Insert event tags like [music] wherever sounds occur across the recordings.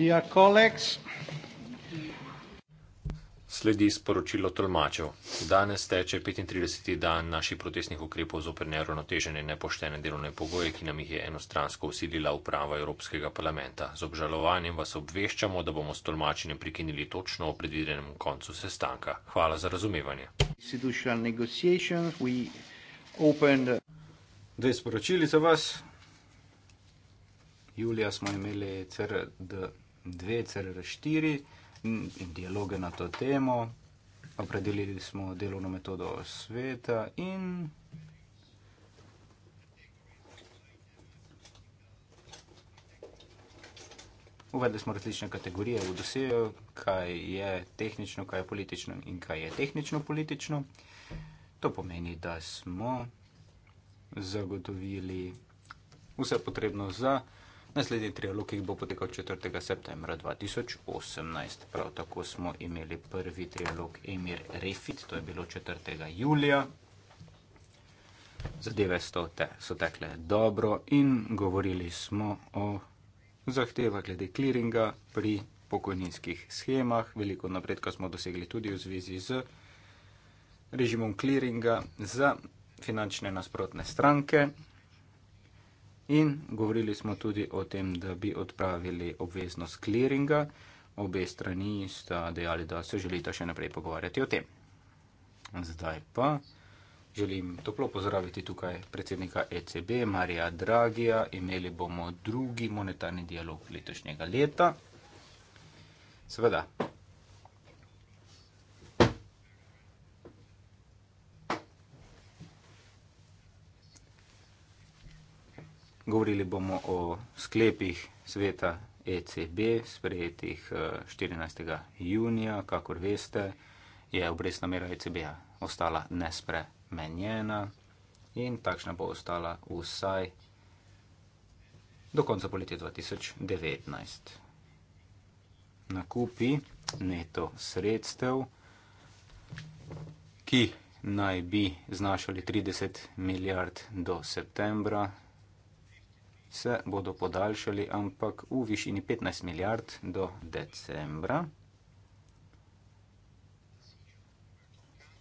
Dear colleagues. Sledi sporočilo tolmačev. Danes teče 35. dan naših protestnih ukrepov zoper neravnotežene in nepoštene delovne pogoje, ki nam jih je enostransko usilila uprava Evropskega parlamenta. Z obžalovanjem vas obveščamo, da bomo s tolmačenjem prikinili točno o predvidenem koncu sestanka. Hvala za razumevanje. Dve sporočili za vas. Julija smo imeli CRD. 2.4 in dialoge na to temo. Opredelili smo delovno metodo sveta in uvedli smo različne kategorije v dosejo, kaj je tehnično, kaj je politično in kaj je tehnično-politično. To pomeni, da smo zagotovili vse potrebno za Naslednji trialog bo potekal 4. septembra 2018. Prav tako smo imeli prvi trialog Emir Refit, to je bilo 4. julija. Zadeve so, te, so tekle dobro in govorili smo o zahtevah glede kliringa pri pokojninskih schemah. Veliko napredka smo dosegli tudi v zvezi z režimom kliringa za finančne nasprotne stranke. In govorili smo tudi o tem, da bi odpravili obveznost kliringa. Obe strani sta dejali, da se želita še naprej pogovarjati o tem. Zdaj pa želim toplo pozdraviti tukaj predsednika ECB, Marija Dragija. Imeli bomo drugi monetarni dialog letošnjega leta. Seveda, Govorili bomo o sklepih sveta ECB, sprejetih 14. Eh, junija. Kakor veste, je obrestna mera ECB-ja ostala nespremenjena in takšna bo ostala vsaj do konca poletja 2019. Nakupi neto sredstev, ki naj bi znašali 30 milijard do septembra se bodo podaljšali, ampak v višini 15 milijard do decembra.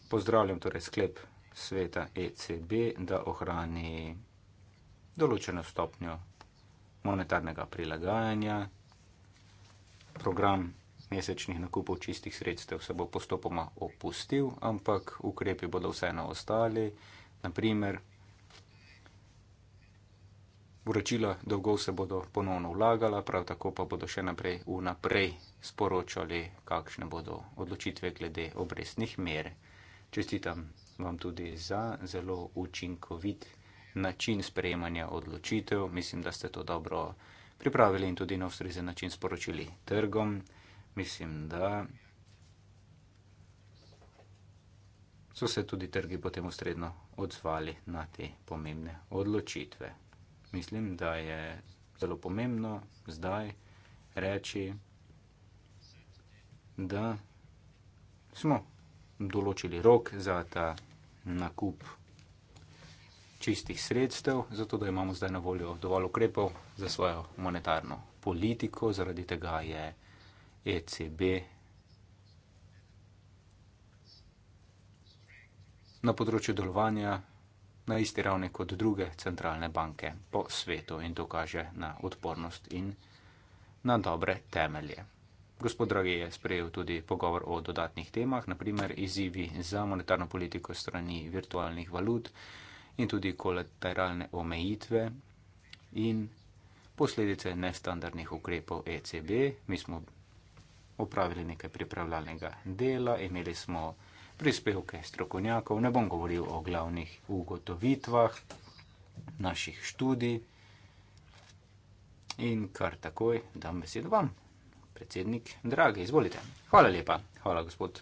Pozdravljam torej sklep sveta ECB, da ohrani določeno stopnjo monetarnega prilagajanja. Program mesečnih nakupov čistih sredstev se bo postopoma opustil, ampak ukrepi bodo vseeno ostali. Naprimer, vračila dolgov se bodo ponovno vlagala, prav tako pa bodo še naprej vnaprej sporočali, kakšne bodo odločitve glede obrestnih mer. Čestitam vam tudi za zelo učinkovit način sprejemanja odločitev. Mislim, da ste to dobro pripravili in tudi na ustrezen način sporočili trgom. Mislim, da so se tudi trgi potem ustredno odzvali na te pomembne odločitve mislim, da je zelo pomembno zdaj reči, da smo določili rok za ta nakup čistih sredstev, zato da imamo zdaj na voljo dovolj ukrepov za svojo monetarno politiko, zaradi tega je ECB na področju delovanja na isti ravni kot druge centralne banke po svetu in to kaže na odpornost in na dobre temelje. Gospod Dragi je sprejel tudi pogovor o dodatnih temah, naprimer izzivi za monetarno politiko strani virtualnih valut in tudi kolateralne omejitve in posledice nestandardnih ukrepov ECB. Mi smo opravili nekaj pripravljalnega dela, imeli smo prispevke strokovnjakov, ne bom govoril o glavnih ugotovitvah naših študij. In kar takoj dam besedo vam, predsednik, dragi, izvolite. Hvala lepa, hvala gospod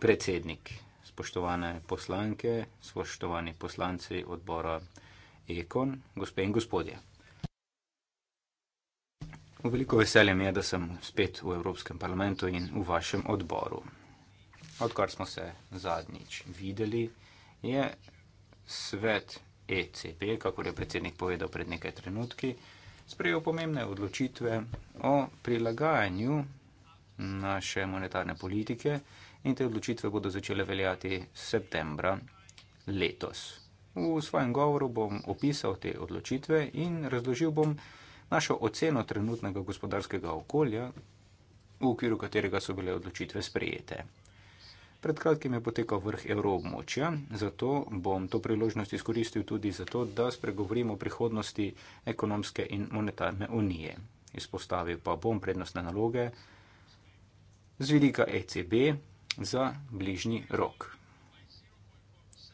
predsednik, spoštovane poslanke, spoštovani poslanci odbora Ekon, gospe in gospodje. Veliko veselje mi je, da sem spet v Evropskem parlamentu in v vašem odboru odkar smo se zadnjič videli, je svet ECB, kako je predsednik povedal pred nekaj trenutki, sprejel pomembne odločitve o prilagajanju naše monetarne politike in te odločitve bodo začele veljati septembra letos. V svojem govoru bom opisal te odločitve in razložil bom našo oceno trenutnega gospodarskega okolja, v okviru katerega so bile odločitve sprejete. Pred kratkim je potekal vrh evroobmočja, zato bom to priložnost izkoristil tudi zato, da spregovorim o prihodnosti ekonomske in monetarne unije. Izpostavil pa bom prednostne naloge z vidika ECB za bližnji rok.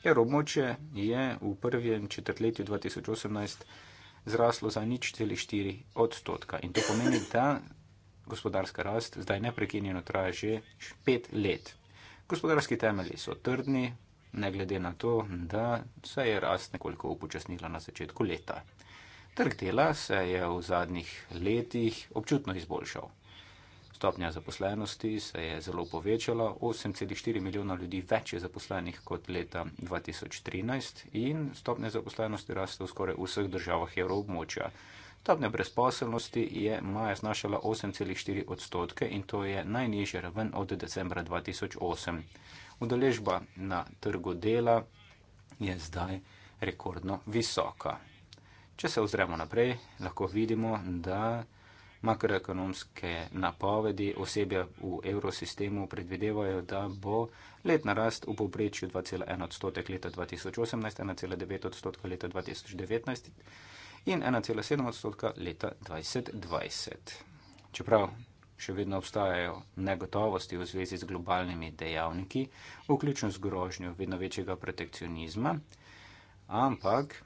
Evroobmočje je v prvem četrtletju 2018 zraslo za nič celi 4 odstotka in to pomeni, da gospodarska rast zdaj neprekinjeno traja že pet let. Gospodarski temelji so trdni, ne glede na to, da se je rast nekoliko upočasnila na začetku leta. Trg dela se je v zadnjih letih občutno izboljšal. Stopnja zaposlenosti se je zelo povečala, 8,4 milijona ljudi več je zaposlenih kot leta 2013 in stopnja zaposlenosti raste v skoraj vseh državah evroobmočja. Stopnja brezposelnosti je maja znašala 8,4 odstotke in to je najnižja raven od decembra 2008. Udeležba na trgu dela je zdaj rekordno visoka. Če se ozremo naprej, lahko vidimo, da makroekonomske napovedi osebja v evrosistemu predvidevajo, da bo letna rast v povprečju 2,1 odstotek leta 2018, 1,9 odstotka leta 2019 in 1,7 odstotka leta 2020. Čeprav še vedno obstajajo negotovosti v zvezi z globalnimi dejavniki, vključno z grožnjo vedno večjega protekcionizma, ampak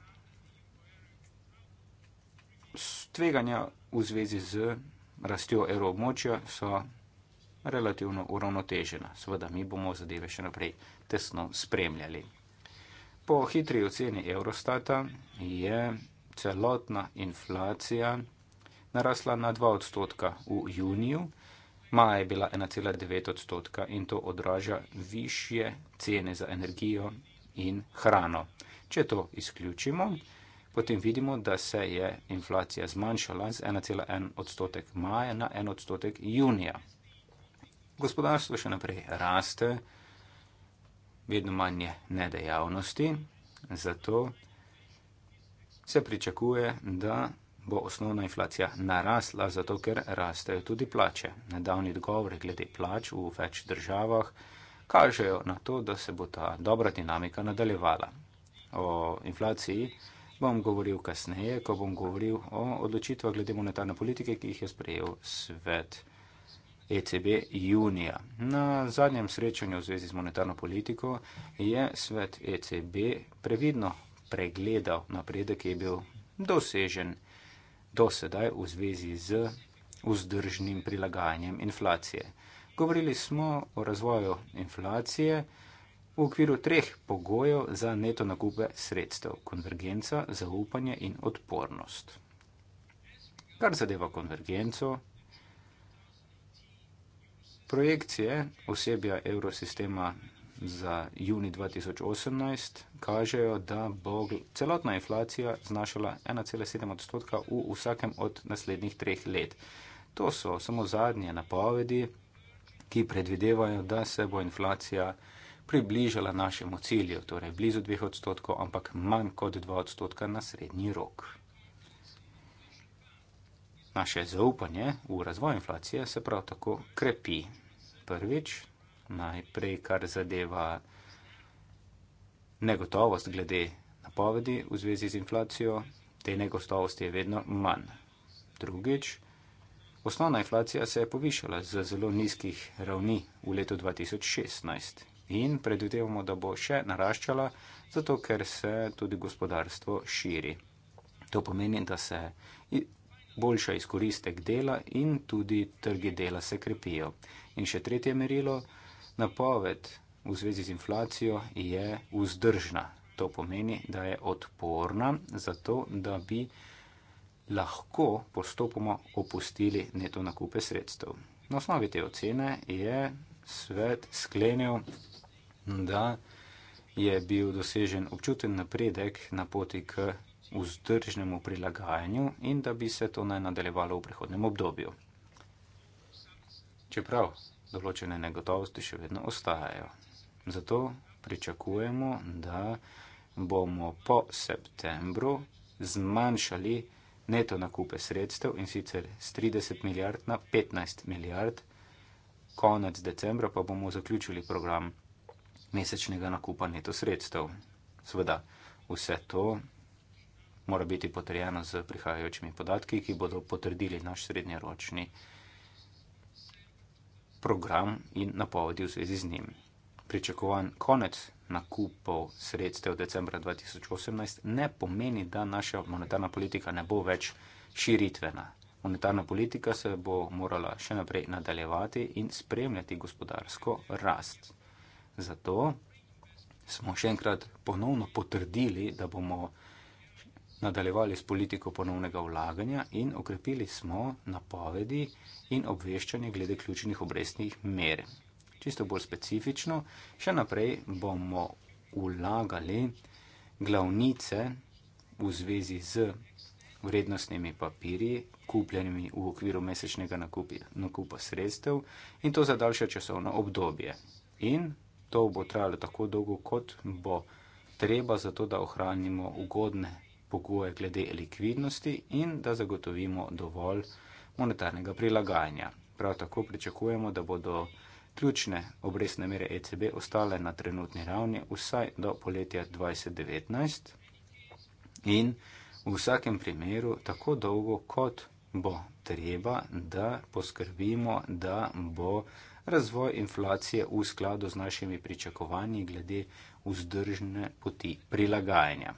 tveganja v zvezi z rastjo evroobmočja so relativno uravnotežena. Seveda mi bomo zadeve še naprej tesno spremljali. Po hitri oceni Eurostata je celotna inflacija narasla na 2 odstotka v juniju, maja je bila 1,9 odstotka in to odraža višje cene za energijo in hrano. Če to izključimo, potem vidimo, da se je inflacija zmanjšala z 1,1 odstotek maja na 1 odstotek junija. Gospodarstvo še naprej raste, vedno manje nedejavnosti, zato se pričakuje, da bo osnovna inflacija narasla, zato ker rastejo tudi plače. Nedavni dogovori glede plač v več državah kažejo na to, da se bo ta dobra dinamika nadaljevala. O inflaciji bom govoril kasneje, ko bom govoril o odločitvah glede monetarne politike, ki jih je sprejel svet ECB junija. Na zadnjem srečanju v zvezi z monetarno politiko je svet ECB previdno pregledal, napredek je bil dosežen do sedaj v zvezi z vzdržnim prilagajanjem inflacije. Govorili smo o razvoju inflacije v okviru treh pogojev za neto nakupe sredstev – konvergenca, zaupanje in odpornost. Kar zadeva konvergenco, projekcije osebja evrosistema za juni 2018 kažejo, da bo celotna inflacija znašala 1,7 odstotka v vsakem od naslednjih treh let. To so samo zadnje napovedi, ki predvidevajo, da se bo inflacija približala našemu cilju, torej blizu 2 odstotkov, ampak manj kot 2 odstotka na srednji rok. Naše zaupanje v razvoj inflacije se prav tako krepi. Prvič, najprej, kar zadeva negotovost glede napovedi v zvezi z inflacijo, te negotovosti je vedno manj. Drugič, osnovna inflacija se je povišala z zelo nizkih ravni v letu 2016 in predvidevamo, da bo še naraščala, zato ker se tudi gospodarstvo širi. To pomeni, da se boljša izkoristek dela in tudi trgi dela se krepijo. In še tretje merilo napoved v zvezi z inflacijo je vzdržna. To pomeni, da je odporna za to, da bi lahko postopoma opustili neto nakupe sredstev. Na osnovi te ocene je svet sklenil, da je bil dosežen občuten napredek na poti k vzdržnemu prilagajanju in da bi se to naj nadaljevalo v prihodnem obdobju. Čeprav določene negotovosti še vedno ostajajo. Zato pričakujemo, da bomo po septembru zmanjšali neto nakupe sredstev in sicer z 30 milijard na 15 milijard, konec decembra pa bomo zaključili program mesečnega nakupa neto sredstev. Sveda, vse to mora biti potrjeno z prihajajočimi podatki, ki bodo potrdili naš srednjeročni program program in napovedi v zvezi z njim. Pričakovan konec nakupov sredstev decembra 2018 ne pomeni, da naša monetarna politika ne bo več širitvena. Monetarna politika se bo morala še naprej nadaljevati in spremljati gospodarsko rast. Zato smo še enkrat ponovno potrdili, da bomo nadaljevali s politiko ponovnega vlaganja in okrepili smo napovedi in obveščanje glede ključnih obrestnih mer. Čisto bolj specifično, še naprej bomo vlagali glavnice v zvezi z vrednostnimi papirji, kupljenimi v okviru mesečnega nakupi, nakupa sredstev in to za daljše časovno obdobje. In to bo trajalo tako dolgo, kot bo treba, zato da ohranimo ugodne pogoje glede likvidnosti in da zagotovimo dovolj monetarnega prilagajanja. Prav tako pričakujemo, da bodo ključne obrestne mere ECB ostale na trenutni ravni vsaj do poletja 2019 in v vsakem primeru tako dolgo, kot bo treba, da poskrbimo, da bo razvoj inflacije v skladu z našimi pričakovanji glede vzdržne poti prilagajanja.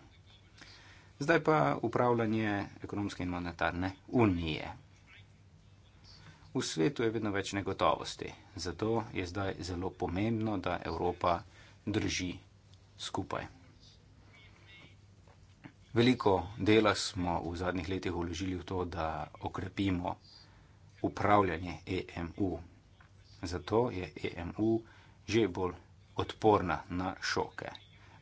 Zdaj pa upravljanje ekonomske in monetarne unije. V svetu je vedno več negotovosti, zato je zdaj zelo pomembno, da Evropa drži skupaj. Veliko dela smo v zadnjih letih uložili v to, da okrepimo upravljanje EMU. Zato je EMU že bolj odporna na šoke.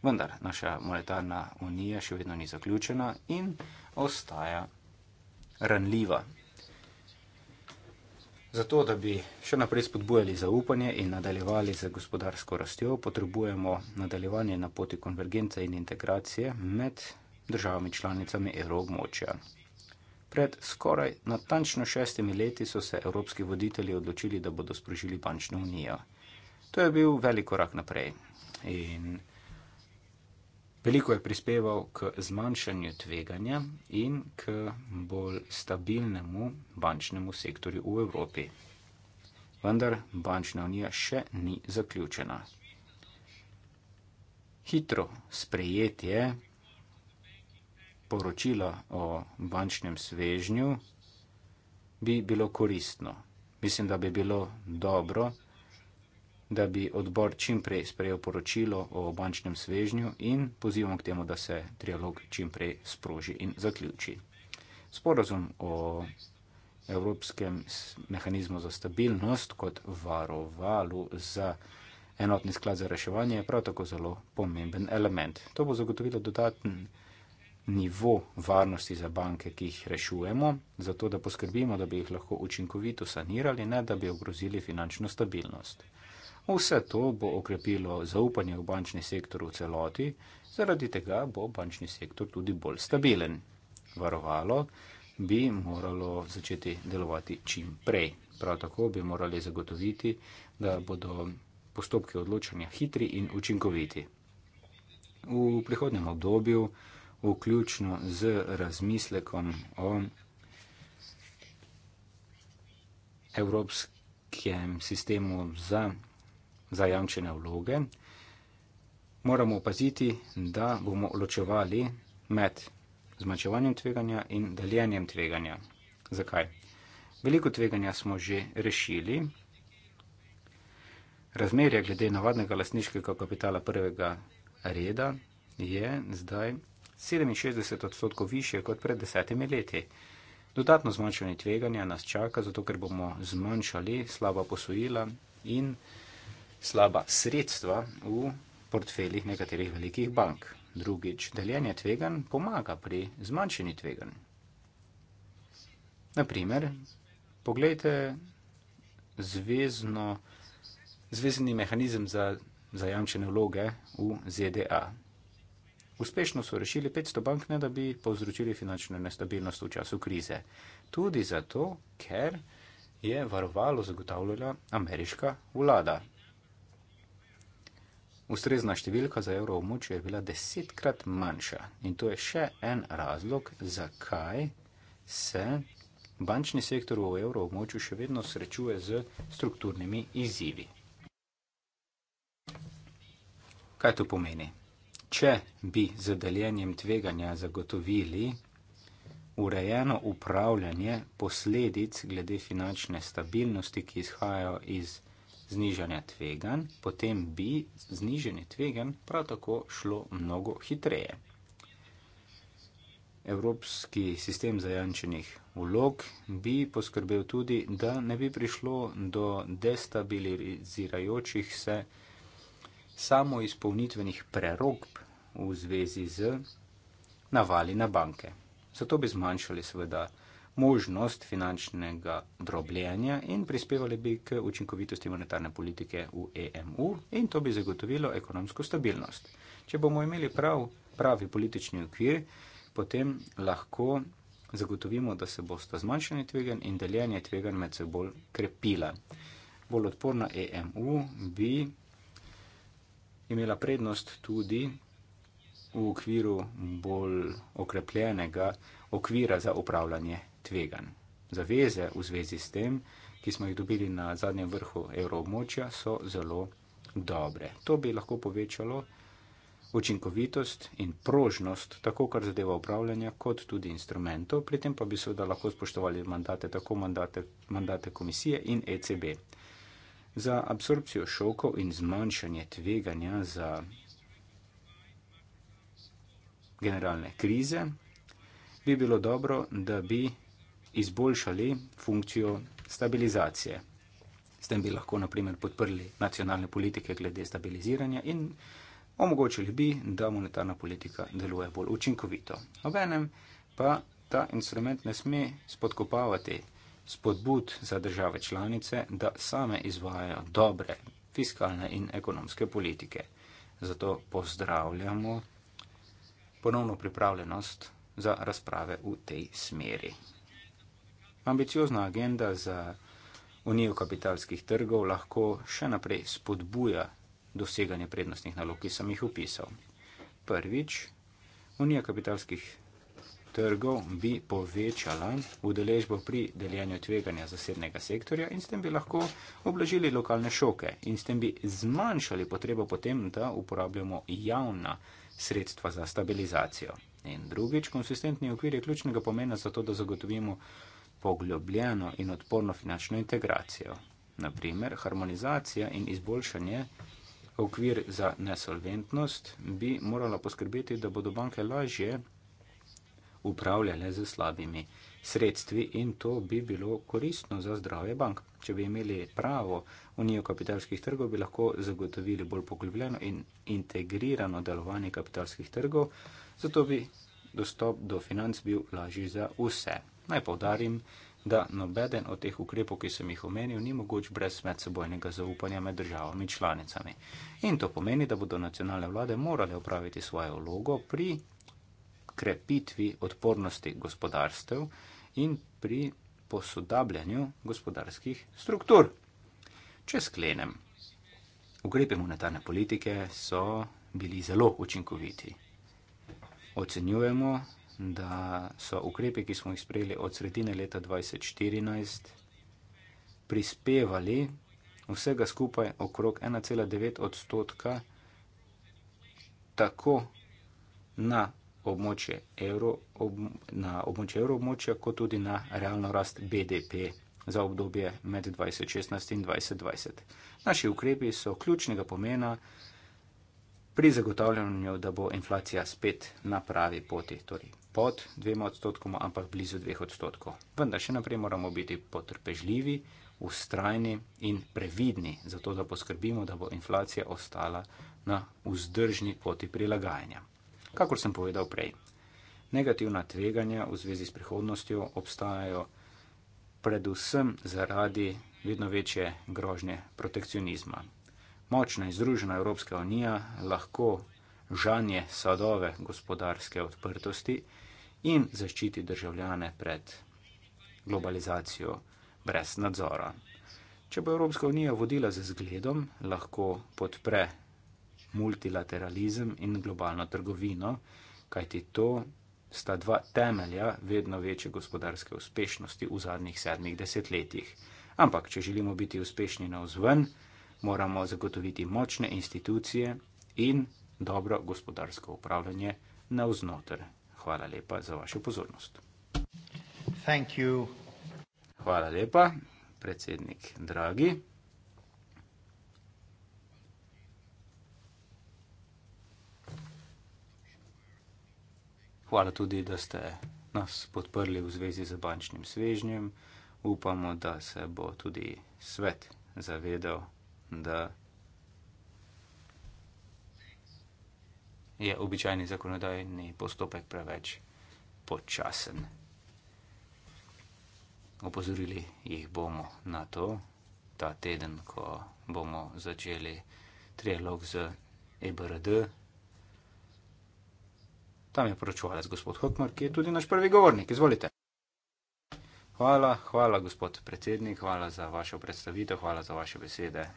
Vendar naša monetarna unija še vedno ni zaključena in ostaja ranljiva. Zato, da bi še naprej spodbujali zaupanje in nadaljevali z gospodarsko rastjo, potrebujemo nadaljevanje na poti konvergence in integracije med državami članicami evroobmočja. Pred skoraj natančno šestimi leti so se evropski voditelji odločili, da bodo sprožili bančno unijo. To je bil velik korak naprej. In Veliko je prispeval k zmanjšanju tveganja in k bolj stabilnemu bančnemu sektorju v Evropi. Vendar bančna unija še ni zaključena. Hitro sprejetje poročila o bančnem svežnju bi bilo koristno. Mislim, da bi bilo dobro, da bi odbor čim prej sprejel poročilo o bančnem svežnju in pozivamo k temu, da se trialog čim prej sproži in zaključi. Sporazum o Evropskem mehanizmu za stabilnost kot varovalu za enotni sklad za reševanje je prav tako zelo pomemben element. To bo zagotovilo dodaten nivo varnosti za banke, ki jih rešujemo, zato da poskrbimo, da bi jih lahko učinkovito sanirali, ne da bi ogrozili finančno stabilnost. Vse to bo okrepilo zaupanje v bančni sektor v celoti, zaradi tega bo bančni sektor tudi bolj stabilen. Varovalo bi moralo začeti delovati čim prej. Prav tako bi morali zagotoviti, da bodo postopki odločanja hitri in učinkoviti. V prihodnem obdobju, vključno z razmislekom o evropskem sistemu za zajamčene vloge, moramo opaziti, da bomo ločevali med zmanjševanjem tveganja in deljenjem tveganja. Zakaj? Veliko tveganja smo že rešili. Razmerje glede navadnega lasniškega kapitala prvega reda je zdaj 67 odstotkov više kot pred desetimi leti. Dodatno zmanjšanje tveganja nas čaka, zato ker bomo zmanjšali slaba posojila in slaba sredstva v portfeljih nekaterih velikih bank. Drugič, deljenje tvegan pomaga pri zmanjšanju tvegan. Naprimer, pogledajte zvezno, zvezni mehanizem za zajamčene vloge v ZDA. Uspešno so rešili 500 bank, ne da bi povzročili finančno nestabilnost v času krize. Tudi zato, ker je varovalo zagotavljala ameriška vlada. Ustrezna številka za evroobmočje je bila desetkrat manjša in to je še en razlog, zakaj se bančni sektor v evroobmočju še vedno srečuje z strukturnimi izzivi. Kaj to pomeni? Če bi z deljenjem tveganja zagotovili urejeno upravljanje posledic glede finančne stabilnosti, ki izhajajo iz znižanja tveganj, potem bi znižanje tveganj prav tako šlo mnogo hitreje. Evropski sistem zajančenih vlog bi poskrbel tudi, da ne bi prišlo do destabilizirajočih se samoizpolnitvenih prerokb v zvezi z navali na banke. Zato bi zmanjšali seveda možnost finančnega drobljenja in prispevali bi k učinkovitosti monetarne politike v EMU in to bi zagotovilo ekonomsko stabilnost. Če bomo imeli prav, pravi politični okvir, potem lahko zagotovimo, da se bosta zmanjšanje tvegan in deljenje tvegan med seboj krepila. Bolj odporna EMU bi imela prednost tudi v okviru bolj okrepljenega okvira za upravljanje tvegan. Zaveze v zvezi s tem, ki smo jih dobili na zadnjem vrhu evroobmočja, so zelo dobre. To bi lahko povečalo učinkovitost in prožnost, tako kar zadeva upravljanja, kot tudi instrumentov, pri tem pa bi seveda lahko spoštovali mandate, tako mandate, mandate komisije in ECB. Za absorpcijo šokov in zmanjšanje tveganja za generalne krize bi bilo dobro, da bi izboljšali funkcijo stabilizacije. S tem bi lahko naprimer podprli nacionalne politike glede stabiliziranja in omogočili bi, da monetarna politika deluje bolj učinkovito. Obenem pa ta instrument ne sme spodkopavati spodbud za države članice, da same izvajajo dobre fiskalne in ekonomske politike. Zato pozdravljamo ponovno pripravljenost za razprave v tej smeri ambiciozna agenda za unijo kapitalskih trgov lahko še naprej spodbuja doseganje prednostnih nalog, ki sem jih opisal. Prvič, unija kapitalskih trgov bi povečala udeležbo pri deljenju tveganja zasebnega sektorja in s tem bi lahko oblažili lokalne šoke in s tem bi zmanjšali potrebo potem, da uporabljamo javna sredstva za stabilizacijo. In drugič, konsistentni okvir je ključnega pomena za to, da zagotovimo poglobljeno in odporno finančno integracijo. Naprimer, harmonizacija in izboljšanje okvir za nesolventnost bi morala poskrbeti, da bodo banke lažje upravljale z slabimi sredstvi in to bi bilo koristno za zdravje bank. Če bi imeli pravo unijo kapitalskih trgov, bi lahko zagotovili bolj poglobljeno in integrirano delovanje kapitalskih trgov, zato bi dostop do financ bil lažji za vse. Naj povdarim, da nobeden od teh ukrepov, ki sem jih omenil, ni mogoč brez medsebojnega zaupanja med državami članicami. In to pomeni, da bodo nacionalne vlade morale upraviti svojo vlogo pri krepitvi odpornosti gospodarstev in pri posodabljanju gospodarskih struktur. Če sklenem, ukrepe monetarne politike so bili zelo učinkoviti. Ocenjujemo, da so ukrepe, ki smo jih sprejeli od sredine leta 2014, prispevali vsega skupaj okrog 1,9 odstotka tako na območje evro, ob, na območje evro območja, kot tudi na realno rast BDP za obdobje med 2016 in 2020. Naši ukrepi so ključnega pomena pri zagotavljanju, da bo inflacija spet na pravi poti. Torej, pod dvema odstotkoma, ampak blizu dveh odstotkov. Vendar še naprej moramo biti potrpežljivi, ustrajni in previdni, zato da poskrbimo, da bo inflacija ostala na vzdržni poti prilagajanja. Kakor sem povedal prej, negativna tveganja v zvezi s prihodnostjo obstajajo predvsem zaradi vedno večje grožnje protekcionizma. Močna in združena Evropska unija lahko žanje sadove gospodarske odprtosti, in zaščiti državljane pred globalizacijo brez nadzora. Če bo Evropska unija vodila z zgledom, lahko podpre multilateralizem in globalno trgovino, kajti to sta dva temelja vedno večje gospodarske uspešnosti v zadnjih sedmih desetletjih. Ampak, če želimo biti uspešni na vzven, moramo zagotoviti močne institucije in dobro gospodarsko upravljanje na vznoter hvala lepa za vašo pozornost. Hvala lepa, predsednik Dragi. Hvala tudi, da ste nas podprli v zvezi z bančnim svežnjem. Upamo, da se bo tudi svet zavedal, da. je običajni zakonodajni postopek preveč počasen. Opozorili jih bomo na to ta teden, ko bomo začeli trialog z EBRD. Tam je poročovalec gospod Hokmar, ki je tudi naš prvi govornik. Izvolite. Hvala, hvala gospod predsednik, hvala za vašo predstavitev, hvala za vaše besede.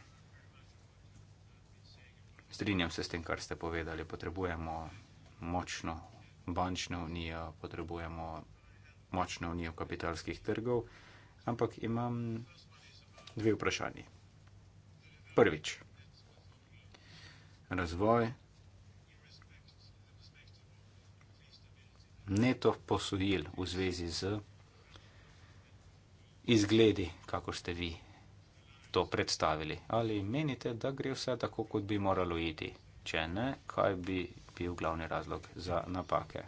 Strinjam se s tem, kar ste povedali. Potrebujemo močno bančno unijo, potrebujemo močno unijo kapitalskih trgov, ampak imam dve vprašanje. Prvič, razvoj neto posojil v zvezi z izgledi, kako ste vi to predstavili. Ali menite, da gre vse tako, kot bi moralo iti? Če ne, kaj bi bil glavni razlog za napake?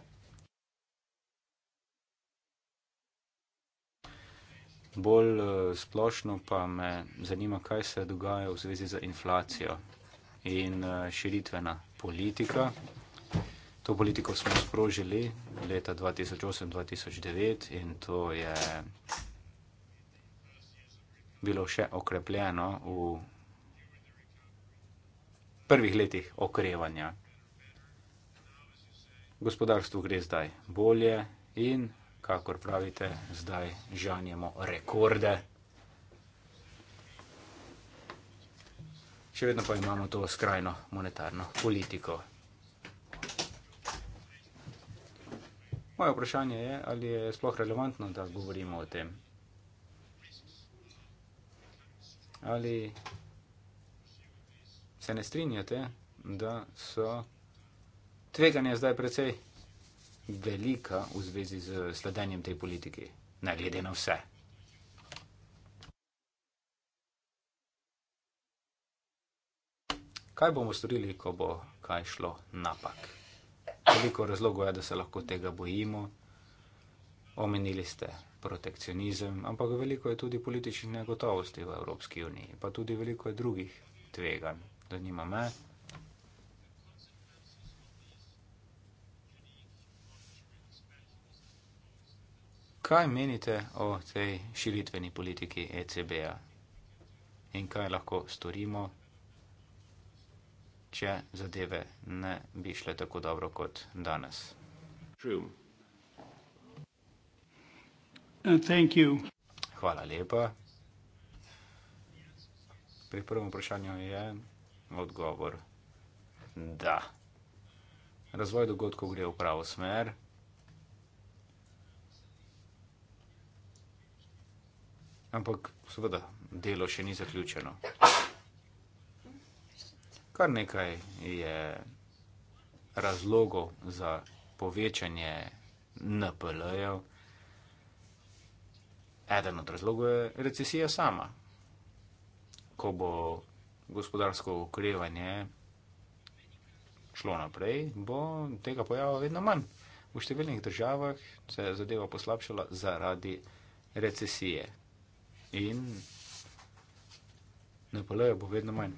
Bolj eh, splošno pa me zanima, kaj se dogaja v zvezi z inflacijo in eh, širitvena politika. To politiko smo sprožili leta 2008-2009 in to je bilo še okrepljeno v prvih letih okrevanja. Gospodarstvu gre zdaj bolje in, kakor pravite, zdaj žanjemo rekorde. Še vedno pa imamo to skrajno monetarno politiko. Moje vprašanje je, ali je sploh relevantno, da govorimo o tem. ali se ne strinjate, da so tveganja zdaj precej velika v zvezi z sledenjem tej politiki, ne glede na vse. Kaj bomo storili, ko bo kaj šlo napak? Koliko razlogov je, da se lahko tega bojimo? Omenili ste protekcionizem, ampak veliko je tudi političnih negotovosti v Evropski uniji, pa tudi veliko je drugih tveganj. Zanima me, kaj menite o tej širitveni politiki ECB-a in kaj lahko storimo, če zadeve ne bi šle tako dobro kot danes. True. Uh, Hvala lepa. Pri prvem vprašanju je odgovor da. Razvoj dogodkov gre v pravo smer. Ampak seveda delo še ni zaključeno. Kar nekaj je razlogov za povečanje NPL-jev. Eden od razlogov je recesija sama. Ko bo gospodarsko okrevanje šlo naprej, bo tega pojava vedno manj. V številnih državah se je zadeva poslabšala zaradi recesije in na polju bo vedno manj.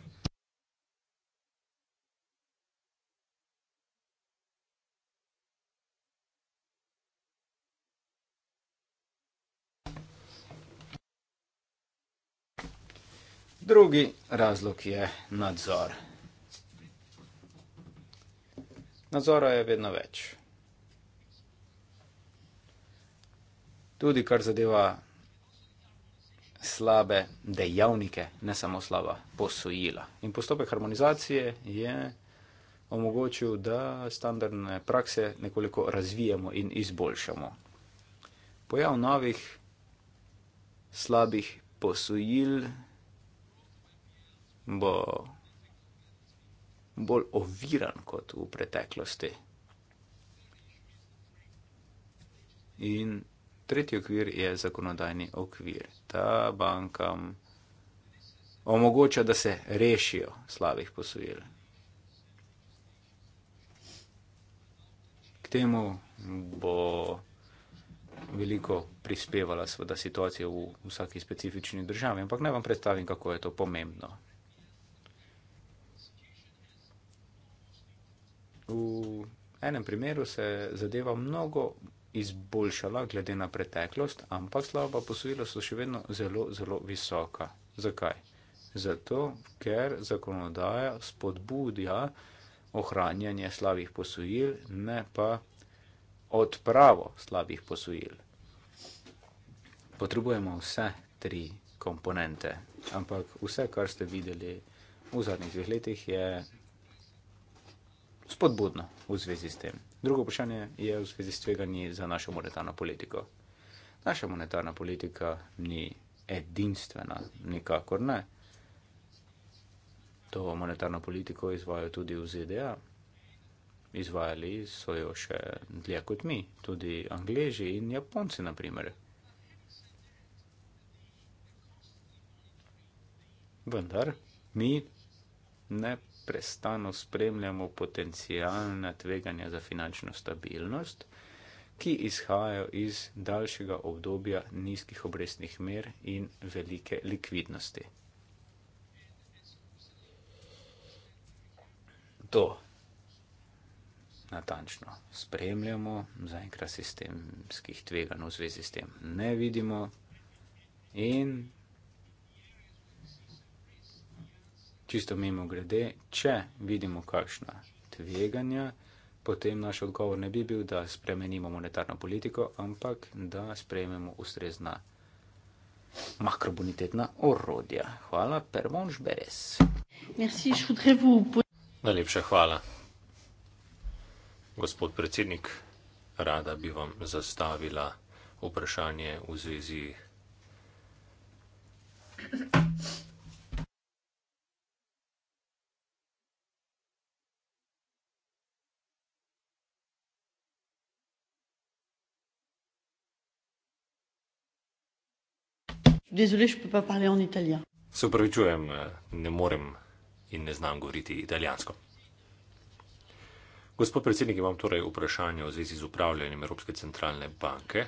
Drugi razlog je nadzor. Nadzora je vedno več. Tudi kar zadeva slabe dejavnike, ne samo slaba posojila. In postopek harmonizacije je omogočil, da standardne prakse nekoliko razvijamo in izboljšamo. Pojav novih slabih posojil bo bolj oviran kot v preteklosti. In tretji okvir je zakonodajni okvir. Ta bankam omogoča, da se rešijo slabih posojil. K temu bo veliko prispevala seveda situacija v vsaki specifični državi, ampak naj vam predstavim, kako je to pomembno. V enem primeru se je zadeva mnogo izboljšala glede na preteklost, ampak slaba posojila so še vedno zelo, zelo visoka. Zakaj? Zato, ker zakonodaja spodbudja ohranjanje slabih posojil, ne pa odpravo slabih posojil. Potrebujemo vse tri komponente, ampak vse, kar ste videli v zadnjih dveh letih, je spodbudno v zvezi s tem. Drugo vprašanje je v zvezi s tveganji za našo monetarno politiko. Naša monetarna politika ni edinstvena, nikakor ne. To monetarno politiko izvajo tudi v ZDA. Izvajali so jo še dlje kot mi, tudi Angleži in Japonci, naprimer. Vendar mi ne prestano spremljamo potencijalna tveganja za finančno stabilnost, ki izhajajo iz daljšega obdobja nizkih obrestnih mer in velike likvidnosti. To natančno spremljamo, zaenkrat sistemskih tveganj v zvezi s tem ne vidimo in čisto mimo grede, če vidimo kakšna tveganja, potem naš odgovor ne bi bil, da spremenimo monetarno politiko, ampak da sprejmemo ustrezna makrobonitetna orodja. Hvala, Permonš Beres. Najlepša hvala. Gospod predsednik, rada bi vam zastavila vprašanje v zvezi. Désolé, je peux pas parler en italien. Se opravičujem, ne morem in ne znam govoriti italijansko. Gospod predsednik, imam torej vprašanje v zvezi z upravljanjem Evropske centralne banke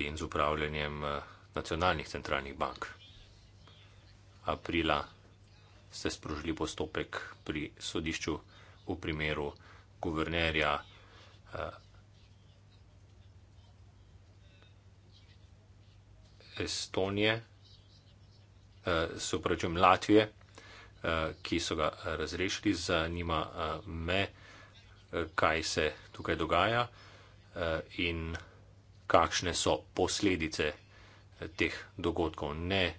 in z upravljanjem eh, nacionalnih centralnih bank. Aprila ste sprožili postopek pri sodišču v primeru guvernerja eh, Estonije. Eh, se upravičujem, Latvije, eh, ki so ga razrešili, zanima eh, me, kaj se tukaj dogaja in kakšne so posledice teh dogodkov. Ne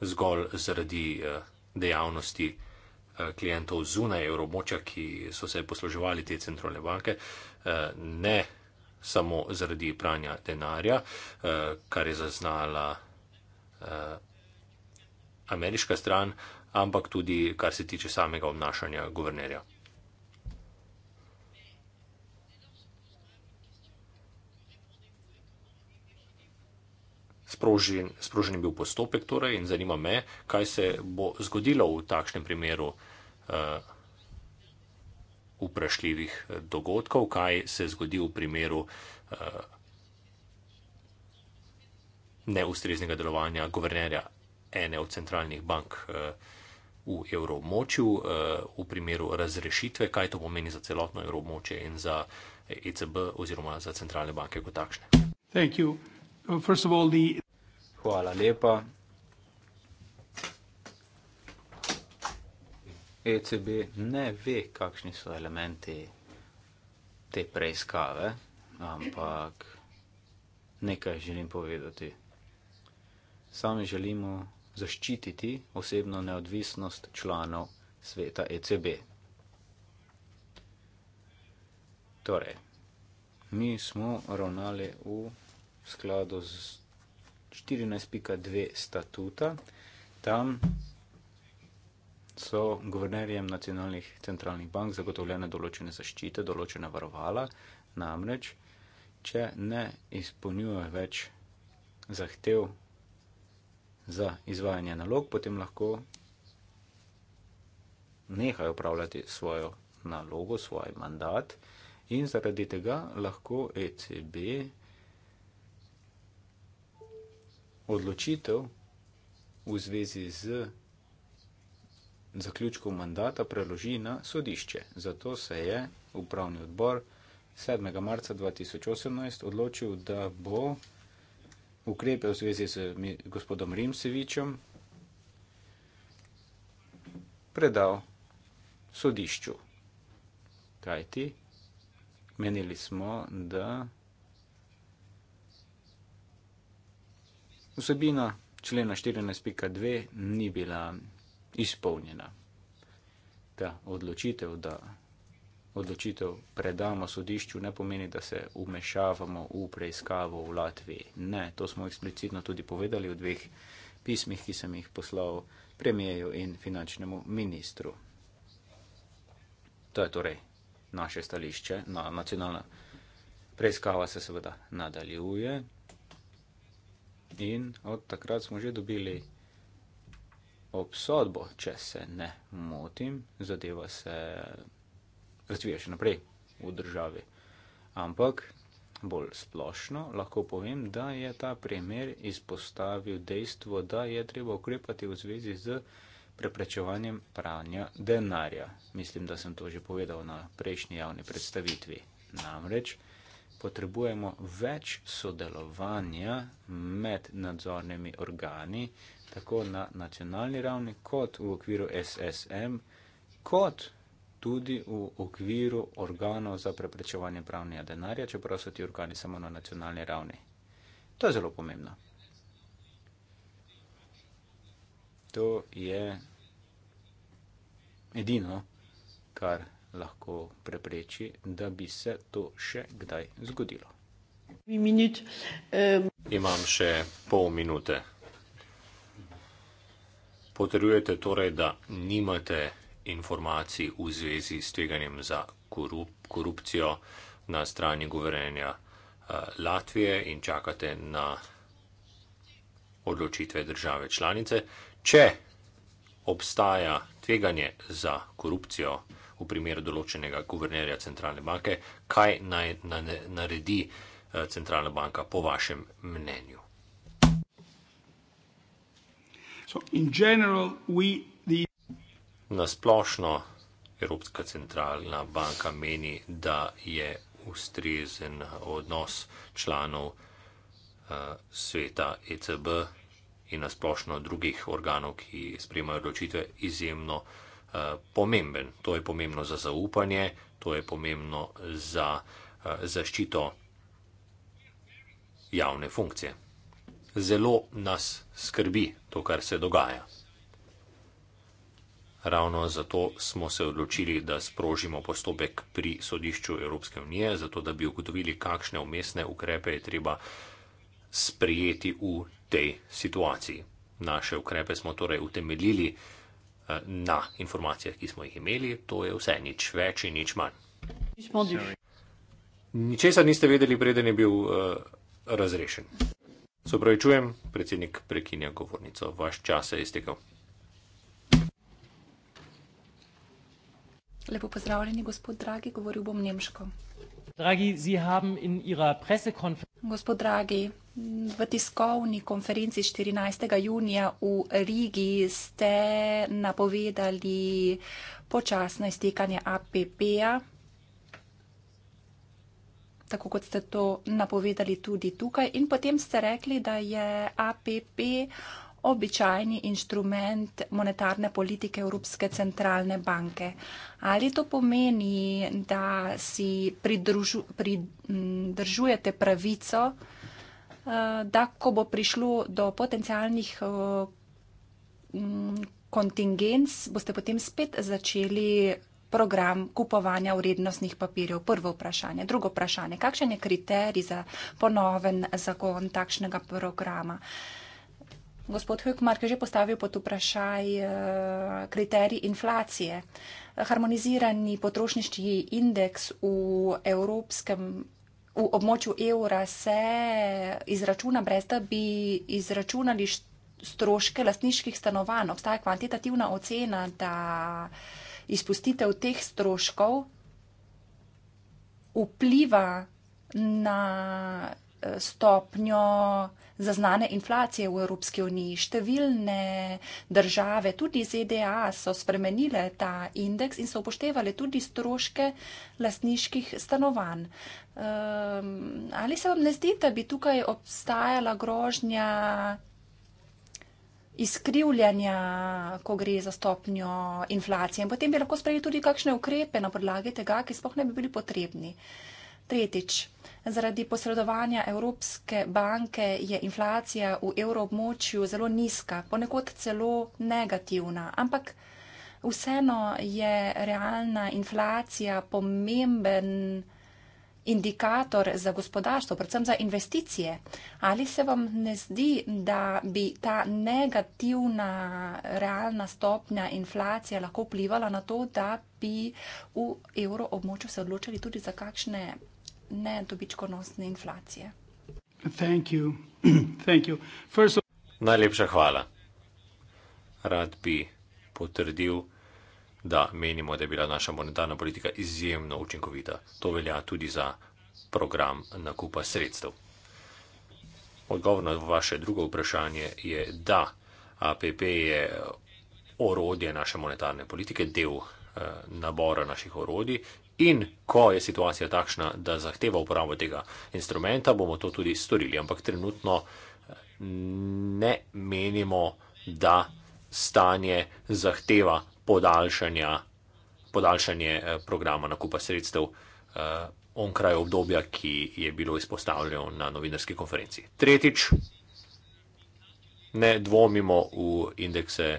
zgolj zaradi dejavnosti klientov zunaj evromoča, ki so se posluževali te centralne banke, ne samo zaradi pranja denarja, kar je zaznala ameriška stran, ampak tudi kar se tiče samega obnašanja guvernerja. Sprožen, sprožen je bil postopek torej in zanima me, kaj se bo zgodilo v takšnem primeru uh, eh, uprašljivih eh, dogodkov, kaj se zgodi v primeru uh, neustreznega delovanja guvernerja ene od centralnih bank eh, v evromočju. Eh, v primeru razrešitve, kaj to pomeni za celotno evromočje in za ECB oziroma za centralne banke kot takšne. Hvala lepa. ECB ne ve, kakšni so elementi te preiskave, ampak nekaj želim povedati. Sami želimo zaščititi osebno neodvisnost članov sveta ECB. Torej, mi smo ravnali v skladu z 14.2 statuta, tam so guvernerjem nacionalnih centralnih bank zagotovljene določene zaščite, določene varovala, namreč, če ne izpolnjuje več zahtev za izvajanje nalog, potem lahko nehajo upravljati svojo nalogo, svoj mandat in zaradi tega lahko ECB odločitev v zvezi z zaključkom mandata preloži na sodišče. Zato se je upravni odbor 7. marca 2018 odločil, da bo ukrepe v zvezi z gospodom Rimsevičem predal sodišču. Kaj ti? Menili smo, da vsebina člena 14.2 ni bila izpolnjena. Ta odločitev, da odločitev predamo sodišču, ne pomeni, da se umešavamo v preiskavo v Latviji. Ne, to smo eksplicitno tudi povedali v dveh pismih, ki sem jih poslal premijeju in finančnemu ministru. To je torej naše stališče. Na nacionalna preiskava se seveda nadaljuje. In od takrat smo že dobili obsodbo, če se ne motim. Zadeva se razvija še naprej v državi. Ampak bolj splošno lahko povem, da je ta primer izpostavil dejstvo, da je treba ukrepati v zvezi z preprečevanjem pranja denarja. Mislim, da sem to že povedal na prejšnji javni predstavitvi. Namreč potrebujemo več sodelovanja med nadzornimi organi, tako na nacionalni ravni kot v okviru SSM, kot tudi v okviru organov za preprečevanje pravnega denarja, čeprav so ti organi samo na nacionalni ravni. To je zelo pomembno. To je edino, kar lahko prepreči, da bi se to še kdaj zgodilo. Eh, Imam še pol minute. Potrjujete torej, da nimate informacij v zvezi s tveganjem za korup korupcijo na strani guvernenja eh, Latvije in čakate na odločitve države članice. Če obstaja tveganje za korupcijo v primeru določenega guvernerja centralne banke, kaj naj na, na, naredi eh, centralna banka po vašem mnenju? So in general, we Nasplošno Evropska centralna banka meni, da je ustrezen odnos članov uh, sveta ECB in nasplošno drugih organov, ki spremajo odločitve, izjemno uh, pomemben. To je pomembno za zaupanje, to je pomembno za uh, zaščito javne funkcije. Zelo nas skrbi to, kar se dogaja. Ravno zato smo se odločili, da sprožimo postopek pri sodišču Evropske unije, zato da bi ugotovili, kakšne umestne ukrepe je treba sprejeti v tej situaciji. Naše ukrepe smo torej utemeljili eh, na informacijah, ki smo jih imeli, to je vse, nič več in nič manj. Ničesar niste vedeli, preden je bil uh, razrešen. Se pravi, čujem, predsednik prekinja govornico, vaš čas je iztekel. Lepo pozdravljeni, gospod Dragi, govoril bom nemško. Dragi, Sie haben in Ihrer Pressekonferenz. Gospod Dragi, v tiskovni konferenci 14. junija v Rigi ste napovedali počasno iztekanje APP-ja, tako kot ste to napovedali tudi tukaj. In potem ste rekli, da je APP običajni inštrument monetarne politike Evropske centralne banke. Ali to pomeni, da si pridružu, pridržujete pravico, eh, da ko bo prišlo do potencijalnih eh, kontingenc, boste potem spet začeli program kupovanja vrednostnih papirjev? Prvo vprašanje. Drugo vprašanje. Kakšen je kriterij za ponoven zagon takšnega programa? Uh, Gospod Hökmark je že postavil pod vprašaj eh, kriterij inflacije. Harmonizirani potrošniški indeks v evropskem. V območju evra se izračuna brez, da bi izračunali stroške lastniških stanovanj. Obstaja kvantitativna ocena, da izpustitev teh stroškov vpliva na stopnjo zaznane inflacije v Evropski uniji. Številne države, tudi ZDA, so spremenile ta indeks in so upoštevali tudi stroške lastniških stanovanj. Um, ali se vam ne zdi, da bi tukaj obstajala grožnja izkrivljanja, ko gre za stopnjo inflacije in potem bi lahko sprejeli tudi kakšne ukrepe na podlagi tega, ki spoh ne bi bili potrebni? Tretjič. Zaradi posredovanja Evropske banke je inflacija v evroobmočju zelo nizka, ponekod celo negativna, ampak vseeno je realna inflacija pomemben indikator za gospodarstvo, predvsem za investicije. Ali se vam ne zdi, da bi ta negativna realna stopnja inflacije lahko vplivala na to, da bi v evroobmočju se odločili tudi za kakšne ne dobičkonosne inflacije. Thank you. [clears throat] Thank you. First... Najlepša hvala. Rad bi potrdil, da menimo, da je bila naša monetarna politika izjemno učinkovita. To velja tudi za program nakupa sredstev. Odgovor na vaše drugo vprašanje je, da APP je orodje naše monetarne politike, del eh, nabora naših orodij In ko je situacija takšna, da zahteva uporabo tega instrumenta, bomo to tudi storili. Ampak trenutno eh, ne menimo, da stanje zahteva podaljšanje eh, programa nakupa sredstev eh, onkraj obdobja, ki je bilo izpostavljeno na novinarski konferenci. Tretjič, ne dvomimo v indekse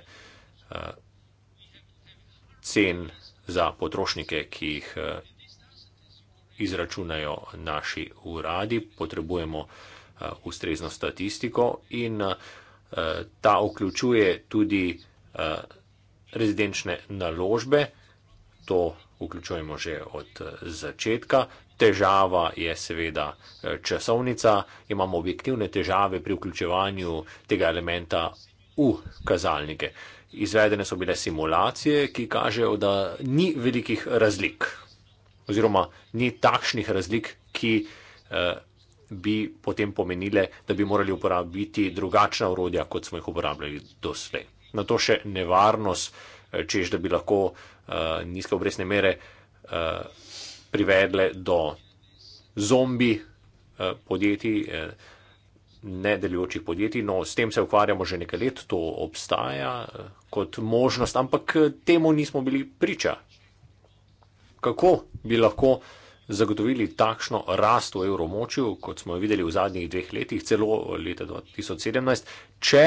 cen za potrošnike, ki jih eh, izračunajo naši uradi. Potrebujemo eh, ustrezno statistiko in eh, ta vključuje tudi rezidenčne naložbe. To vključujemo že od začetka. Težava je seveda časovnica. Imamo objektivne težave pri vključevanju tega elementa v kazalnike. Izvedene so bile simulacije, ki kažejo, da ni velikih razlik, oziroma ni takšnih razlik, ki eh, bi potem pomenile, da bi morali uporabiti drugačna urodja, kot smo jih uporabljali doslej. Na to še nevarnost, eh, čež da bi lahko eh, nizke obresne mere eh, privedle do zombi eh, podjetij. Eh, nedelujočih podjetij, no s tem se ukvarjamo že nekaj let, to obstaja eh, kot možnost, ampak eh, temu nismo bili priča. Kako bi lahko zagotovili takšno rast v evromočju, kot smo jo videli v zadnjih dveh letih, celo leta 2017, če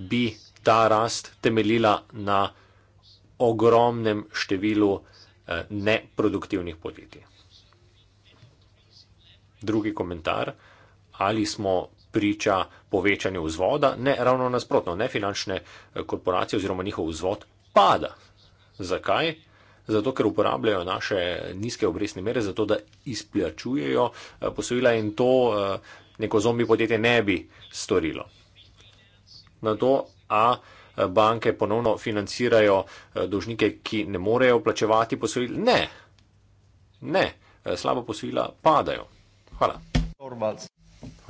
bi ta rast temeljila na ogromnem številu eh, neproduktivnih podjetij. Drugi komentar ali smo priča povečanju vzvoda, ne ravno nasprotno, ne finančne eh, korporacije oziroma njihov vzvod pada. Zakaj? Zato, ker uporabljajo naše nizke obrestne mere, zato da izplačujejo eh, posojila in to eh, neko zombi podjetje ne bi storilo. Na to, a banke ponovno financirajo dožnike, ki ne morejo plačevati posojil? Ne, ne, slaba posojila padajo. Hvala. Normalno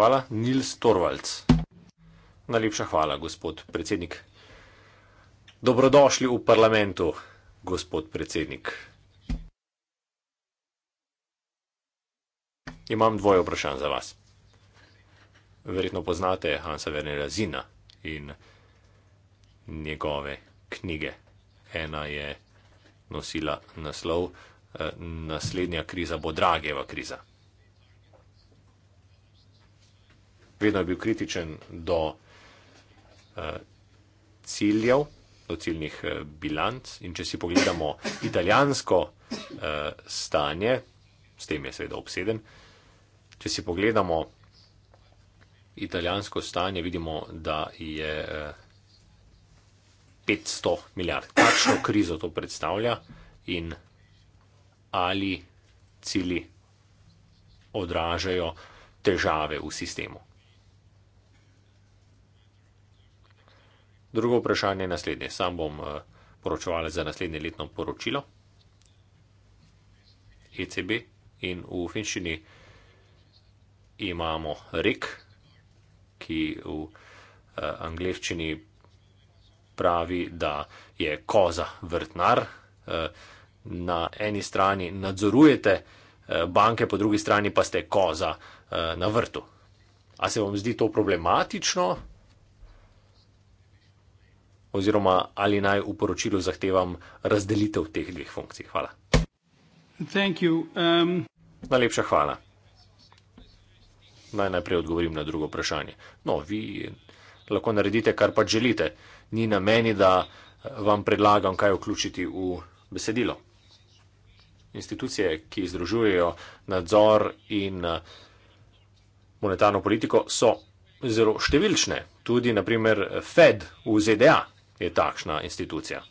hvala, Nils Torvalds. Najlepša hvala, gospod predsednik. Dobrodošli v parlamentu, gospod predsednik. Imam dvoje vprašanj za vas. Verjetno poznate Hansa Wernera Zina in njegove knjige. Ena je nosila naslov: eh, Naslednja kriza bo Dragjeva kriza. vedno je bil kritičen do uh, ciljev, do ciljnih uh, bilanc. In če si pogledamo italijansko uh, stanje, s tem je seveda obseden, če si pogledamo italijansko stanje, vidimo, da je uh, 500 milijard. Kakšno krizo to predstavlja in ali cili odražajo. Težave v sistemu. Drugo vprašanje je naslednje. Sam bom eh, poročeval za naslednje letno poročilo ECB in v finščini imamo REK, ki v eh, angleščini pravi, da je koza vrtnar. Eh, na eni strani nadzorujete banke, po drugi strani pa ste koza na vrtu. A se vam zdi to problematično? oziroma ali naj v poročilu zahtevam razdelitev teh dveh funkcij. Hvala. Um... Najlepša hvala. Naj najprej odgovorim na drugo vprašanje. No, vi lahko naredite, kar pa želite. Ni na meni, da vam predlagam, kaj vključiti v besedilo. Institucije, ki združujejo nadzor in uh, monetarno politiko, so zelo številčne. Tudi, naprimer, Fed v ZDA, je takšna institucija.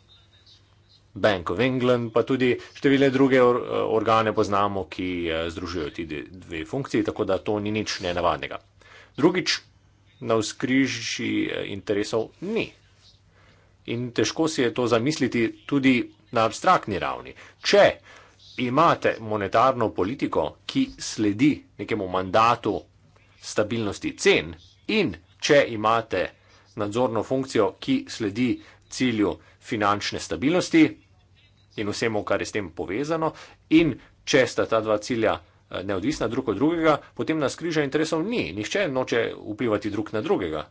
Bank of England, pa tudi številne druge eh, organe poznamo, ki eh, združujejo ti dve funkciji, tako da to ni nič nenavadnega. Drugič, na vzkrižji eh, interesov ni. In težko si je to zamisliti tudi na abstraktni ravni. Če imate monetarno politiko, ki sledi nekemu mandatu stabilnosti cen in če imate nadzorno funkcijo, ki sledi cilju finančne stabilnosti in vsemu, kar je s tem povezano. In če sta ta dva cilja eh, neodvisna drug od drugega, potem nas križa interesov ni. Nihče noče vplivati drug na drugega.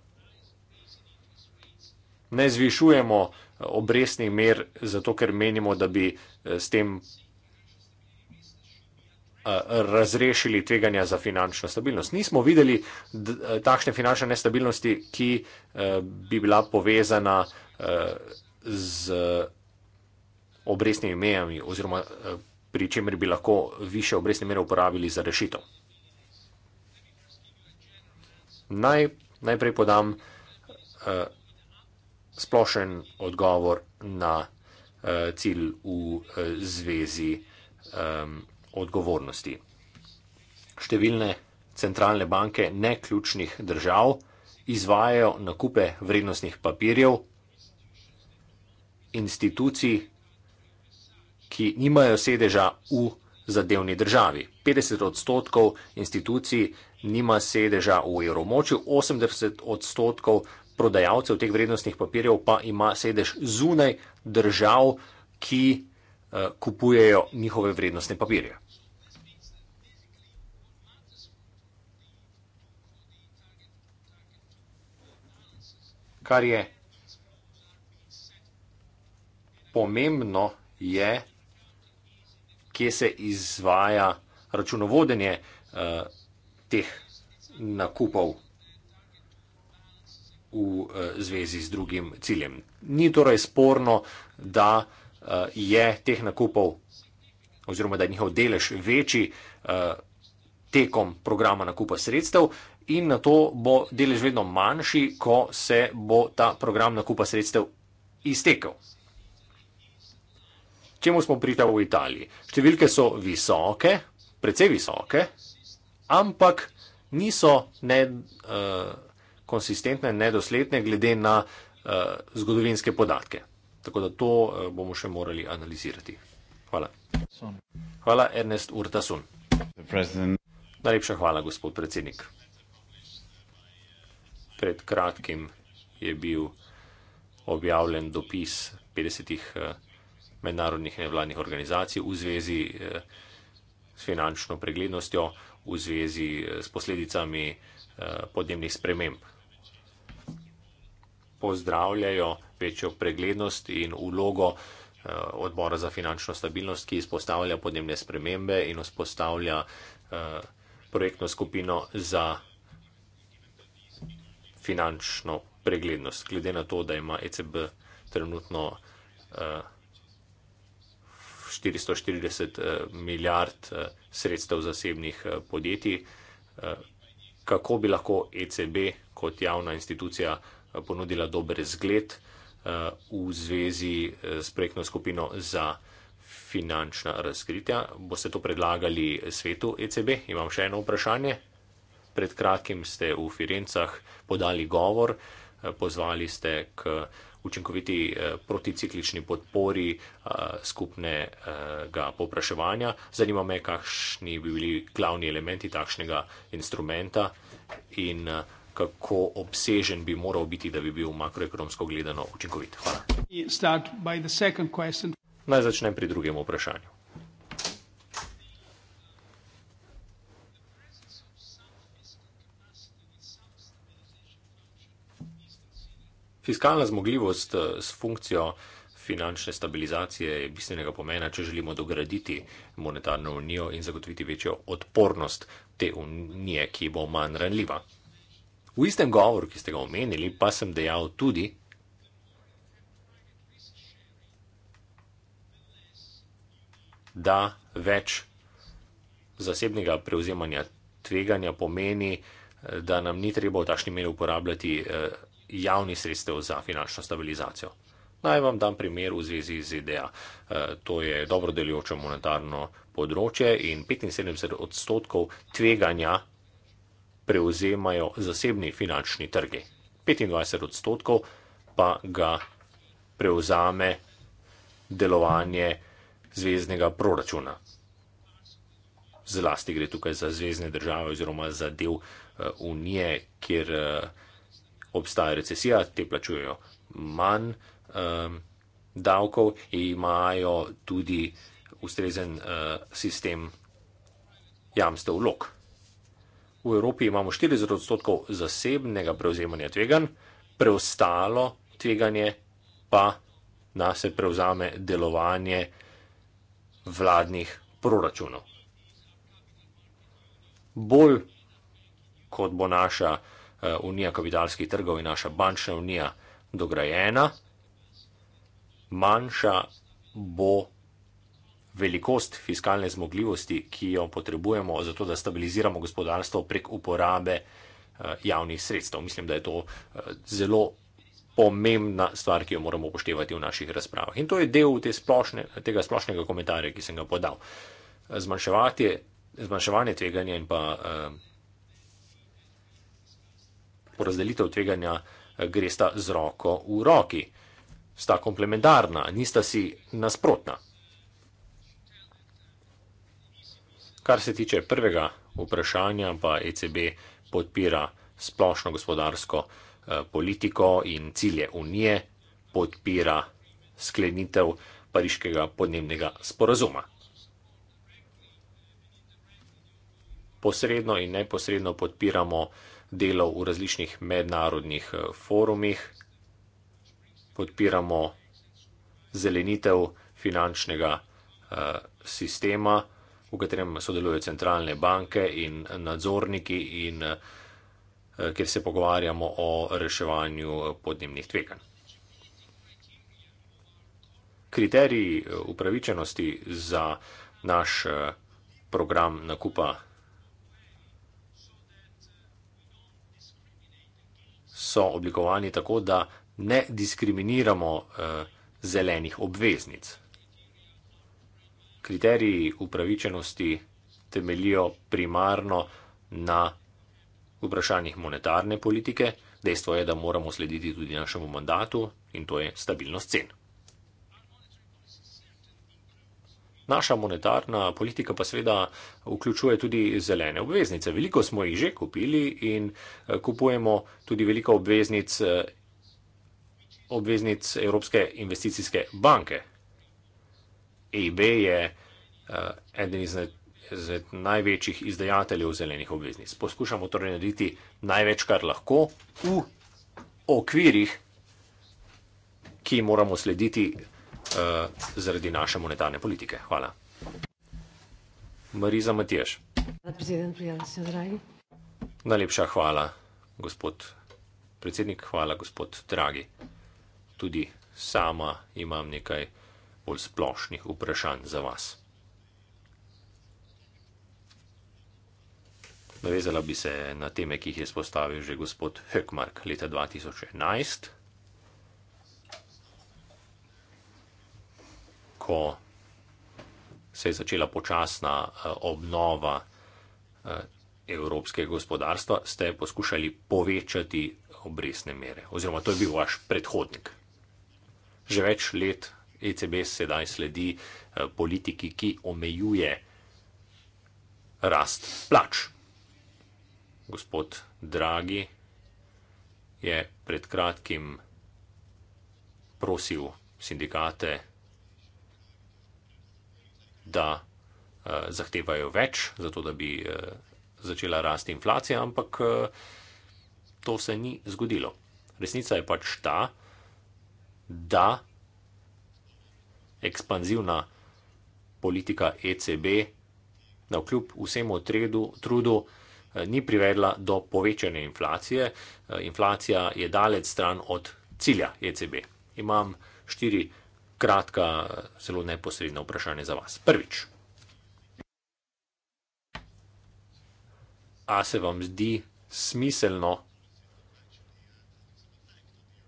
Ne zvišujemo eh, obresnih mer zato, ker menimo, da bi eh, s tem Eh, razrešili tveganja za finančno stabilnost. Nismo videli eh, takšne finančne nestabilnosti, ki eh, bi bila povezana z obresnimi mejami oziroma pri čemer bi lahko više obresne mere uporabili za rešitev. Naj, najprej podam uh, splošen odgovor na uh, cilj v uh, zvezi um, odgovornosti. Številne centralne banke neključnih držav izvajajo nakupe vrednostnih papirjev institucij, ki nimajo sedeža v zadevni državi. 50 odstotkov institucij nima sedeža v evromoču, 80 odstotkov prodajalcev teh vrednostnih papirjev pa ima sedež zunaj držav, ki Eh, kupujejo njihove vrednostne papirje. Kar je pomembno, je, kje se izvaja računovodenje uh, teh nakupov v uh, zvezi z drugim ciljem. Ni torej sporno, da uh, Eh, je teh nakupov oziroma da je njihov delež večji eh, tekom programa nakupa sredstev in na to bo delež vedno manjši, ko se bo ta program nakupa sredstev iztekel. Čemu smo prita v Italiji? Številke so visoke, precej visoke, ampak niso ne, uh, konsistentne, nedosledne glede na uh, zgodovinske podatke. Tako da to eh, bomo še morali analizirati. Hvala. Hvala, Ernest Urta Sun. Najlepša hvala, gospod predsednik. Pred kratkim je bil objavljen dopis 50 eh, mednarodnih nevladnih organizacij v zvezi eh, s finančno preglednostjo, v zvezi s posledicami podnebnih sprememb pozdravljajo večjo preglednost in ulogo eh, odbora za finančno stabilnost, ki izpostavlja podnebne spremembe in vzpostavlja eh, projektno skupino za finančno preglednost. Glede na to, da ima ECB trenutno 440 eh, milijard sredstev zasebnih podjetij, kako bi lahko ECB kot javna institucija Eh, ponudila dober zgled eh, v zvezi eh, s projektno skupino za finančna razkritja. Boste to predlagali svetu ECB? Imam še eno vprašanje. Pred kratkim ste v Firencah podali govor, pozvali ste k učinkoviti proticiklični podpori skupnega popraševanja. Zanima me, kakšni bi bili glavni elementi takšnega instrumenta in kako obsežen bi moral biti, da bi bil makroekonomsko gledano učinkovit. Hvala. Naj začnem pri drugem vprašanju. Fiskalna zmogljivost eh, s funkcijo finančne stabilizacije je bistvenega pomena, če želimo dograditi monetarno unijo in zagotoviti večjo odpornost te unije, ki bo manj ranljiva. V istem govoru, ki ste ga omenili, pa sem dejal tudi, da več zasebnega prevzemanja tveganja pomeni, da nam ni treba v takšni meri uporabljati eh, javni sredstev za finančno stabilizacijo. Naj vam dam primer v zvezi z ZDA. Eh, to je dobro delujoče monetarno področje in 75 odstotkov tveganja prevzemajo zasebni finančni trgi. 25 odstotkov pa ga prevzame delovanje zvezdnega proračuna. Zlasti gre tukaj za zvezdne države oziroma za del eh, unije, kjer eh, obstaja recesija, te plačujejo manj eh, davkov, imajo tudi ustrezen sistem jamstev vlog. V Evropi imamo 40 odstotkov zasebnega prevzemanja tvegan, preostalo tveganje pa nas prevzame delovanje vladnih proračunov. Bolj kot bo naša eh, unija kapitalskih trgov in naša bančna unija dograjena, manjša bo velikost fiskalne zmogljivosti, ki jo potrebujemo za to, da stabiliziramo gospodarstvo prek uporabe eh, javnih sredstev. Mislim, da je to eh, zelo pomembna stvar, ki jo moramo upoštevati v naših razpravah. In to je del te splošne, tega splošnega komentarja, ki sem ga podal. Zmanjševati, zmanjševanje tveganja in pa eh, porazdelitev tveganja gresta z roko v roki. Sta komplementarna, nista si nasprotna. Kar se tiče prvega vprašanja, pa ECB podpira splošno gospodarsko eh, politiko in cilje unije, podpira sklenitev pariškega podnebnega sporazuma. Posredno in neposredno podpiramo delo v različnih mednarodnih eh, forumih, podpiramo zelenitev finančnega eh, sistema, v katerem sodelujejo centralne banke in nadzorniki, in eh, kjer se pogovarjamo o reševanju eh, podnebnih tveganj. Kriteriji eh, upravičenosti za naš program nakupa so oblikovani tako, da ne diskriminiramo zelenih obveznic kriteriji upravičenosti temelijo primarno na vprašanjih monetarne politike. Dejstvo je, da moramo slediti tudi našemu mandatu in to je stabilnost cen. Naša monetarna politika pa seveda vključuje tudi zelene obveznice. Veliko smo jih že kupili in eh, kupujemo tudi veliko obveznic, eh, obveznic Evropske investicijske banke. EIB je uh, eden izmed največjih izdajateljev zelenih obveznic. Poskušamo torej narediti največ, kar lahko, v okvirih, ki moramo slediti uh, zaradi naše monetarne politike. Hvala. Mariza Matjaš. Najlepša hvala, gospod predsednik, hvala, gospod Dragi. Tudi sama imam nekaj bolj splošnih vprašanj za vas. Navezala bi se na teme, ki jih je spostavil že gospod Hökmark leta 2011, ko se je začela počasna eh, obnova eh, evropskega gospodarstva, ste poskušali povečati obresne mere. Oziroma, to je bil vaš predhodnik. Že več let ECB sedaj sledi eh, politiki, ki omejuje rast plač. Gospod Dragi je pred kratkim prosil sindikate, da eh, zahtevajo več, zato da bi eh, začela rasti inflacija, ampak eh, to se ni zgodilo. Resnica je pač ta, da ekspanzivna politika ECB na vkljub vsemu tredu, trudu eh, ni privedla do povečanja inflacije. Eh, inflacija je dalec stran od cilja ECB. Imam štiri kratka, eh, zelo neposredna vprašanja za vas. Prvič. A se vam zdi smiselno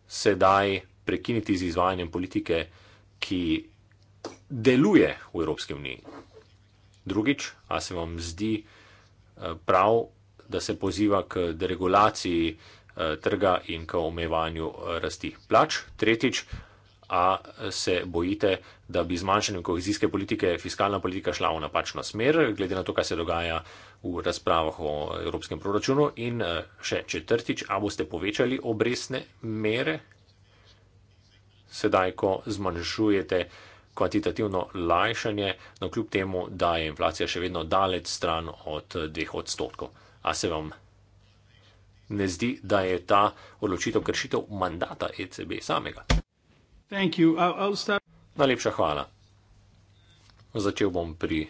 sedaj prekiniti z izvajanjem politike, ki deluje v Evropski uniji. Drugič, a se vam zdi eh, prav, da se poziva k deregulaciji eh, trga in k omejevanju eh, rasti plač. Tretjič, a se bojite, da bi zmanjšanjem kohezijske politike fiskalna politika šla v napačno smer, glede na to, kaj se dogaja v razpravah o evropskem proračunu. In še četrtič, a boste povečali obresne mere, sedaj, ko zmanjšujete kvantitativno lajšanje, no kljub temu, da je inflacija še vedno daleč stran od dveh odstotkov. A se vam ne zdi, da je ta odločitev kršitev mandata ECB samega? Najlepša hvala. Začel bom pri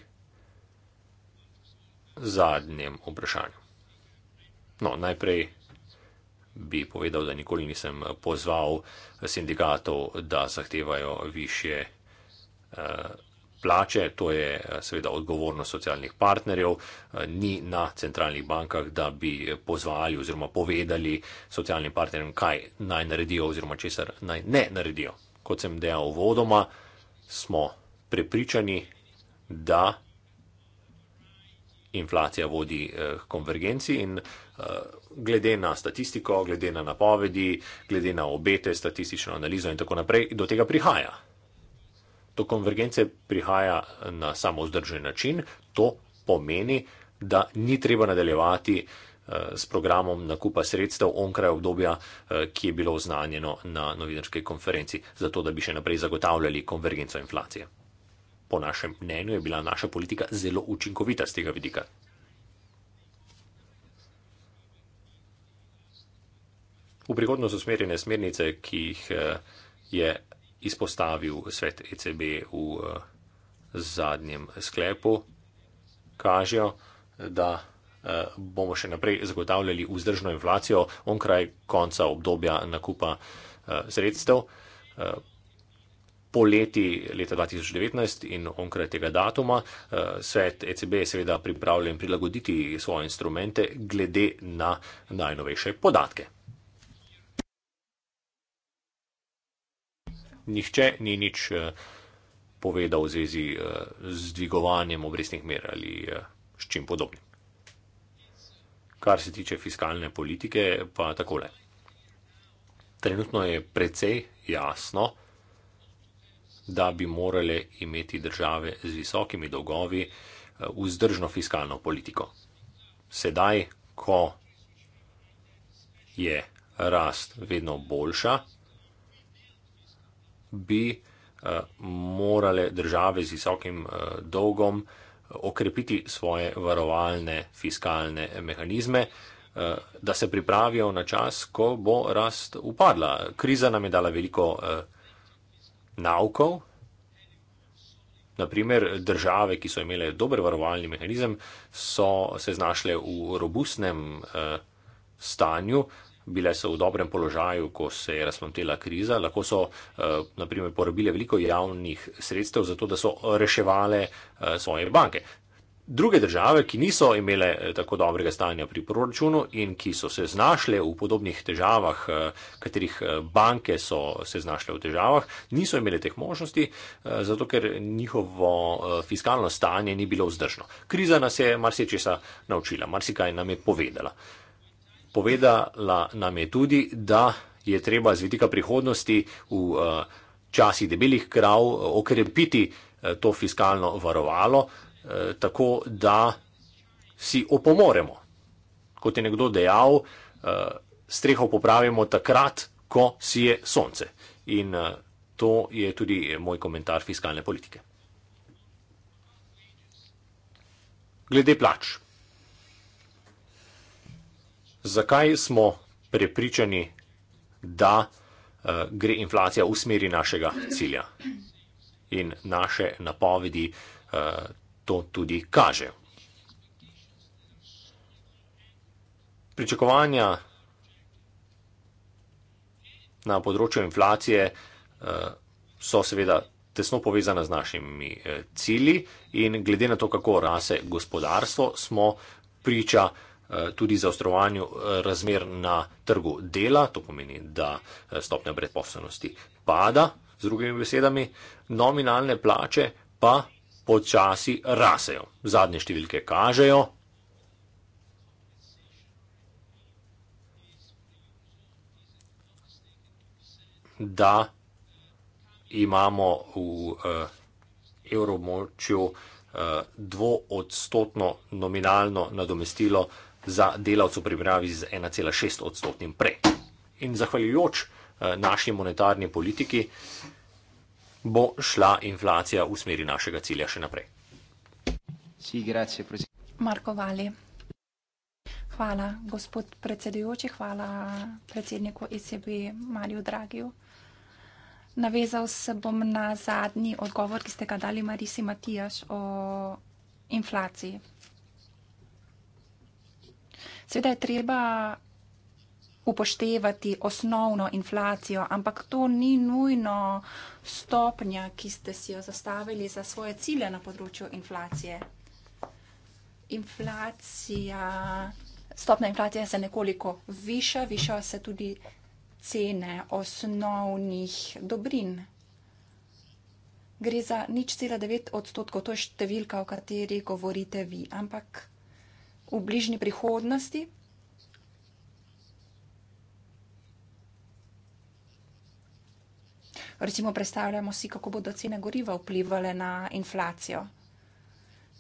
zadnjem vprašanju. No, najprej bi povedal, da nikoli nisem pozval sindikatov, da zahtevajo više plače, to je eh, seveda odgovornost socialnih partnerjev, eh, ni na centralnih bankah, da bi pozvali oziroma povedali socialnim partnerjem, kaj naj naredijo oziroma česar naj ne naredijo. Kot sem dejal vodoma, smo prepričani, da inflacija vodi k eh, konvergenci in glede na statistiko, glede na napovedi, glede na obete, statistično analizo in tako naprej, do tega prihaja do konvergence prihaja na samo vzdržen način, to pomeni, da ni treba nadaljevati eh, s programom nakupa sredstev onkraj obdobja, eh, ki je bilo oznanjeno na novinarske konferenci, zato da bi še naprej zagotavljali konvergenco inflacije. Po našem mnenju je bila naša politika zelo učinkovita z tega vidika. V prihodnost usmerjene smernice, ki jih eh, je izpostavil svet ECB v eh, zadnjem sklepu, kažejo, da eh, bomo še naprej zagotavljali vzdržno inflacijo onkraj konca obdobja nakupa eh, sredstev. Po leti leta 2019 in onkraj tega datuma svet ECB je seveda pripravljen prilagoditi svoje instrumente glede na najnovejše podatke. nihče ni nič eh, povedal v zvezi eh, z dvigovanjem obrestnih mer ali eh, s čim podobnim. Kar se tiče fiskalne politike, pa takole. Trenutno je precej jasno, da bi morale imeti države z visokimi dolgovi vzdržno fiskalno politiko. Sedaj, ko je rast vedno boljša, bi uh, morale države z visokim uh, dolgom eh, okrepiti svoje varovalne fiskalne mehanizme, uh, da se pripravijo na čas, ko bo rast upadla. Kriza nam je dala veliko uh, naukov. Naprimer, države, ki so imele dober varovalni mehanizem, so se znašle v robustnem eh, stanju, bile so v dobrem položaju, ko se je razplantila kriza, lahko so eh, naprimer porabile veliko javnih sredstev za to, da so reševale eh, svoje banke. Druge države, ki niso imele eh, tako dobrega stanja pri proračunu in ki so se znašle v podobnih težavah, katerih banke so se znašle v težavah, niso imele teh možnosti, zato ker njihovo fiskalno stanje ni bilo vzdržno. Kriza nas je marsikaj naučila, marsikaj nam je povedala. Povedala nam je tudi, da je treba z vidika prihodnosti v eh, časi debelih krav eh, okrepiti eh, to fiskalno varovalo, tako da si opomoremo. Kot je nekdo dejal, streho popravimo takrat, ko si je sonce. In to je tudi moj komentar fiskalne politike. Glede plač zakaj smo prepričani, da eh, gre inflacija v smeri našega cilja. In naše napovedi eh, to tudi kaže. Pričakovanja na področju inflacije eh, so seveda tesno povezana z našimi cilji in glede na to, kako rase gospodarstvo, smo priča Eh, tudi zaostrovanju eh, razmer na trgu dela, to pomeni, da eh, stopnja brezposobnosti pada, z drugimi besedami, nominalne plače pa počasi rasejo. Zadnje številke kažejo, da imamo v uh, evromočju uh, dvoodstotno nominalno nadomestilo uh, za delavce v primerjavi z 1,6 odstotnim prej. In zahvaljujoč eh, naši monetarni politiki bo šla inflacija v smeri našega cilja še naprej. Marko Vali. Hvala, gospod predsedujoči, hvala predsedniku ECB Mariju Dragiju. Navezal se bom na zadnji odgovor, ki ste ga dali Marisi Matijaš o inflaciji. Sveda je treba upoštevati osnovno inflacijo, ampak to ni nujno stopnja, ki ste si jo zastavili za svoje cilje na področju inflacije. Inflacija, stopna inflacija se nekoliko viša, viša se tudi cene osnovnih dobrin. Gre za nič cela devet odstotkov, to je številka, o kateri govorite vi, ampak v bližnji prihodnosti. Recimo, predstavljamo si, kako bodo cene goriva vplivali na inflacijo.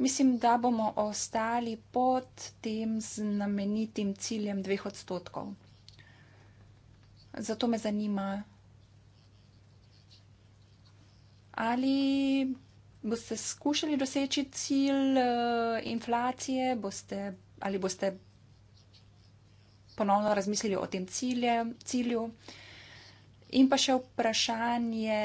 Mislim, da bomo ostali pod tem znamenitim ciljem dveh odstotkov. Zato me zanima, ali boste skušali doseči cilj uh, inflacije, boste, ali boste ponovno razmislili o tem cilje, cilju. In pa še vprašanje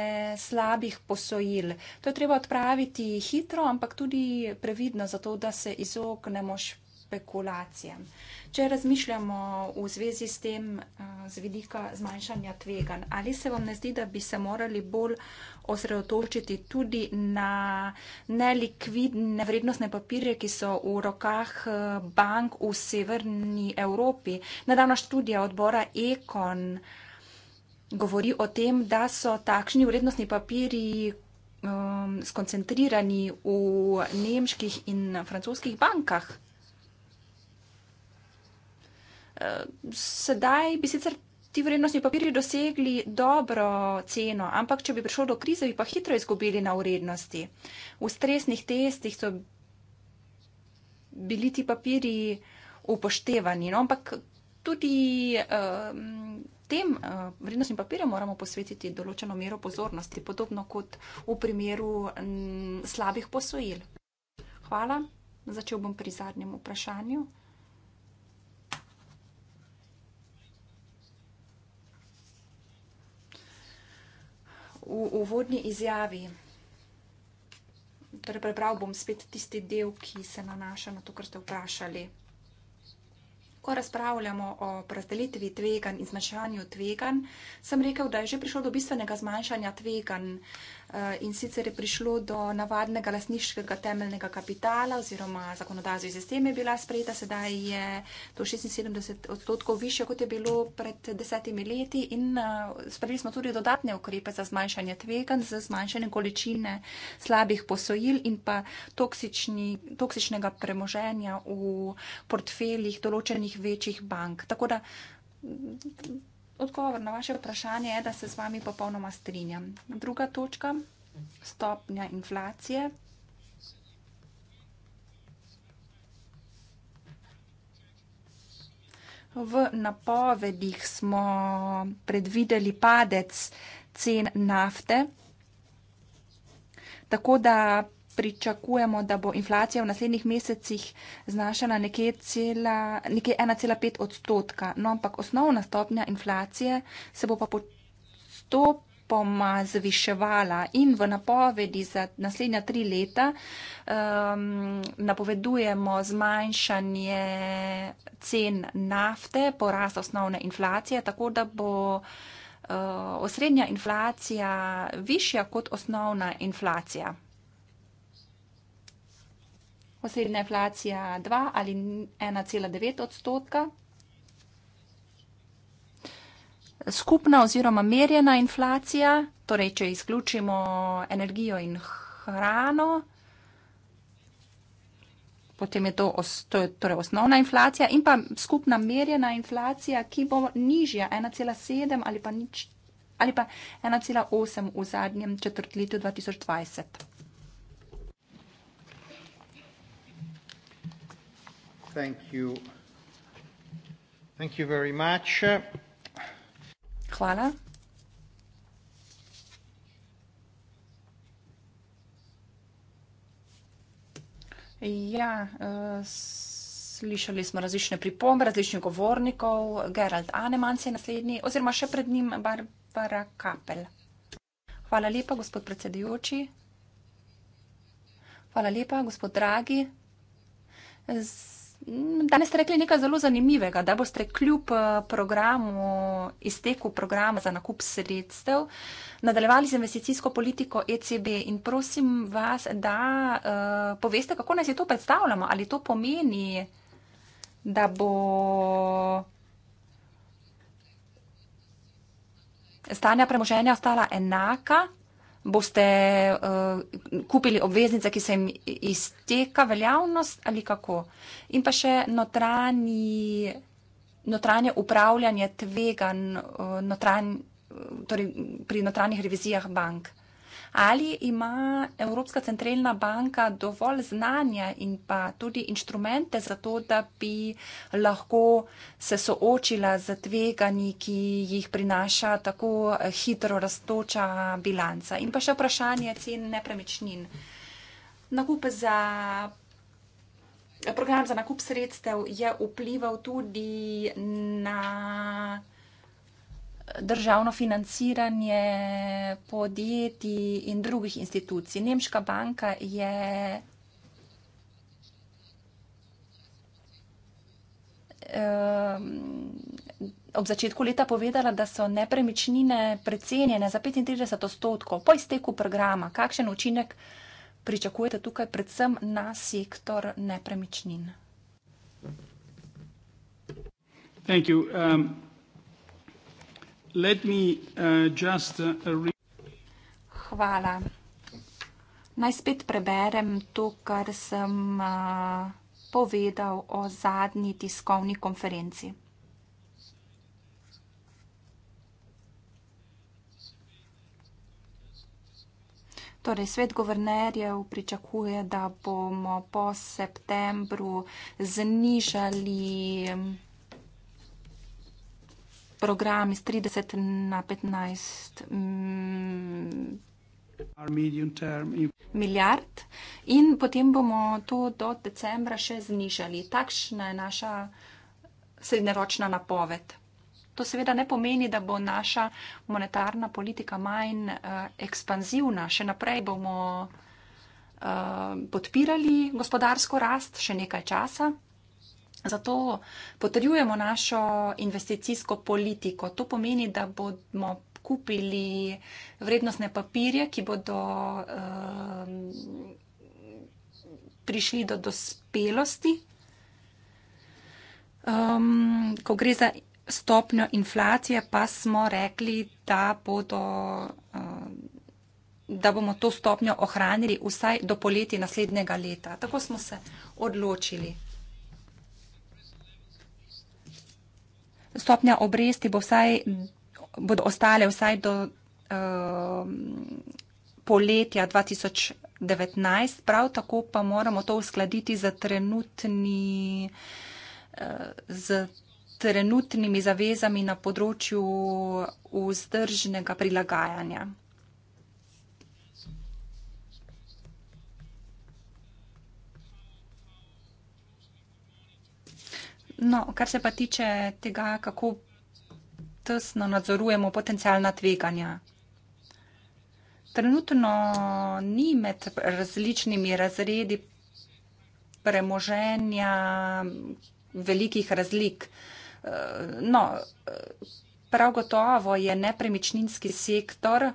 slabih posojil. To je treba odpraviti hitro, ampak tudi previdno, zato da se izognemo špekulacijam. Če razmišljamo v zvezi s tem, eh, z vidika zmanjšanja tvegan, ali se vam ne zdi, da bi se morali bolj osredotočiti tudi na nelikvidne vrednostne papirje, ki so v rokah eh, bank v severni Evropi. Nedavna študija odbora Econ govori o tem, da so takšni vrednostni papirji um, skoncentrirani v nemških in francoskih bankah. Eh, sedaj bi sicer ti vrednostni papiri dosegli dobro ceno, ampak če bi prišlo do krize, bi pa hitro izgubili na vrednosti. V stresnih testih so bili ti papiri upoštevani, no, ampak tudi uh, tem uh, vrednostnim papirjem moramo posvetiti določeno mero pozornosti, podobno kot v primeru m, slabih posojil. Hvala. Začel bom pri zadnjem vprašanju. v uvodni izjavi, torej prebral bom spet tisti del, ki se nanaša na to, kar ste vprašali ko razpravljamo o razdelitvi tveganj in zmanjšanju tveganj, sem rekel, da je že prišlo do bistvenega zmanjšanja tveganj eh, in sicer je prišlo do navadnega lasniškega temeljnega kapitala oziroma zakonodazo iz sisteme je bila sprejeta, sedaj je to 76 odstotkov više, kot je bilo pred desetimi leti in eh, sprejeli smo tudi dodatne ukrepe za zmanjšanje tveganj, za zmanjšanje količine slabih posojil in pa toksični, toksičnega premoženja v portfeljih določenih večjih bank. Tako da odgovor na vaše vprašanje je, da se z vami popolnoma strinjam. Druga točka, stopnja inflacije. V napovedih smo predvideli padec cen nafte, tako da pričakujemo, da bo inflacija v naslednjih mesecih znašala nekje 1,5 odstotka. No, ampak osnovna stopnja inflacije se bo pa postopoma zviševala in v napovedi za naslednja tri leta um, napovedujemo zmanjšanje cen nafte, porast osnovne inflacije, tako da bo. Uh, osrednja inflacija višja kot osnovna inflacija posredna inflacija 2 ali 1,9 odstotka. Skupna oziroma merjena inflacija, torej če izključimo energijo in hrano, potem je to, os, to je, torej osnovna inflacija in pa skupna merjena inflacija, ki bo nižja 1,7 ali pa, pa 1,8 v zadnjem četrtletju 2020. Thank you. Thank you very much. Hvala. Ja, eh, slišali smo različne pripombe različnih govornikov. Gerald Anemans je naslednji oziroma še pred njim Barbara Kapel. Hvala lepa, gospod predsedujoči. Hvala lepa, gospod Dragi. Z danes rekli nekaj zelo zanimivega, da boste kljub eh, programu, izteku programa za nakup sredstev, nadaljevali z investicijsko politiko ECB in prosim vas, da uh, poveste, kako naj si to predstavljamo. Ali to pomeni, da bo stanja premoženja ostala enaka boste uh, kupili obveznice, ki se jim izteka veljavnost ali kako. In pa še notranji, notranje upravljanje tvegan uh, notranj, eh, torej pri notranjih revizijah bank. Uh, Ali ima Evropska centralna banka dovolj znanja in pa tudi inštrumente za to, da bi lahko se soočila z tveganji, ki jih prinaša tako hitro raztoča bilanca? In pa še vprašanje cen nepremičnin. Nakup za. Program za nakup sredstev je vplival tudi na državno financiranje podjetij in drugih institucij. Nemška banka je ob začetku leta povedala, da so nepremičnine precenjene za 35 odstotkov po izteku programa. Kakšen učinek pričakujete tukaj predvsem na sektor nepremičnin? Thank you. Um, Let me, uh, just, uh, Hvala. Naj spet preberem to, kar sem uh, povedal o zadnji tiskovni konferenci. Torej, svet guvernerjev pričakuje, da bomo po septembru znižali. Um, program iz 30 na 15 mm, milijard in potem bomo to do decembra še znižali. Takšna je naša srednjeročna napoved. To seveda ne pomeni, da bo naša monetarna politika manj uh, ekspanzivna. Še naprej bomo uh, podpirali gospodarsko rast še nekaj časa. Zato potrjujemo našo investicijsko politiko. To pomeni, da bomo kupili vrednostne papirje, ki bodo um, prišli do dospelosti, um, ko gre za stopnjo inflacije, pa smo rekli, da, bodo, um, da bomo to stopnjo ohranili vsaj do poleti naslednjega leta. Tako smo se odločili. stopnja obresti bo vsaj, bodo ostale vsaj do uh, poletja 2019, prav tako pa moramo to uskladiti z, trenutni, uh, eh, z trenutnimi zavezami na področju vzdržnega prilagajanja. No, kar se pa tiče tega, kako tesno nadzorujemo potencijalna tveganja. Trenutno ni med različnimi razredi premoženja velikih razlik. No, prav gotovo je nepremičninski sektor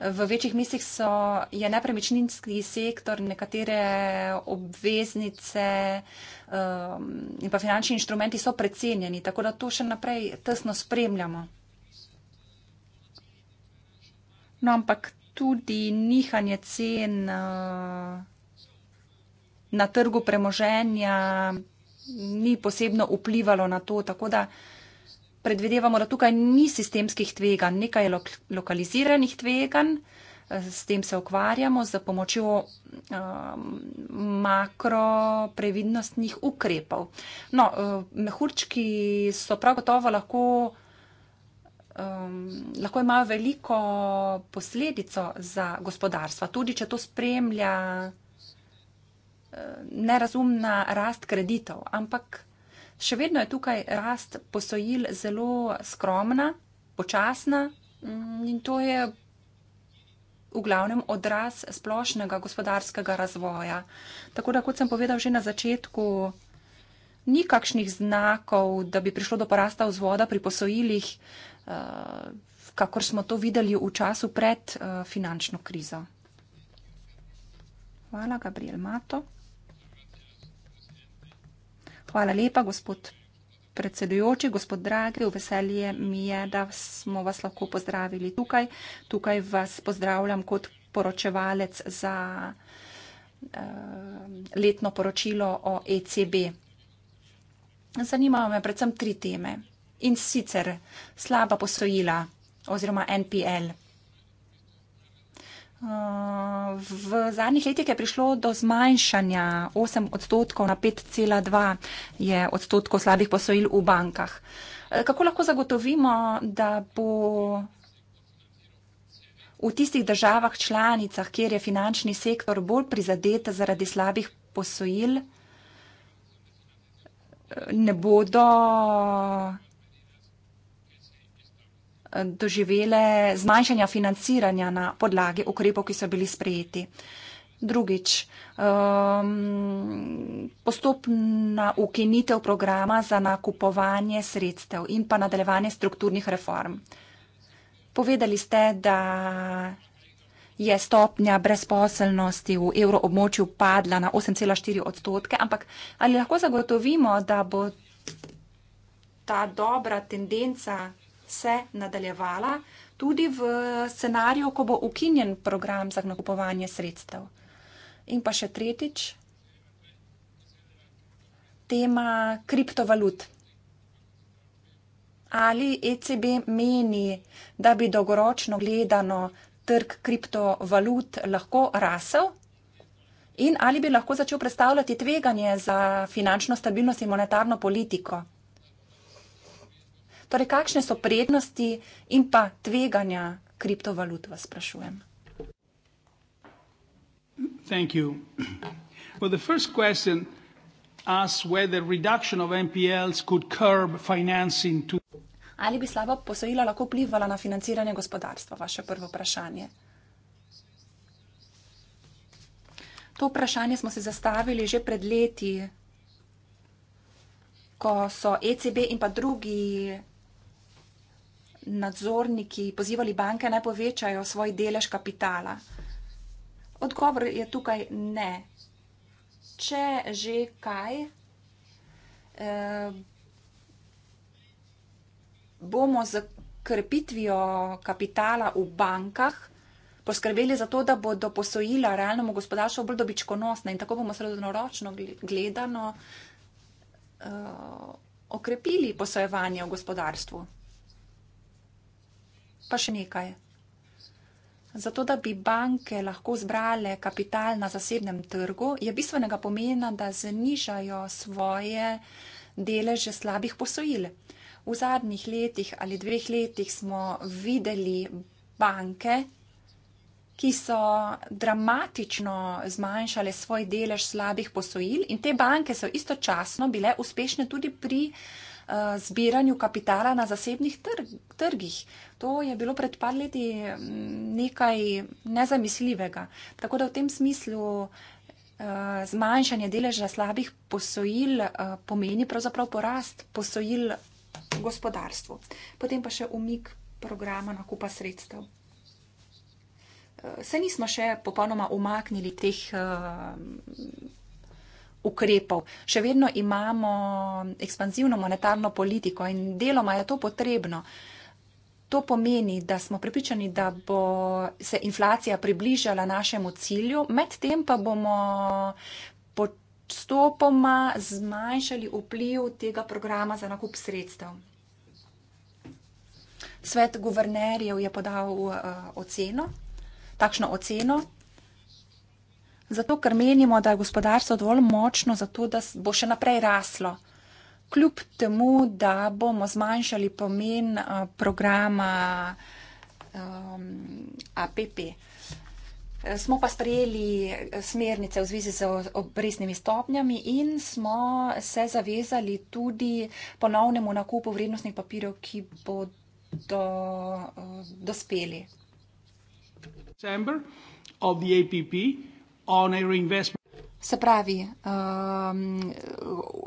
V večjih mislih so, je nepremičninski sektor nekatere obveznice um, in pa finančni inštrumenti so precenjeni, tako da to še naprej tesno spremljamo. No, ampak tudi nihanje cen uh, na trgu premoženja ni posebno vplivalo na to, tako da uh, predvidevamo, da tukaj ni sistemskih tveganj, nekaj je lok lokaliziranih tveganj, eh, s tem se ukvarjamo z pomočjo um, eh, makroprevidnostnih ukrepov. No, um, mehurčki so prav gotovo lahko, um, lahko imajo veliko posledico za gospodarstva, tudi če to spremlja. Nerazumna rast kreditov, ampak Še vedno je tukaj rast posojil zelo skromna, počasna mm, in to je v glavnem odraz splošnega gospodarskega razvoja. Tako da, kot sem povedal že na začetku, ni kakšnih znakov, da bi prišlo do porasta vzvoda pri posojilih, eh, kakor smo to videli v času pred eh, finančno krizo. Hvala, Gabriel Mato. Hvala lepa, gospod predsedujoči, gospod dragi. Veselje mi je, da smo vas lahko pozdravili tukaj. Tukaj vas pozdravljam kot poročevalec za eh, letno poročilo o ECB. Zanimajo me predvsem tri teme in sicer slaba posojila oziroma NPL. Eh, v zadnjih letih je prišlo do zmanjšanja 8 odstotkov na 5,2 je odstotkov slabih posojil v bankah. Eh, kako lahko zagotovimo, da bo v tistih državah članicah, kjer je finančni sektor bolj prizadet zaradi slabih posojil, eh, ne bodo doživele zmanjšanja financiranja na podlagi ukrepov, ki so bili sprejeti. Drugič, um, postopna ukinitev programa za nakupovanje sredstev in pa nadaljevanje strukturnih reform. Povedali ste, da je stopnja brezposelnosti v evroobmočju padla na 8,4 odstotke, ampak ali lahko zagotovimo, da bo ta dobra tendenca se nadaljevala tudi v scenariju, ko bo ukinjen program za nakupovanje sredstev. In pa še tretjič, tema kriptovalut. Ali ECB meni, da bi dolgoročno gledano trg kriptovalut lahko rasel? In ali bi lahko začel predstavljati tveganje za finančno stabilnost in monetarno politiko? Torej, kakšne so prednosti in pa tveganja kriptovalut, vas sprašujem. Ali bi slaba posojila lahko vplivala na financiranje gospodarstva? Vaše prvo vprašanje. To vprašanje smo si zastavili že pred leti, ko so ECB in pa drugi nadzorniki pozivali banke naj povečajo svoj delež kapitala? Odgovor je tukaj ne. Če že kaj, eh, bomo z krepitvijo kapitala v bankah poskrbeli za to, da bodo posojila realnemu gospodarstvu bolj dobičkonosna in tako bomo srednjeročno gledano eh, okrepili posojevanje v gospodarstvu pa še nekaj. Zato, da bi banke lahko zbrale kapital na zasebnem trgu, je bistvenega pomena, da znižajo svoje deleže slabih posojil. V zadnjih letih ali dveh letih smo videli banke, ki so dramatično zmanjšale svoj delež slabih posojil in te banke so istočasno bile uspešne tudi pri uh, Eh, zbiranju kapitala na zasebnih trgih. To je bilo pred par leti mm, nekaj nezamisljivega. Tako da v tem smislu eh, zmanjšanje deleža slabih posojil eh, pomeni pravzaprav porast posojil gospodarstvu. Potem pa še umik programa nakupa sredstev. Se nismo še popolnoma umaknili teh ukrepov. Še vedno imamo ekspanzivno monetarno politiko in deloma je to potrebno. To pomeni, da smo pripričani, da bo se inflacija približala našemu cilju, medtem pa bomo postopoma zmanjšali vpliv tega programa za nakup sredstev. Svet guvernerjev je podal uh, oceno, takšno oceno, zato ker menimo, da je gospodarstvo dovolj močno, zato da bo še naprej raslo. Kljub temu, da bomo zmanjšali pomen uh, programa um, ehm, APP. Eh, smo pa sprejeli eh, smernice v zvezi z obresnimi stopnjami in smo se zavezali tudi ponovnemu nakupu vrednostnih papirjev, ki bodo dospeli. September of the APP. Se pravi, um,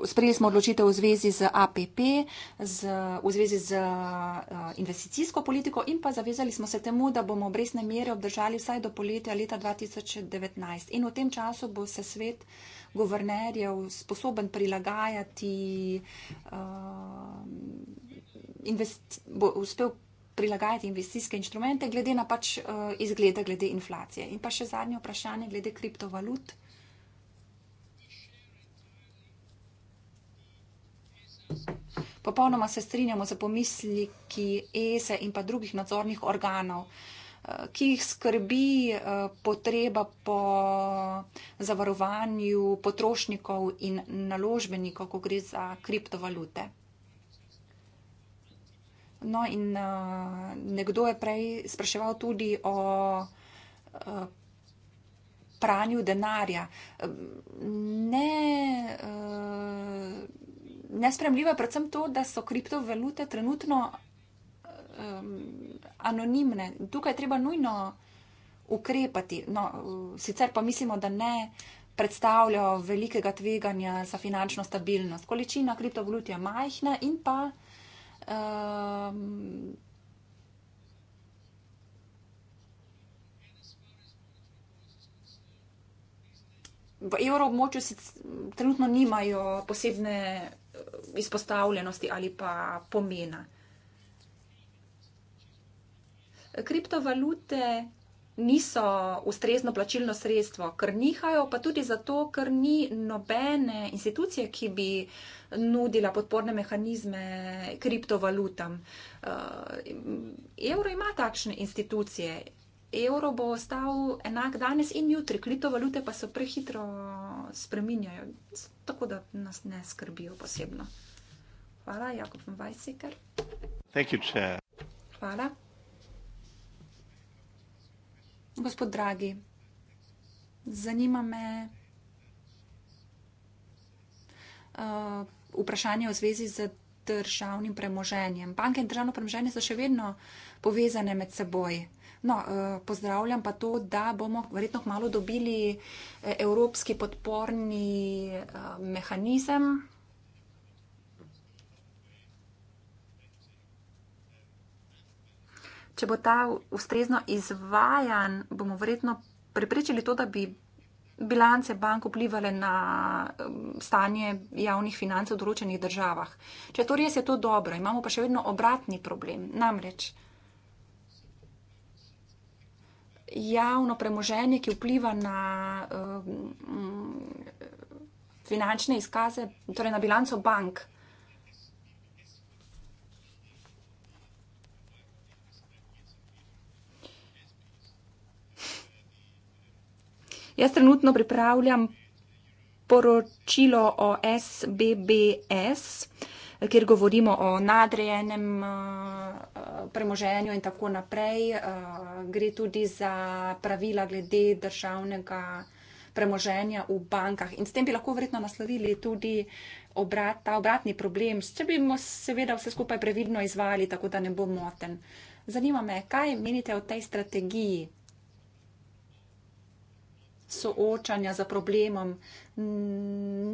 sprejeli smo odločitev v zvezi z APP, z, v zvezi z uh, investicijsko politiko in pa zavezali smo se temu, da bomo obresne mere obdržali vsaj do poletja leta 2019. In v tem času bo se svet guvernerjev sposoben prilagajati. Uh, Invest, bo uspel prilagajati investicijske instrumente, glede na pač uh, izglede, glede inflacije. In pa še zadnje vprašanje, glede kriptovalut. Popolnoma se strinjamo za pomisliki ESE in pa drugih nadzornih organov, eh, ki jih skrbi eh, potreba po zavarovanju potrošnikov in naložbenikov, ko gre za kriptovalute. No, in uh, nekdo je prej spraševal tudi o uh, pranju denarja. Ne, uh, nespremljivo je predvsem to, da so kriptovalute trenutno um, anonimne. Tukaj je treba nujno ukrepati. No, uh, sicer pa mislimo, da ne predstavljajo velikega tveganja za finančno stabilnost. Količina kriptovalut je majhna in pa. Um, V evroobmočju trenutno nimajo posebne eh, izpostavljenosti ali pa pomena. Kriptovalute niso ustrezno plačilno sredstvo, ker nihajo, pa tudi zato, ker ni nobene institucije, ki bi nudila podporne mehanizme kriptovalutam. Eh, evro ima takšne institucije. Evro bo ostal enak danes in jutri. Kriptovalute pa se prehitro spreminjajo, tako da nas ne skrbijo posebno. Hvala, Jakob Vajsiker. Hvala. Gospod Dragi, zanima me uh, vprašanje v zvezi z državnim premoženjem. Banke in državno premoženje so še vedno povezane med seboj. No, eh, pozdravljam pa to, da bomo verjetno malo dobili eh, evropski podporni mehanizem, če bo ta ustrezno izvajan, bomo verjetno preprečili to, da bi bilance bank vplivali na um, stanje javnih financ v določenih državah. Če to res je to dobro, imamo pa še vedno obratni problem. Namreč javno premoženje, ki vpliva na um, finančne izkaze, torej na bilanco bank. Jaz trenutno pripravljam poročilo o SBBS, kjer govorimo o nadrejenem eh, premoženju in tako naprej. Eh, gre tudi za pravila glede državnega premoženja v bankah. In s tem bi lahko verjetno naslovili tudi obrat, ta obratni problem, če bi mu seveda vse skupaj previdno izvali, tako da ne bo moten. Zanima me, kaj menite o tej strategiji soočanja za problemom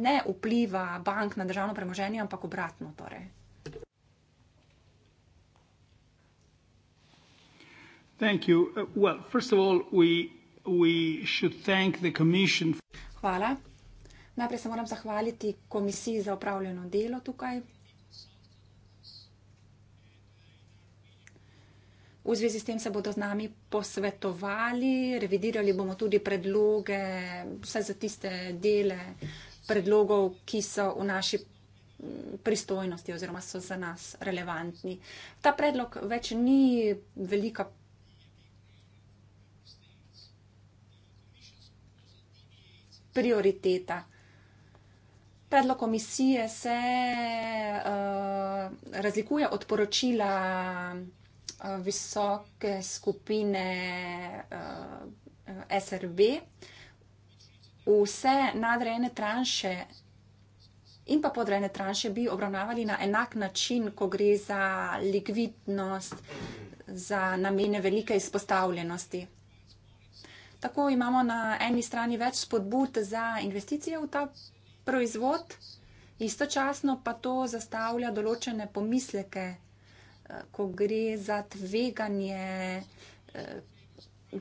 ne vpliva bank na državno premoženje, ampak obratno. Torej. Thank you. Uh, well, first of all, we, we should thank the Commission. Hvala. Najprej se moram zahvaliti komisiji za upravljeno delo tukaj V zvezi s tem se bodo z nami posvetovali, revidirali bomo tudi predloge, vse za tiste dele predlogov, ki so v naši pristojnosti oziroma so za nas relevantni. Ta predlog več ni velika. Prioriteta. Predlog komisije se uh, razlikuje od poročila Eh, visoke skupine uh, eh, SRB, vse nadrejene tranše in pa podrejene tranše bi obravnavali na enak način, ko gre za likvidnost, za namene velike izpostavljenosti. Tako imamo na eni strani več spodbud za investicije v ta proizvod, istočasno pa to zastavlja določene pomisleke ko gre za tveganje eh,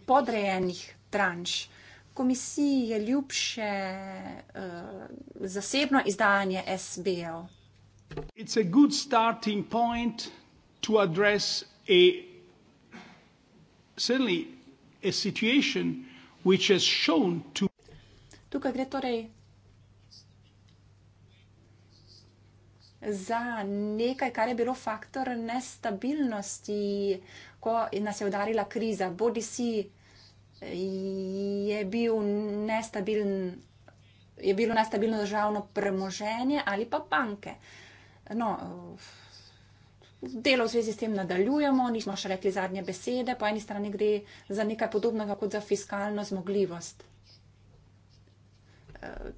podrejenih tranš. Komisiji je ljubše eh, zasebno izdajanje SBO. It's a good starting point to address a certainly a situation which has shown to. Tukaj gre torej za nekaj, kar je bilo faktor nestabilnosti, ko nas je udarila kriza. Bodi si je bil nestabilen. Je bilo nestabilno državno premoženje ali pa banke. No, delo v zvezi s tem nadaljujemo, nismo še rekli zadnje besede, po eni strani gre za nekaj podobnega kot za fiskalno zmogljivost.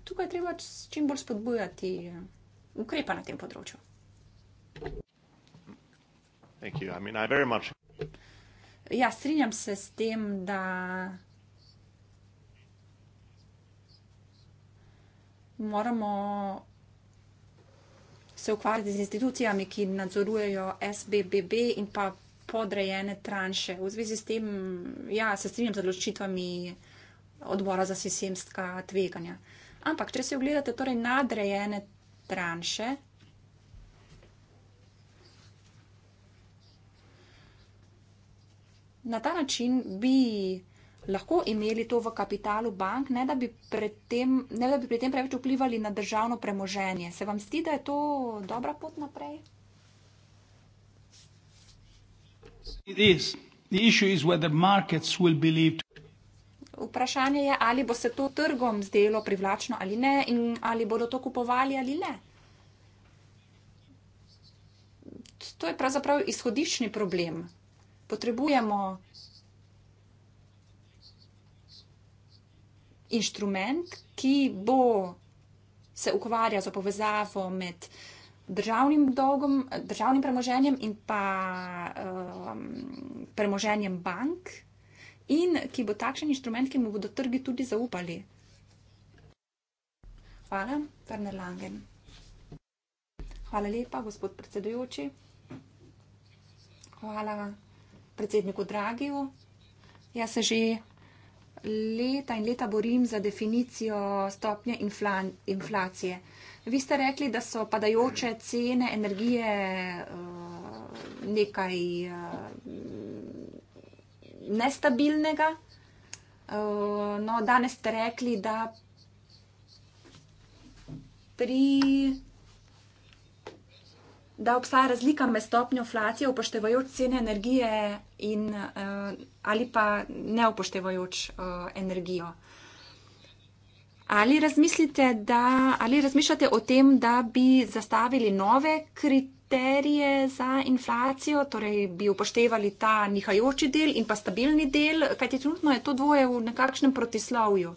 Tukaj treba čim bolj spodbujati ukrepa na tem področju. I mean, I much... Ja, strinjam se s tem, da. Moramo se ukvarjati z institucijami, ki nadzorujejo SBBB in pa podrejene tranše. V zvezi s tem, ja, se strinjam z odločitvami odbora za sistemska tveganja. Ampak, če si ogledate torej nadrejene tranše. Na ta način bi lahko imeli to v kapitalu bank, ne da bi pri tem, ne da bi pri tem preveč vplivali na državno premoženje. Se vam zdi, da je to dobra pot naprej? It is. The issue is whether markets will believe to. Vprašanje je, ali bo se to trgom zdelo privlačno ali ne in ali bodo to kupovali ali ne. To je pravzaprav izhodišni problem. Potrebujemo inštrument, ki bo se ukvarjal z povezavo med državnim, dolgom, državnim premoženjem in pa um, premoženjem bank in ki bo takšen inštrument, ki mu bodo trgi tudi zaupali. Hvala, Ferner Langen. Hvala lepa, gospod predsedujoči. Hvala predsedniku Dragiju. Jaz se že leta in leta borim za definicijo stopnje infla inflacije. Vi ste rekli, da so padajoče cene energije eh, nekaj eh, nestabilnega. Eh, no, danes ste rekli, da pri. Da obstaja razlika med stopnjo inflacije, upoštevajoč cene energije, in, eh, ali pa ne upoštevajoč uh, energijo. Ali, da, ali razmišljate o tem, da bi zastavili nove krit, kriterije za inflacijo, torej bi upoštevali ta nihajoči del in pa stabilni del, kajti trenutno je to dvoje v nekakšnem protislovju.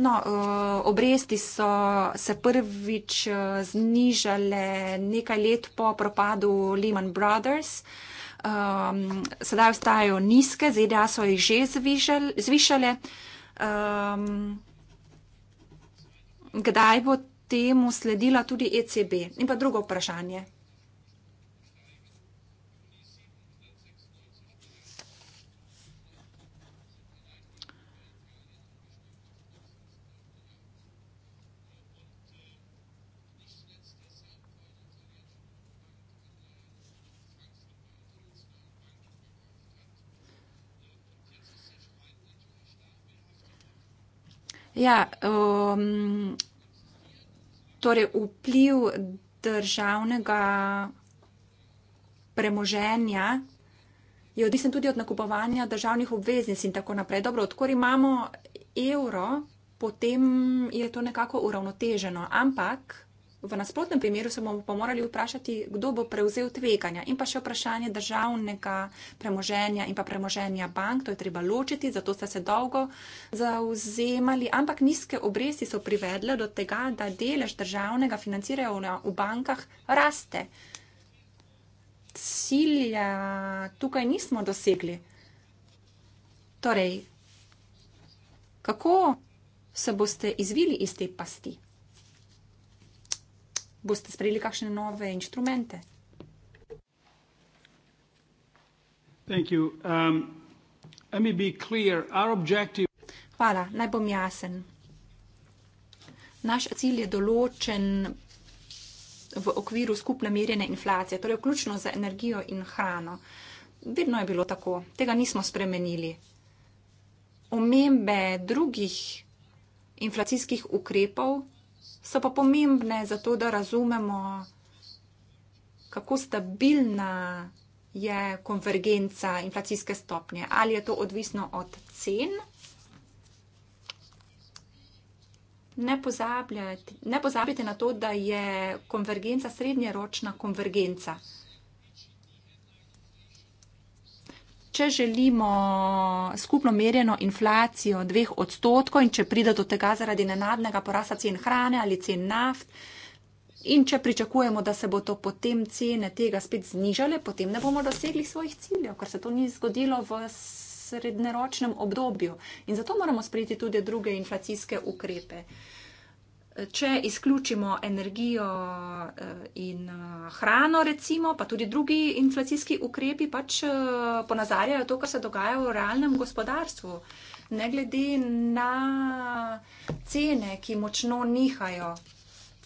No, eh, obresti so se prvič eh, znižale nekaj let po propadu Lehman Brothers. Um, sedaj ostajajo nizke, ZDA so jih že zvišali, zvišale. Um, kdaj bo temu sledila tudi ECB? In pa drugo vprašanje. Ja, um, torej vpliv državnega premoženja je odvisen tudi od nakupovanja državnih obveznic in tako naprej. Dobro, odkori imamo evro, potem je to nekako uravnoteženo, ampak V nasprotnem primeru se bomo pa morali vprašati, kdo bo prevzel tveganja in pa še vprašanje državnega premoženja in pa premoženja bank. To je treba ločiti, zato ste se dolgo zauzemali. Ampak nizke obresti so privedle do tega, da delež državnega financiranja v bankah raste. Cilja tukaj nismo dosegli. Torej, kako se boste izvili iz te pasti? boste sprejeli kakšne nove inštrumente? Um, Hvala, naj bom jasen. Naš cilj je določen v okviru skupne merjene inflacije, torej vključno za energijo in hrano. Vedno je bilo tako, tega nismo spremenili. Omembe drugih inflacijskih ukrepov so pa pomembne za to, da razumemo, kako stabilna je konvergenca inflacijske stopnje. Ali je to odvisno od cen? Ne pozabite, ne pozabite na to, da je konvergenca srednjeročna konvergenca. če želimo skupno merjeno inflacijo dveh odstotkov in če pride do tega zaradi nenadnega porasta cen hrane ali cen naft in če pričakujemo, da se bo to potem cene tega spet znižale, potem ne bomo dosegli svojih ciljev, ker se to ni zgodilo v srednjeročnem obdobju. In zato moramo sprejeti tudi druge inflacijske ukrepe če izključimo energijo eh, in eh, hrano, recimo, pa tudi drugi inflacijski ukrepi, pač eh, ponazarjajo to, kar se dogaja v realnem gospodarstvu. Ne glede na cene, ki močno nihajo,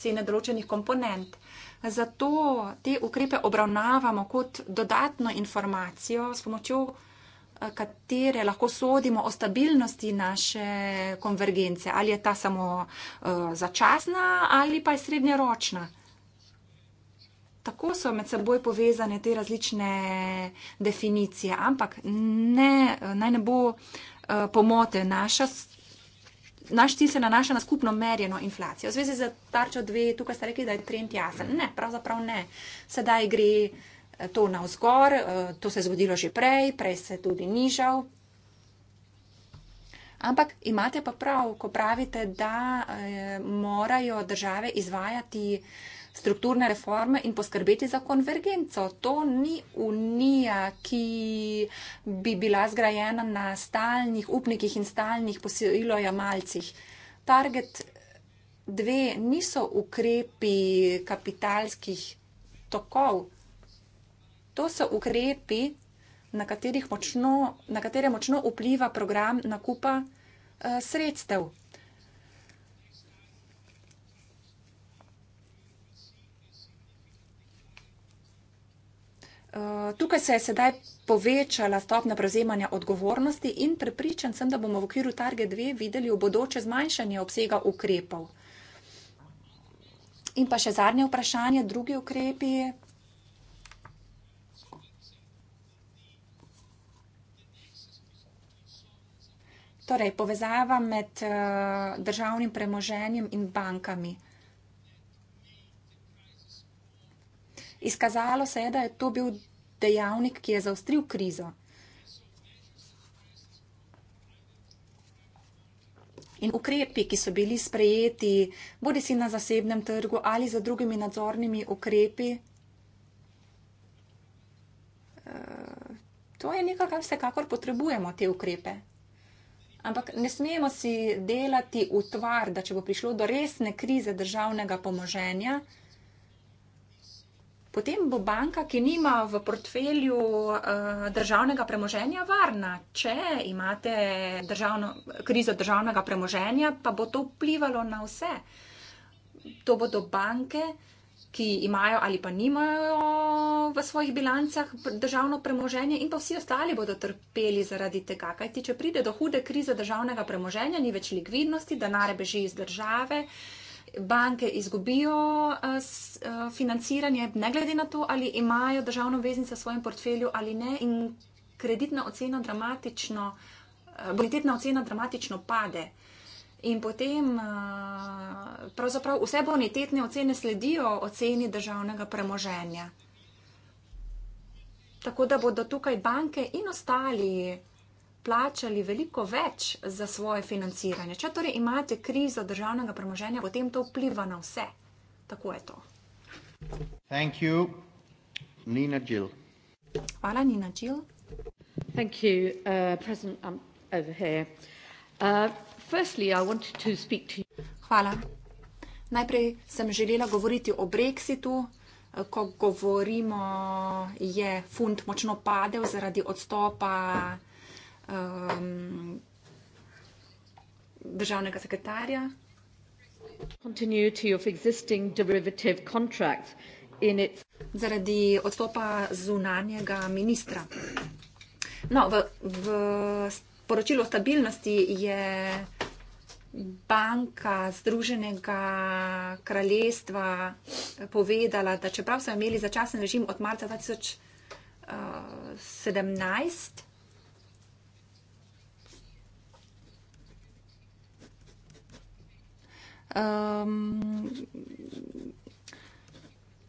cene določenih komponent. Zato te ukrepe obravnavamo kot dodatno informacijo s pomočjo. Eh, katere lahko sodimo o stabilnosti naše konvergence? Ali je ta samo eh, začasna ali pa je srednjeročna? Tako so med seboj povezane te različne definicije, ampak ne, naj ne bo eh, pomote naša. Naš cilj se nanaša na skupno merjeno inflacijo. V zvezi z tarčo dve, tukaj ste rekli, da je trend jasen. Ne, pravzaprav ne. Sedaj gre uh, to navzgor, eh, to se je zgodilo že prej, prej se je tudi nižal. Ampak imate pa prav, ko pravite, da eh, morajo države izvajati strukturne reforme in poskrbeti za konvergenco. To ni unija, ki bi bila zgrajena na stalnih upnikih in stalnih posilojamalcih. Target 2 niso ukrepi kapitalskih tokov. To so ukrepi, na, močno, na katere močno vpliva program nakupa uh, sredstev. Uh, tukaj se je sedaj povečala stopna prevzemanja odgovornosti in prepričan sem, da bomo v okviru Target 2 videli v bodoče zmanjšanje obsega ukrepov. In pa še zadnje vprašanje, drugi ukrepi, Torej, povezava med uh, državnim premoženjem in bankami. Izkazalo se je, da je to bil dejavnik, ki je zaustril krizo. In ukrepi, ki so bili sprejeti, bodi si na zasebnem trgu ali za drugimi nadzornimi ukrepi, eh, to je nekaj, kar vsekakor potrebujemo, te ukrepe. Ampak ne smemo si delati utvar, da če bo prišlo do resne krize državnega pomoženja, potem bo banka, ki nima v portfelju eh, državnega premoženja, varna. Če imate državno, krizo državnega premoženja, pa bo to vplivalo na vse. To bodo banke, ki imajo ali pa nimajo v svojih bilancah državno premoženje in pa vsi ostali bodo trpeli zaradi tega. Kaj ti, če pride do hude krize državnega premoženja, ni več likvidnosti, denar beži iz države, banke izgubijo eh, eh, financiranje, ne glede na to, ali imajo državno veznico v svojem portfelju ali ne in kreditna ocena dramatično, eh, bonitetna ocena dramatično pade. In potem eh, pravzaprav vse bonitetne ocene sledijo oceni državnega premoženja. Tako da bodo tukaj banke in ostali plačali veliko več za svoje financiranje. Če torej imate krizo državnega premoženja, potem to vpliva na vse. Tako je to. Thank you, Nina Jill. Hvala, Nina Jill. Thank you, uh, President, I'm um, over here. Uh, Hvala. Najprej sem želela govoriti o brexitu. Ko govorimo, je funt močno padel zaradi odstopa um, državnega sekretarja. Continuity of existing derivative contracts in its zaradi odstopa zunanjega ministra. No, v, v poročilo o stabilnosti je banka Združenega kraljestva povedala, da čeprav so imeli začasen režim od marca 2017, um, eh,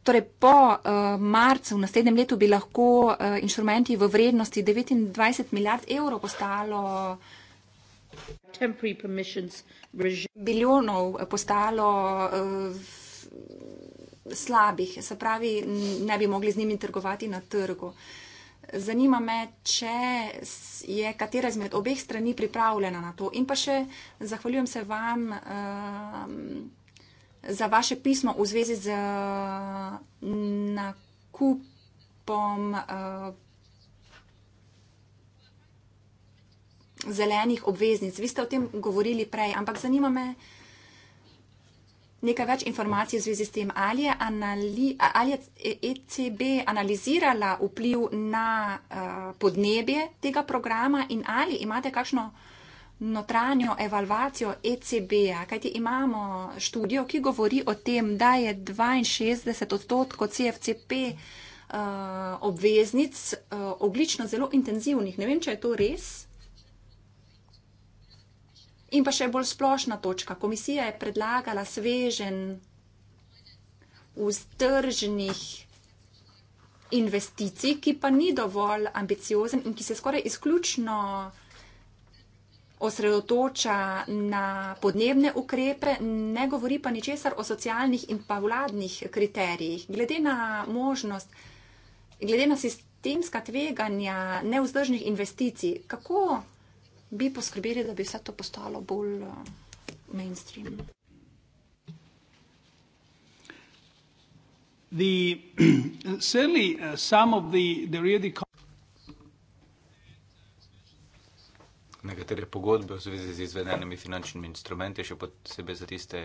Torej, po uh, marcu v naslednjem letu bi lahko uh, inštrumenti v vrednosti 29 milijard evrov postalo. Biljonov eh, postalo uh, slabih, se pravi, ne bi mogli z njimi trgovati na trgu. Zanima me, če je katera izmed obeh strani pripravljena na to. In pa še zahvaljujem se vam. Uh, za vaše pismo v zvezi z mm, nakupom uh, zelenih obveznic. Vi ste o tem govorili prej, ampak zanima me nekaj več informacij v zvezi s tem, ali je, anali, ali je ECB analizirala vpliv na uh, podnebje tega programa in ali imate kakšno notranjo evalvacijo ECB-ja, kajti imamo študijo, ki govori o tem, da je 62 odstotkov CFCP uh, eh, obveznic uh, eh, oglično zelo intenzivnih. Ne vem, če je to res. In pa še bolj splošna točka. Komisija je predlagala svežen vzdržnih investicij, ki pa ni dovolj ambiciozen in ki se skoraj izključno osredotoča na podnebne ukrepe, ne govori pa ničesar o socialnih in pa vladnih kriterijih. Glede na možnost, glede na sistemska tveganja neuzdržnih investicij, kako bi poskrbeli, da bi vse to postalo bolj eh, mainstream? The, [clears throat] certainly, uh, some of the, the really nekatere pogodbe v zvezi z izvedenimi finančnimi instrumenti, še posebej za tiste,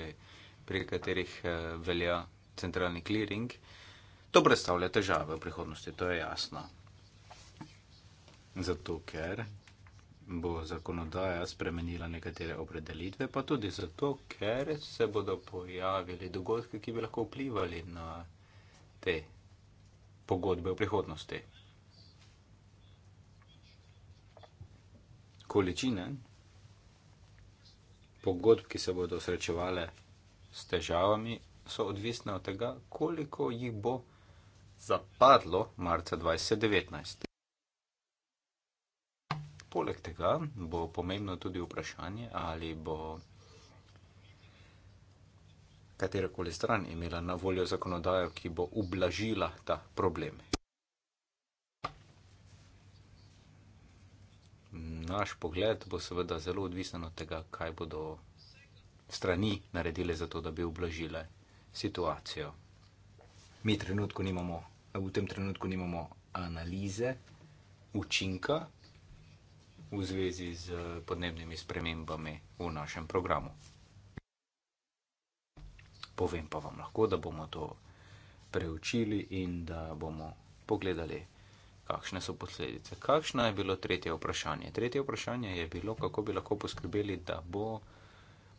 pri katerih eh, velja centralni clearing. To predstavlja težave v prihodnosti, to je jasno. Zato, ker bo zakonodaja spremenila nekatere opredelitve, pa tudi zato, ker se bodo pojavili dogodki, ki bi lahko vplivali na te pogodbe v prihodnosti. količine pogodb, ki se bodo srečevale s težavami, so odvisne od tega, koliko jih bo zapadlo marca 2019. Poleg tega bo pomembno tudi vprašanje, ali bo katerakoli stran imela na voljo zakonodajo, ki bo ublažila ta problem. naš pogled bo seveda zelo odvisen od tega, kaj bodo strani naredile za to, da bi oblažile situacijo. Mi nimamo, v tem trenutku nimamo analize učinka v zvezi z podnebnimi spremembami v našem programu. Povem pa vam lahko, da bomo to preučili in da bomo pogledali kakšne so posledice. Kakšno je bilo tretje vprašanje? Tretje vprašanje je bilo, kako bi lahko poskrbeli, da bo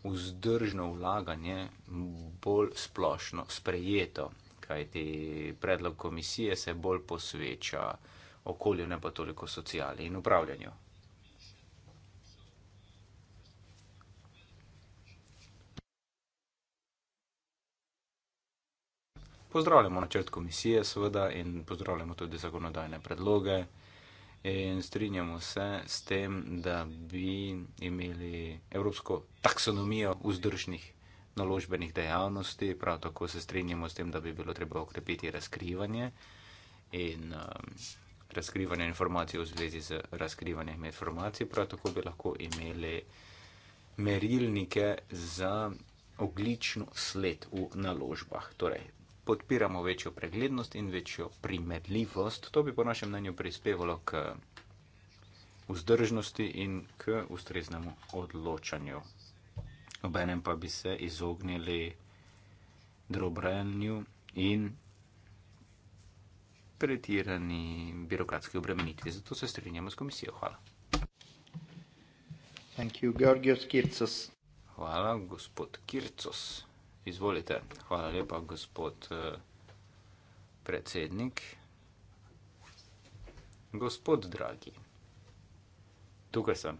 vzdržno vlaganje bolj splošno sprejeto, kajti predlog komisije se bolj posveča okolju, ne pa toliko socijali in upravljanju. pozdravljamo načrt komisije, seveda, in pozdravljamo tudi zakonodajne predloge. In strinjamo se s tem, da bi imeli evropsko taksonomijo vzdržnih naložbenih dejavnosti, prav tako se strinjamo s tem, da bi bilo treba okrepiti razkrivanje in um, razkrivanje informacij v zvezi z razkrivanjem informacij, prav tako bi lahko imeli merilnike za oglično sled v naložbah, torej podpiramo večjo preglednost in večjo primerljivost. To bi po našem mnenju prispevalo k vzdržnosti in k ustreznemu odločanju. Obenem pa bi se izognili drobrenju in pretirani birokratski obremenitvi. Zato se strinjamo s komisijo. Hvala. Hvala, gospod Kircos. Izvolite. Hvala lepa, gospod eh, predsednik. Gospod dragi, tukaj sem.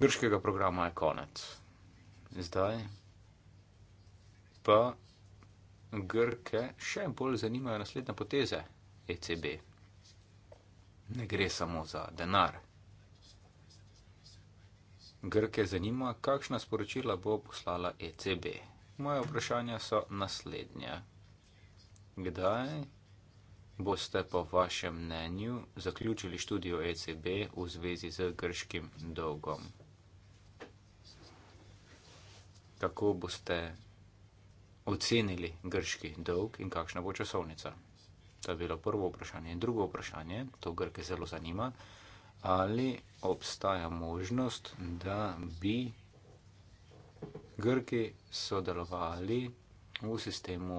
Grškega programa je konec. Zdaj pa Grke še bolj zanimajo naslednje poteze ECB ne gre samo za denar. Grke zanima, kakšna sporočila bo poslala ECB. Moje vprašanja so naslednje. Kdaj boste po vašem mnenju zaključili študijo ECB v zvezi z grškim dolgom? Kako boste ocenili grški dolg in kakšna bo časovnica? To je bilo prvo vprašanje. In drugo vprašanje, to Grke zelo zanima, ali obstaja možnost, da bi Grki sodelovali v sistemu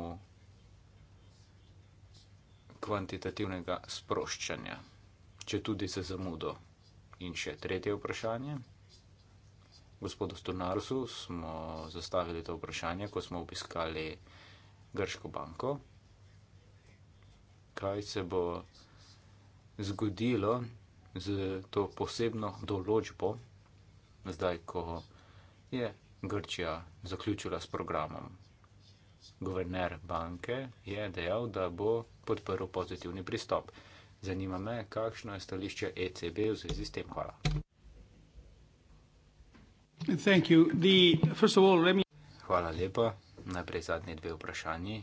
kvantitativnega sproščanja, če tudi se zamudo. In še tretje vprašanje. Gospodu Stornarsu smo zastavili to vprašanje, ko smo obiskali Grško banko kaj se bo zgodilo z to posebno določbo, zdaj, ko je Grčija zaključila s programom. Governer banke je dejal, da bo podprl pozitivni pristop. Zanima me, kakšno je stališče ECB v zvezi s tem. Hvala. Hvala lepa. Najprej zadnje dve vprašanje,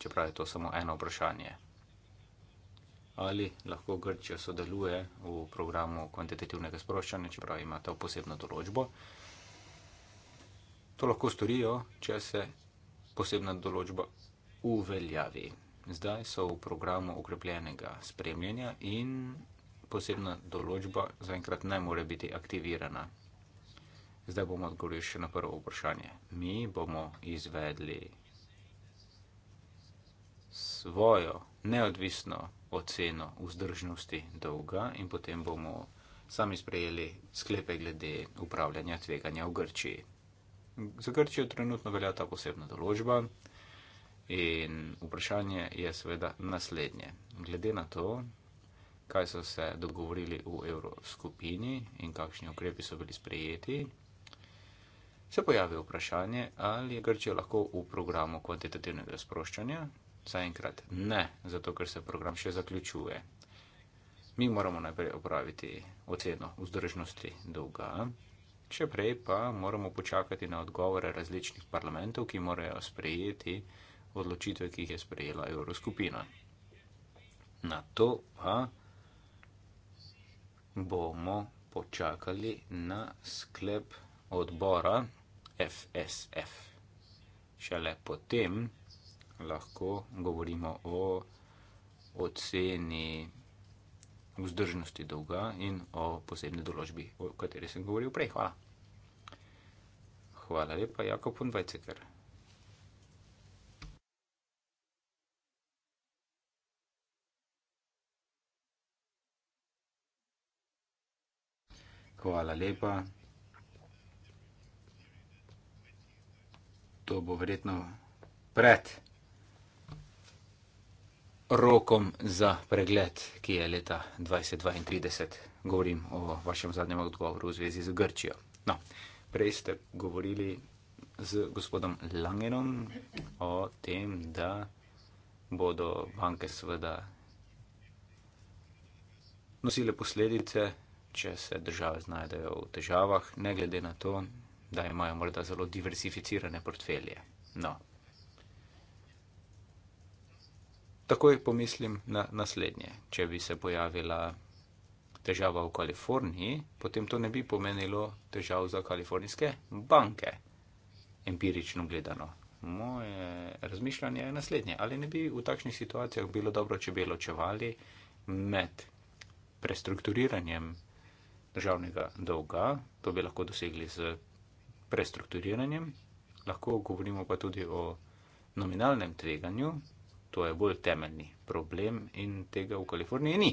čeprav je to samo eno vprašanje ali lahko Grčija sodeluje v programu kvantitativnega sproščanja, čeprav ima ta posebno določbo. To lahko storijo, če se posebna določba uveljavi. Zdaj so v programu ukrepljenega spremljanja in posebna določba zaenkrat ne more biti aktivirana. Zdaj bomo odgovorili še na prvo vprašanje. Mi bomo izvedli svojo neodvisno oceno vzdržnosti dolga in potem bomo sami sprejeli sklepe glede upravljanja tveganja v Grčiji. Za Grčijo trenutno velja ta posebna določba in vprašanje je seveda naslednje. Glede na to, kaj so se dogovorili v evroskupini in kakšni ukrepi so bili sprejeti, se pojavi vprašanje, ali je Grčija lahko v programu kvantitativnega sproščanja Zaenkrat ne, zato ker se program še zaključuje. Mi moramo najprej opraviti oceno vzdržnosti dolga, še prej pa moramo počakati na odgovore različnih parlamentov, ki morajo sprejeti odločitve, ki jih je sprejela Evroskupina. Na to pa bomo počakali na sklep odbora FSF. Šele potem lahko govorimo o oceni vzdržnosti dolga in o posebni določbi, o kateri sem govoril prej. Hvala. Hvala lepa, Jakob von Weizsäcker. Hvala lepa. To bo verjetno pred rokom za pregled, ki je leta 2032. Govorim o vašem zadnjem odgovoru v zvezi z Grčijo. No, prej ste govorili z gospodom Langenom o tem, da bodo banke seveda nosile posledice, če se države znajdejo v težavah, ne glede na to, da imajo morda zelo diversificirane portfelje. No, takoj pomislim na naslednje. Če bi se pojavila težava v Kaliforniji, potem to ne bi pomenilo težav za kalifornijske banke, empirično gledano. Moje razmišljanje je naslednje. Ali ne bi v takšnih situacijah bilo dobro, če bi ločevali med prestrukturiranjem državnega dolga, to bi lahko dosegli z prestrukturiranjem, lahko govorimo pa tudi o nominalnem tveganju, To je bolj temeljni problem in tega v Kaliforniji ni.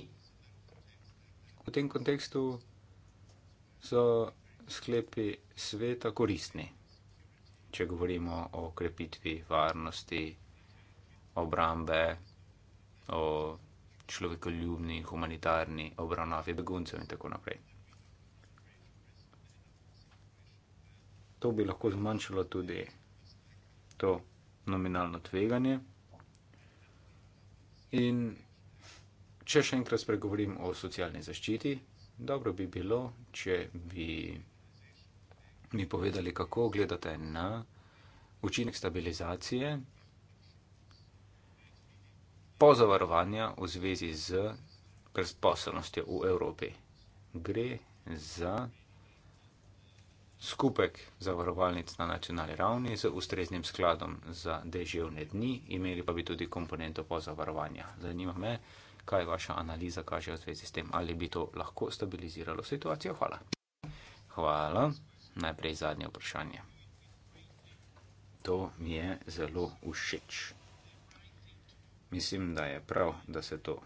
V tem kontekstu so sklepi sveta koristni, če govorimo o krepitvi varnosti, obrambe, o človekoljubni, humanitarni obravnavi beguncev in tako naprej. To bi lahko zmanjšalo tudi to nominalno tveganje. In če še enkrat spregovorim o socialni zaščiti, dobro bi bilo, če bi mi povedali, kako gledate na učinek stabilizacije pozavarovanja v zvezi z brezposelnostjo v Evropi. Gre za skupek zavarovalnic na nacionalni ravni z ustreznim skladom za deževne dni, imeli pa bi tudi komponento pozavarovanja. Zanima me, kaj vaša analiza kaže v zvezi s tem, ali bi to lahko stabiliziralo situacijo. Hvala. Hvala. Najprej zadnje vprašanje. To mi je zelo všeč. Mislim, da je prav, da se to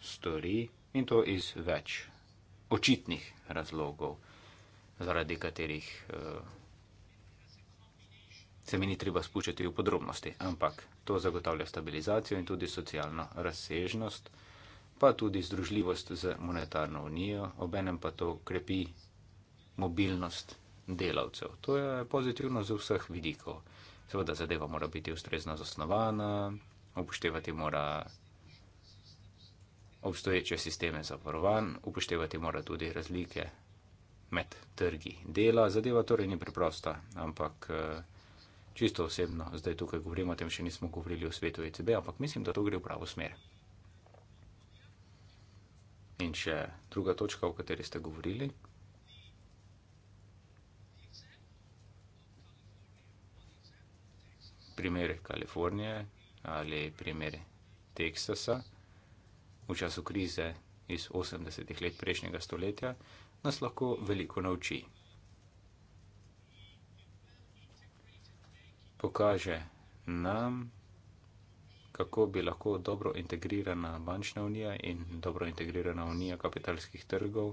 stori in to iz več očitnih razlogov zaradi katerih eh, se mi ni treba spuščati v podrobnosti. Ampak to zagotavlja stabilizacijo in tudi socialno razsežnost, pa tudi združljivost z monetarno unijo, obenem pa to krepi mobilnost delavcev. To je pozitivno z vseh vidikov. Seveda zadeva mora biti ustrezno zasnovana, upoštevati mora obstoječe sisteme zavarovan, upoštevati mora tudi razlike med trgi dela. Zadeva torej ni preprosta, ampak eh, čisto osebno, zdaj tukaj govorimo o tem, še nismo govorili o svetu ECB, ampak mislim, da to gre v pravo smer. In še druga točka, o kateri ste govorili. Primer Kalifornije ali primer Teksasa v času krize iz 80-ih let prejšnjega stoletja, nas lahko veliko nauči. Pokaže nam, kako bi lahko dobro integrirana bančna unija in dobro integrirana unija kapitalskih trgov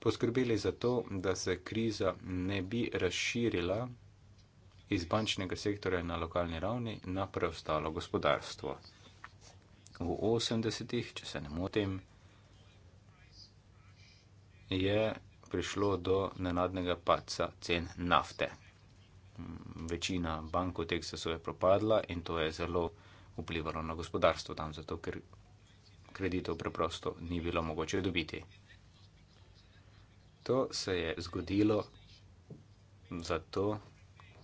poskrbeli za to, da se kriza ne bi razširila iz bančnega sektorja na lokalni ravni na preostalo gospodarstvo. V 80-ih, če se ne motim, je prišlo do nenadnega paca cen nafte. Večina bank v Teksasu je propadla in to je zelo vplivalo na gospodarstvo tam, zato ker kreditov preprosto ni bilo mogoče dobiti. To se je zgodilo zato,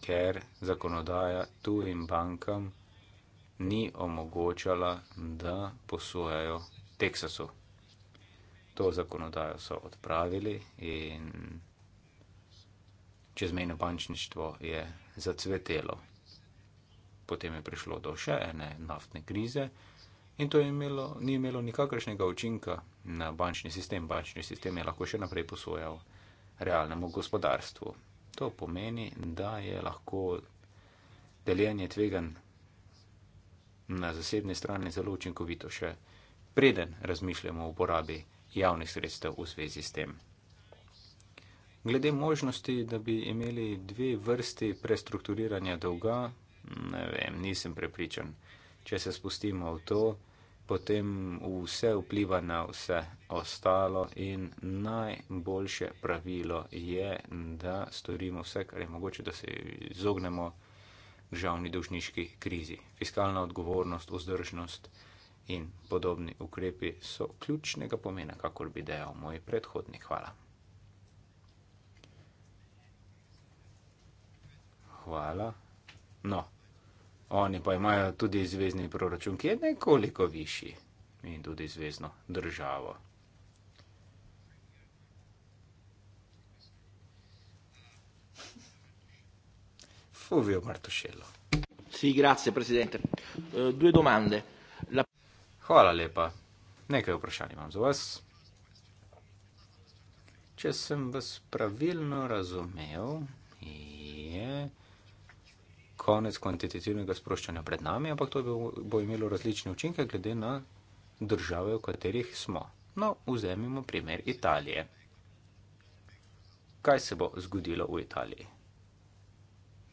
ker zakonodaja tujim bankam ni omogočala, da posujajo Teksasu to zakonodajo so odpravili in čezmejno bančništvo je zacvetelo. Potem je prišlo do še ene naftne krize in to imelo, ni imelo nikakršnega učinka na bančni sistem. Bančni sistem je lahko še naprej posojal realnemu gospodarstvu. To pomeni, da je lahko deljenje tvegan na zasebni strani zelo učinkovito še preden razmišljamo o uporabi javnih sredstev v zvezi s tem. Glede možnosti, da bi imeli dve vrsti prestrukturiranja dolga, ne vem, nisem prepričan. Če se spustimo v to, potem vse vpliva na vse ostalo in najboljše pravilo je, da storimo vse, kar je mogoče, da se izognemo državni dolžniški krizi. Fiskalna odgovornost, vzdržnost in podobni ukrepi so ključnega pomena, kakor bi dejal moj predhodnik. Hvala. Hvala. No, oni pa imajo tudi zvezdni proračun, ki je nekoliko višji in tudi zvezdno državo. Fulvio Martuscello. Sì, grazie Presidente. Eh, due domande. Hvala lepa. Nekaj vprašanj imam za vas. Če sem vas pravilno razumel, je konec kvantitativnega sproščanja pred nami, ampak to bo imelo različne učinke glede na države, v katerih smo. No, vzemimo primer Italije. Kaj se bo zgodilo v Italiji?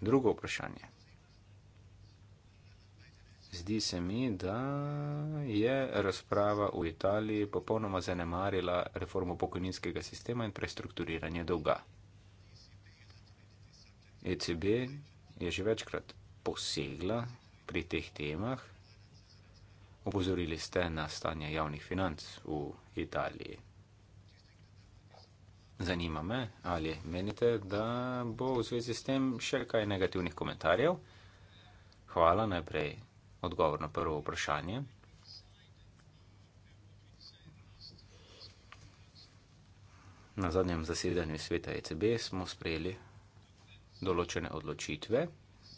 Drugo vprašanje. Zdi se mi, da je razprava v Italiji popolnoma zanemarila reformo pokojninskega sistema in prestrukturiranje dolga. ECB je že večkrat posegla pri teh temah. Opozorili ste na stanje javnih financ v Italiji. Zanima me, ali menite, da bo v zvezi s tem še kaj negativnih komentarjev. Hvala najprej odgovor na prvo vprašanje. Na zadnjem zasedanju sveta ECB smo sprejeli določene odločitve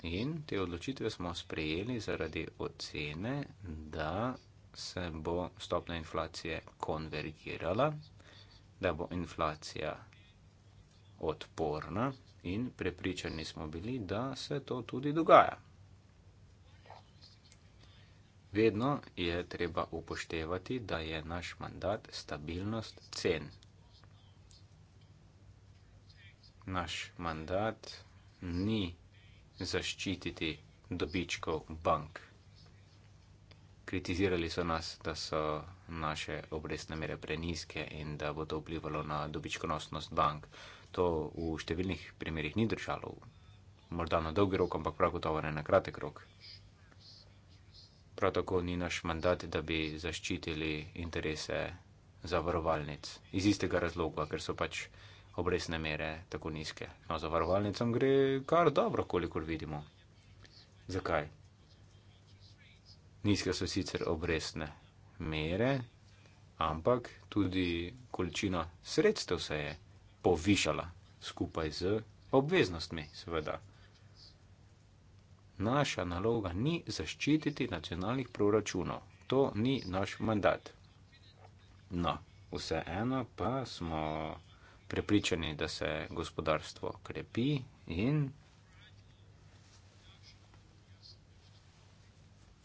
in te odločitve smo sprejeli zaradi ocene, da se bo stopna inflacije konvergirala, da bo inflacija odporna in prepričani smo bili, da se to tudi dogaja. Vedno je treba upoštevati, da je naš mandat stabilnost cen. Naš mandat ni zaščititi dobičkov bank. Kritizirali so nas, da so naše obrestne mere preniske in da bo to vplivalo na dobičkonosnost bank. To v številnih primerjih ni držalo. Morda na dolgi rok, ampak prav gotovo ne na kratek rok prav tako ni naš mandat, da bi zaščitili interese zavarovalnic. Iz istega razloga, ker so pač obresne mere tako nizke. No, zavarovalnicam gre kar dobro, kolikor vidimo. Zakaj? Nizke so sicer obresne mere, ampak tudi količina sredstev se je povišala skupaj z obveznostmi, seveda. Naša naloga ni zaščititi nacionalnih proračunov. To ni naš mandat. No, vseeno pa smo prepričani, da se gospodarstvo krepi in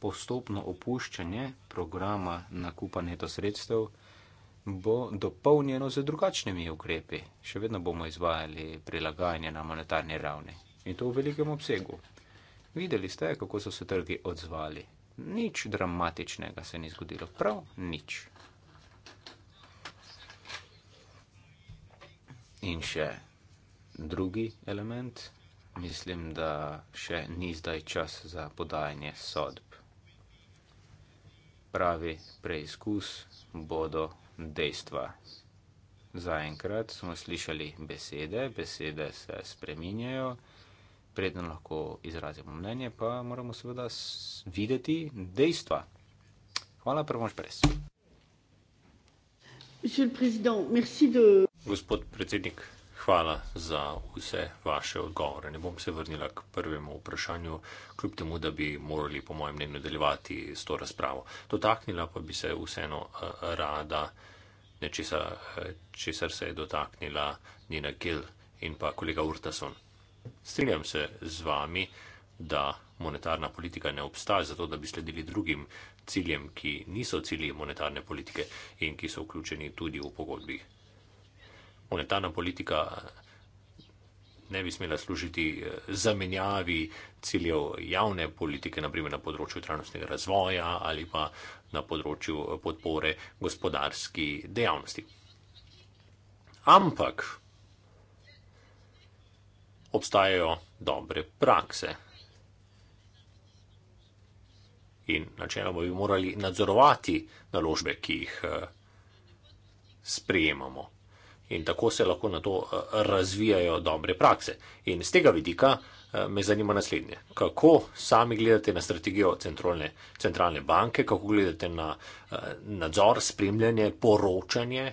postopno opuščanje programa nakupa neto sredstev bo dopolnjeno z drugačnimi ukrepi. Še vedno bomo izvajali prilagajanje na monetarni ravni in to v velikem obsegu. Videli ste, kako so se trgi odzvali. Nič dramatičnega se ni zgodilo, prav nič. In še drugi element, mislim, da še ni zdaj čas za podajanje sodb. Pravi preizkus bodo dejstva. Zaenkrat smo slišali besede, besede se spreminjajo preden lahko izrazimo mnenje, pa moramo seveda videti dejstva. Hvala, prvomoč pres. Gospod predsednik, hvala za vse vaše odgovore. Ne bom se vrnila k prvemu vprašanju, kljub temu, da bi morali, po mojem mnenju, nadaljevati s to razpravo. Dotaknila pa bi se vseeno eh, rada nečesa, eh, česar se je dotaknila Nina Kill in pa kolega Urtason. Strinjam se z vami, da monetarna politika ne obstaja zato, da bi sledili drugim ciljem, ki niso cilji monetarne politike in ki so vključeni tudi v pogodbi. Monetarna politika ne bi smela služiti eh, zamenjavi ciljev javne politike, naprimer na področju trajnostnega razvoja ali pa na področju eh, podpore gospodarski dejavnosti. Ampak obstajajo dobre prakse. In načeloma bi morali nadzorovati naložbe, ki jih eh, sprejemamo. In tako se lahko na to eh, razvijajo dobre prakse. In z tega vidika eh, me zanima naslednje. Kako sami gledate na strategijo centralne, centralne banke, kako gledate na nadzor, spremljanje, poročanje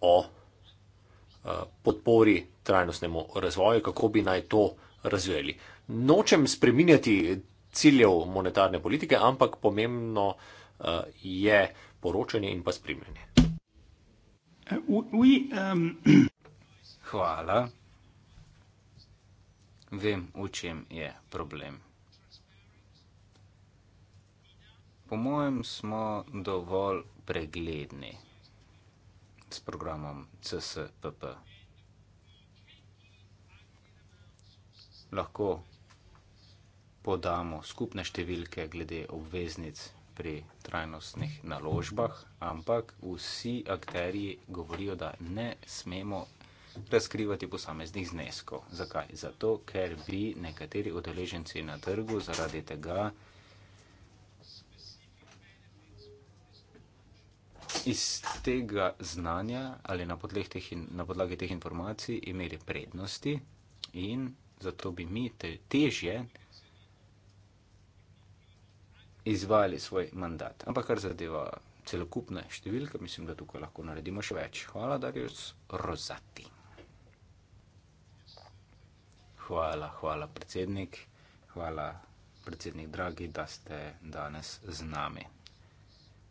o Eh, podpori trajnostnemu razvoju, kako bi naj to razvijali. Nočem spreminjati ciljev monetarne politike, ampak pomembno eh, je poročanje in pa spremljanje. Eh, ui, um... [clears throat] Hvala. Vem, v čem je problem. Po mojem, smo dovolj pregledni с программом CSPP. Lahko podamo skupne številke glede obveznic pri trajnostnih naložbah, ampak vsi akterji govorijo, da ne smemo razkrivati posameznih zneskov. Zakaj? Zato, ker bi nekateri odeleženci na trgu zaradi tega iz tega znanja ali na, teh in, na podlagi teh informacij imeli prednosti in zato bi mi te, težje izvali svoj mandat. Ampak kar zadeva celokupne številke, mislim, da tukaj lahko naredimo še več. Hvala, Darius Rozati. Hvala, hvala, predsednik. Hvala, predsednik, dragi, da ste danes z nami.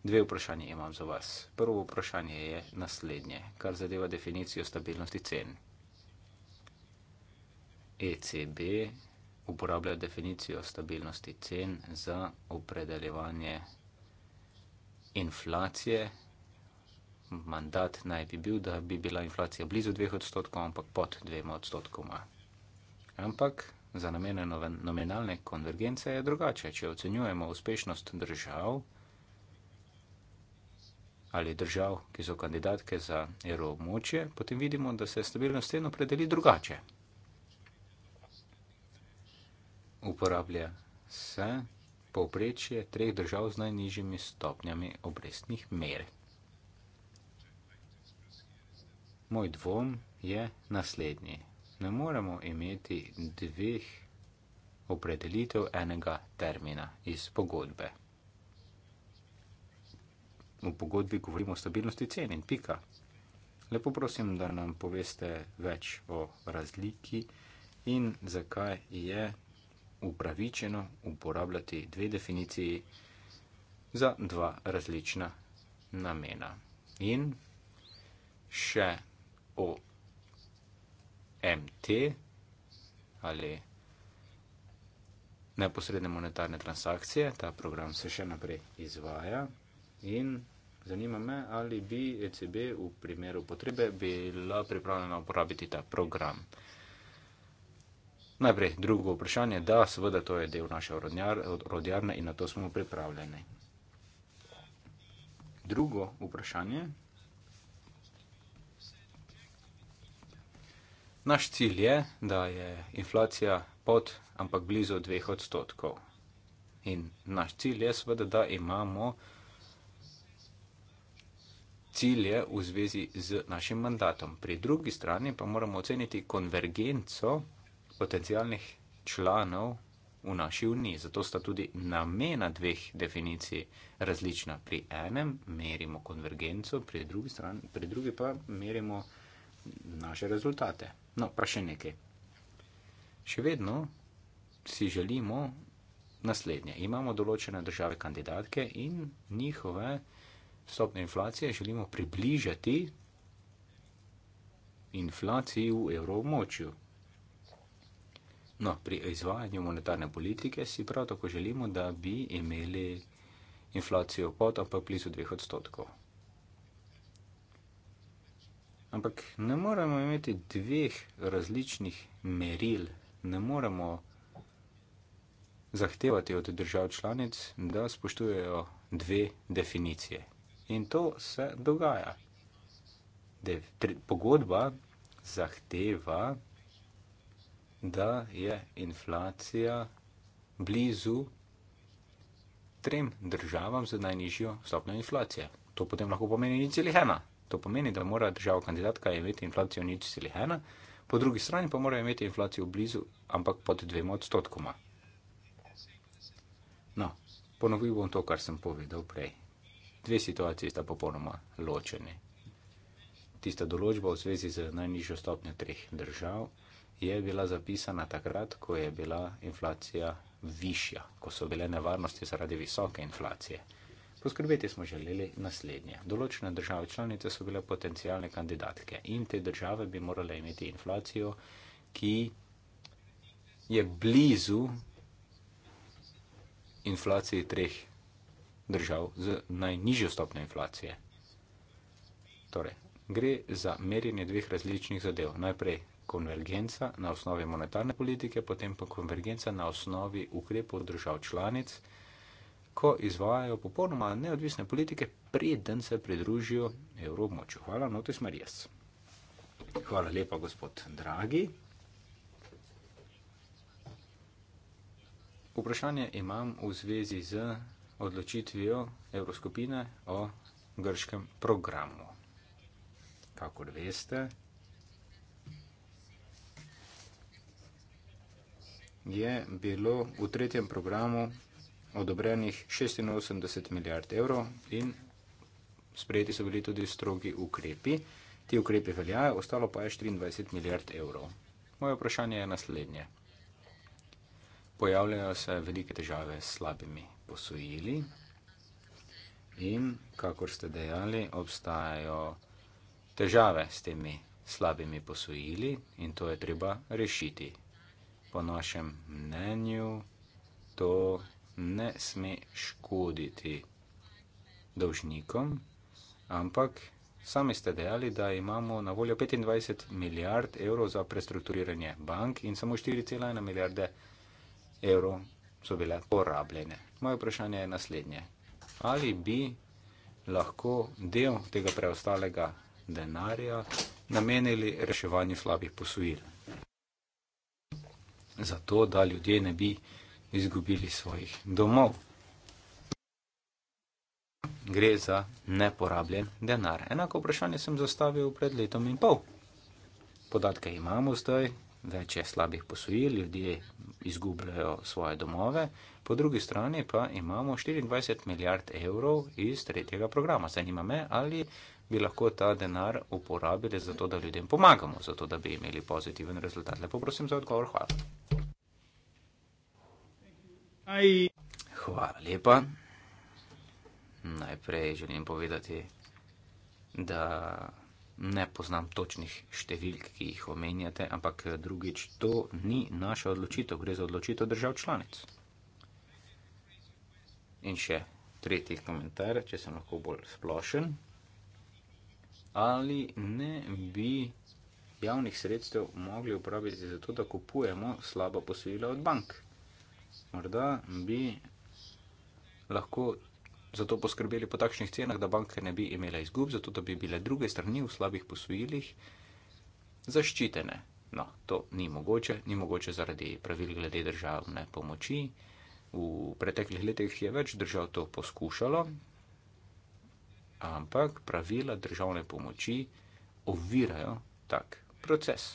Dve vprašanje imam za vas. Prvo vprašanje je naslednje, kar zadeva definicijo stabilnosti cen. ECB uporablja definicijo stabilnosti cen za opredeljevanje inflacije. Mandat naj bi bil, da bi bila inflacija blizu dveh odstotkov, ampak pod dvema odstotkoma. Ampak za namene nominalne konvergence je drugače. Če ocenjujemo uspešnost držav, ali držav, ki so kandidatke za evroobmočje, potem vidimo, da se stabilnost vedno predeli drugače. Uporablja se povprečje treh držav z najnižjimi stopnjami obrestnih mer. Moj dvom je naslednji. Ne moremo imeti dveh opredelitev enega termina iz pogodbe v pogodbi govorimo o stabilnosti cen in pika. Lepo prosim, da nam poveste več o razliki in zakaj je upravičeno uporabljati dve definiciji za dva različna namena. In še o MT ali neposredne monetarne transakcije, ta program se še naprej izvaja. In zanima me, ali bi ECB v primeru potrebe bila pripravljena uporabiti ta program. Najprej drugo vprašanje, da seveda to je del naše rodjarne in na to smo pripravljeni. Drugo vprašanje. Naš cilj je, da je inflacija pod, ampak blizu dveh odstotkov. In naš cilj je seveda, da imamo cilje v zvezi z našim mandatom. Pri drugi strani pa moramo oceniti konvergenco potencijalnih članov v naši uniji. Zato sta tudi namena dveh definicij različna. Pri enem merimo konvergenco, pri drugi, strani, pri drugi pa merimo naše rezultate. No, pa še nekaj. Še vedno si želimo naslednje. Imamo določene države kandidatke in njihove stopnje inflacije želimo približati inflaciji v evroobmočju. No, pri izvajanju monetarne politike si prav tako želimo, da bi imeli inflacijo pod, ampak blizu dveh odstotkov. Ampak ne moremo imeti dveh različnih meril, ne moremo zahtevati od držav članic, da spoštujejo dve definicije. In to se dogaja. De, tri, pogodba zahteva, da je inflacija blizu trem državam z najnižjo stopnjo inflacije. To potem lahko pomeni nič ali ena. To pomeni, da mora država kandidatka imeti inflacijo nič ali ena, po drugi strani pa mora imeti inflacijo blizu, ampak pod dvema odstotkoma. No, ponovil bom to, kar sem povedal prej dve situaciji sta popolnoma ločeni. Tista določba v zvezi z najnižjo stopnjo treh držav je bila zapisana takrat, ko je bila inflacija višja, ko so bile nevarnosti zaradi visoke inflacije. Poskrbeti smo želeli naslednje. Določene države članice so bile potencijalne kandidatke in te države bi morale imeti inflacijo, ki je blizu inflaciji treh držav držav z najnižjo stopnjo inflacije. Torej, gre za merjenje dveh različnih zadev. Najprej konvergenca na osnovi monetarne politike, potem pa konvergenca na osnovi ukrepov držav članic, ko izvajajo popolnoma neodvisne politike, preden se pridružijo evroobmočju. Hvala, Notis Marijas. Hvala lepa, gospod Dragi. Vprašanje imam v zvezi z odločitvijo Evroskupine o grškem programu. Kakor veste, je bilo v tretjem programu odobrenih 86 milijard evrov in sprejeti so bili tudi strogi ukrepi. Ti ukrepi veljajo, ostalo pa je 24 milijard evrov. Moje vprašanje je naslednje pojavljajo se velike težave s slabimi posojili. In, kakor ste dejali, obstajajo težave s temi slabimi posojili in to je treba rešiti. Po našem mnenju to ne sme škoditi dolžnikom, ampak sami ste dejali, da imamo na voljo 25 milijard evrov za prestrukturiranje bank in samo 4,1 milijarde evrov evrov so bile porabljene. Moje vprašanje je naslednje. Ali bi lahko del tega preostalega denarja namenili reševanju slabih posojil? Zato, da ljudje ne bi izgubili svojih domov. Gre za neporabljen denar. Enako vprašanje sem zastavil pred letom in pol. Podatke imamo zdaj, več je slabih posojil, ljudje izgubljajo svoje domove, po drugi strani pa imamo 24 milijard evrov iz tretjega programa. Zanima me, ali bi lahko ta denar uporabili za to, da ljudem pomagamo, za to, da bi imeli pozitiven rezultat. Lepo prosim za odgovor. Hvala. Hvala lepa. Najprej želim povedati, da ne poznam točnih številk, ki jih omenjate, ampak eh, drugič, to ni naša odločitev, gre za odločitev držav članic. In še tretji komentar, če sem lahko bolj splošen. Ali ne bi javnih sredstev mogli uporabiti za to, da kupujemo slaba posojila od bank? Morda bi lahko zato poskrbeli po takšnih cenah, da banke ne bi imele izgub, zato da bi bile druge strani v slabih posojilih zaščitene. No, to ni mogoče, ni mogoče zaradi pravil glede državne pomoči. V preteklih letih je več držav to poskušalo, ampak pravila državne pomoči ovirajo tak proces.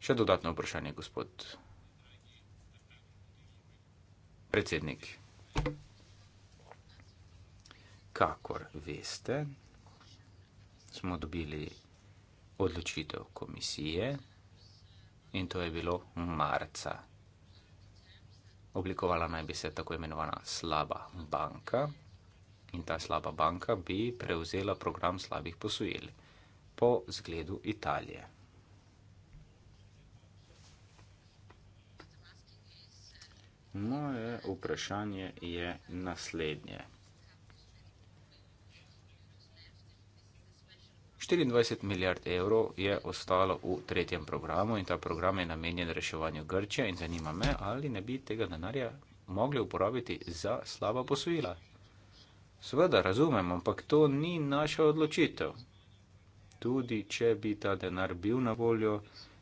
Še dodatno vprašanje, gospod predsednik. Thank you kakor veste, smo dobili odločitev komisije in to je bilo marca. Oblikovala naj bi se tako imenovana slaba banka in ta slaba banka bi prevzela program slabih posojil po zgledu Italije. Moje vprašanje je naslednje. 24 milijard evrov je ostalo v tretjem programu in ta program je namenjen reševanju Grčije in zanima me, ali ne bi tega denarja mogli uporabiti za slaba posojila. Sveda, razumem, ampak to ni naša odločitev. Tudi, če bi ta denar bil na voljo,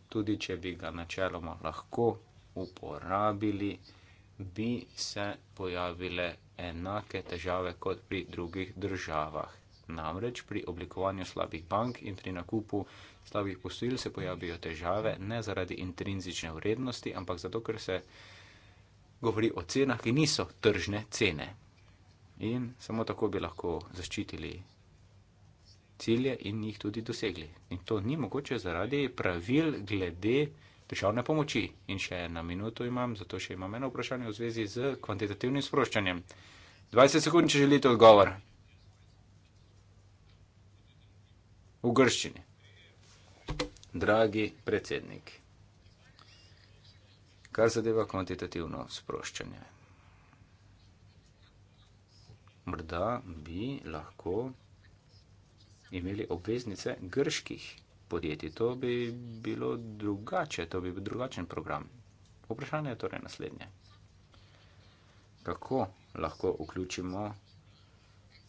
tudi, če bi ga načeloma lahko uporabili, bi se pojavile enake težave kot pri drugih državah. Namreč pri oblikovanju slabih bank in pri nakupu slabih posojil se pojavijo težave ne zaradi intrinzične vrednosti, ampak zato, ker se govori o cenah, ki niso tržne cene. In samo tako bi lahko zaščitili cilje in jih tudi dosegli. In to ni mogoče zaradi pravil glede državne pomoči. In še eno minuto imam, zato še imam eno vprašanje v zvezi z kvantitativnim sproščanjem. 20 sekund, če želite odgovor. v grščini. Dragi predsednik, kar zadeva kvantitativno sproščanje. Morda bi lahko imeli obveznice grških podjetij. To bi bilo drugače, to bi bil drugačen program. Vprašanje je torej naslednje. Kako lahko vključimo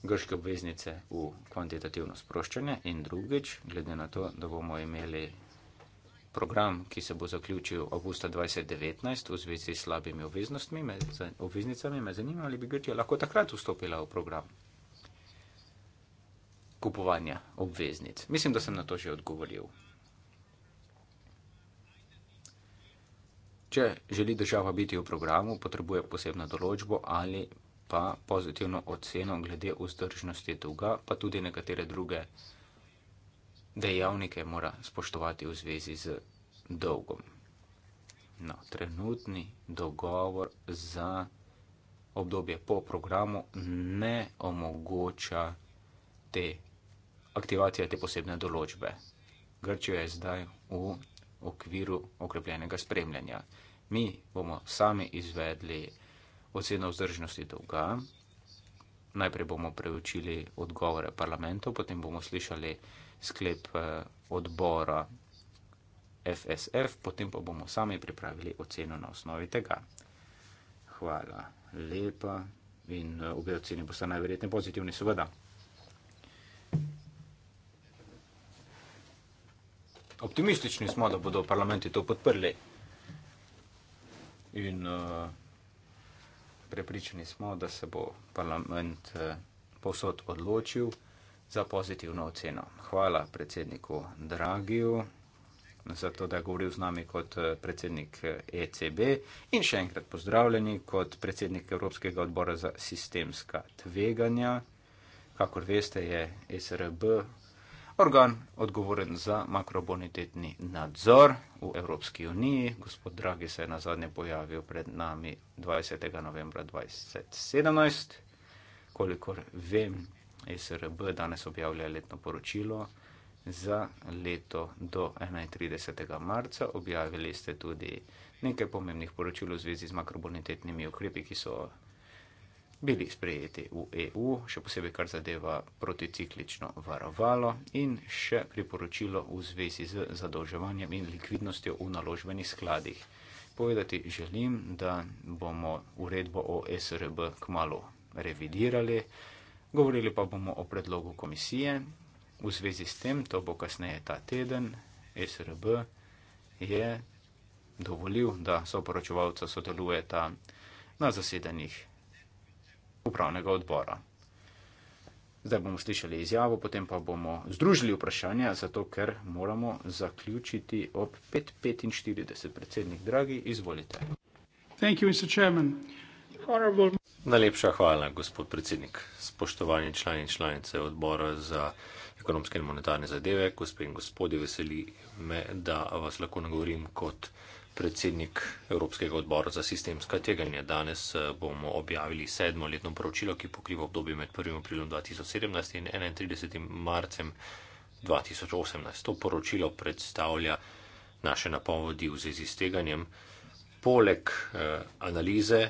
grške obveznice v kvantitativno sproščanje in drugič, glede na to, da bomo imeli program, ki se bo zaključil avgusta 2019 v zvezi s slabimi obveznostmi, me, obveznicami, me zanima, ali bi Grčija lahko takrat vstopila v program kupovanja obveznic. Mislim, da sem na to že odgovoril. Če želi država biti v programu, potrebuje posebno določbo ali pa pozitivno oceno glede vzdržnosti dolga, pa tudi nekatere druge dejavnike mora spoštovati v zvezi z dolgom. No, trenutni dogovor za obdobje po programu ne omogoča te aktivacije te posebne določbe. Grčijo je zdaj v okviru okrepljenega spremljanja. Mi bomo sami izvedli oceno vzdržnosti dolga. Najprej bomo preučili odgovore parlamentov, potem bomo slišali sklep eh, odbora FSF, potem pa bomo sami pripravili oceno na osnovi tega. Hvala lepa in eh, obe oceni boste najverjetne pozitivni, seveda. Optimistični smo, da bodo parlamenti to podprli. In uh, prepričani smo, da se bo parlament eh, povsod odločil za pozitivno oceno. Hvala predsedniku Dragiju za to, da je govoril z nami kot eh, predsednik ECB eh, e in še enkrat pozdravljeni kot predsednik Evropskega odbora za sistemska tveganja. Kakor veste, je SRB organ odgovoren za makrobonitetni nadzor v Evropski uniji. Gospod Dragi se je na zadnje pojavil pred nami 20. novembra 2017. Kolikor vem, SRB danes objavlja letno poročilo za leto do 31. marca. Objavili ste tudi nekaj pomembnih poročil v zvezi z makrobonitetnimi ukrepi, ki so bili sprejeti v EU, še posebej kar zadeva proticiklično varovalo in še priporočilo v zvezi z zadolževanjem in likvidnostjo v naložbenih skladih. Povedati želim, da bomo uredbo o SRB kmalo revidirali, govorili pa bomo o predlogu komisije. V zvezi s tem, to bo kasneje ta teden, SRB je dovolil, da soporočevalca sodelujeta na zasedanjih upravnega odbora. Zdaj bomo slišali izjavo, potem pa bomo združili vprašanja, zato ker moramo zaključiti ob 5.45. Predsednik, dragi, izvolite. Najlepša hvala, gospod predsednik. Spoštovani člani in članice odbora za ekonomske in monetarne zadeve, gospe in gospodje, veseli me, da vas lahko nagovorim kot predsednik Evropskega odbora za sistemska teganja. Danes eh, bomo objavili sedmo letno poročilo, ki pokriva obdobje med 1. aprilom 2017 in 31. marcem 2018. To poročilo predstavlja naše napovedi v zvezi s teganjem, poleg eh, analize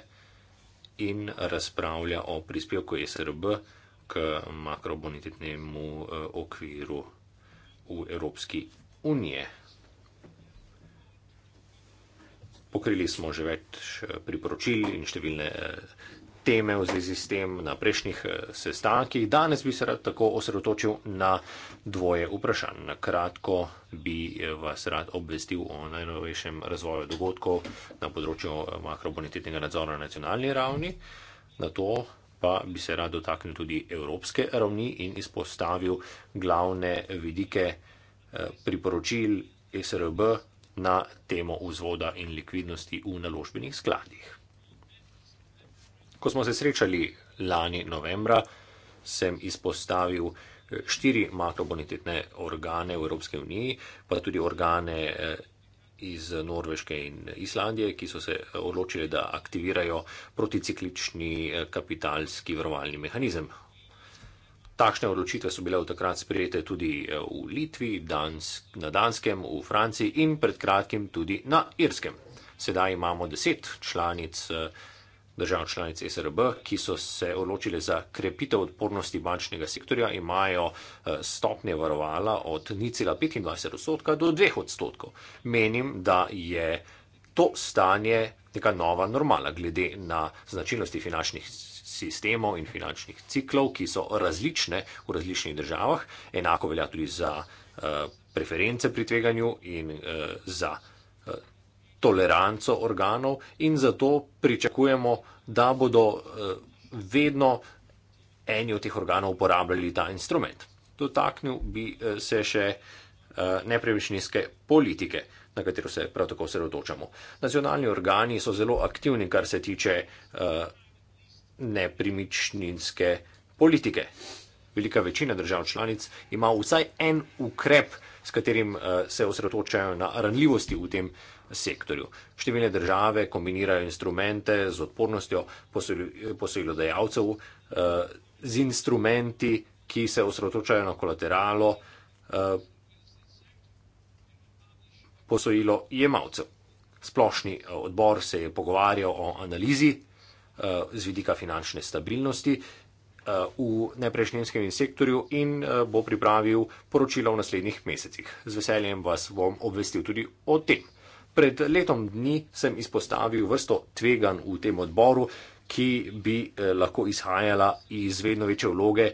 in razpravlja o prispevku SRB k makrobonitetnemu eh, okviru v Evropski uniji pokrili smo že več eh, priporočil in številne eh, teme v zvezi s tem na prejšnjih eh, sestankih. Danes bi se rad tako osredotočil na dvoje vprašanj. Na kratko bi vas rad obvestil o najnovejšem razvoju dogodkov na področju makrobonitetnega nadzora na nacionalni ravni. Na to pa bi se rad dotaknil tudi evropske ravni in izpostavil glavne vidike priporočil SRB na temo vzvoda in likvidnosti v naložbenih skladih. Ko smo se srečali lani novembra, sem izpostavil eh, štiri makrobonitetne organe v Evropske uniji, pa tudi organe eh, iz Norveške in Islandije, ki so se eh, odločili, da aktivirajo proticiklični kapitalski varovalni mehanizem Takšne odločitve so bile v takrat sprejete tudi eh, v Litvi, dans, na Danskem, v Franciji in pred kratkim tudi na Irskem. Sedaj imamo deset članic, eh, držav članic SRB, ki so se odločile za krepitev odpornosti bančnega sektorja, imajo eh, stopnje varovala od 0,25 odstotka do 2 odstotkov. Menim, da je to stanje neka nova normala glede na značilnosti finančnih sistemov sistemov in finančnih ciklov, ki so različne v različnih državah. Enako velja tudi za uh, preference pri tveganju in uh, za uh, toleranco organov in zato pričakujemo, da bodo uh, vedno eni od teh organov uporabljali ta instrument. Dotaknil bi uh, se še uh, nepremičninske politike na katero se prav tako osredotočamo. Nacionalni organi so zelo aktivni, kar se tiče uh, nepremičninske politike. Velika večina držav članic ima vsaj en ukrep, s katerim eh, se osredotočajo na ranljivosti v tem sektorju. Številne države kombinirajo instrumente z odpornostjo posojilodajalcev, eh, z instrumenti, ki se osredotočajo na kolateralo eh, posojilo jemalcev. Splošni odbor se je pogovarjal o analizi Eh, z vidika finančne stabilnosti eh, v neprešnjenskem sektorju in eh, bo pripravil poročila v naslednjih mesecih. Z veseljem vas bom obvestil tudi o tem. Pred letom dni sem izpostavil vrsto tvegan v tem odboru, ki bi lahko izhajala iz vedno večje vloge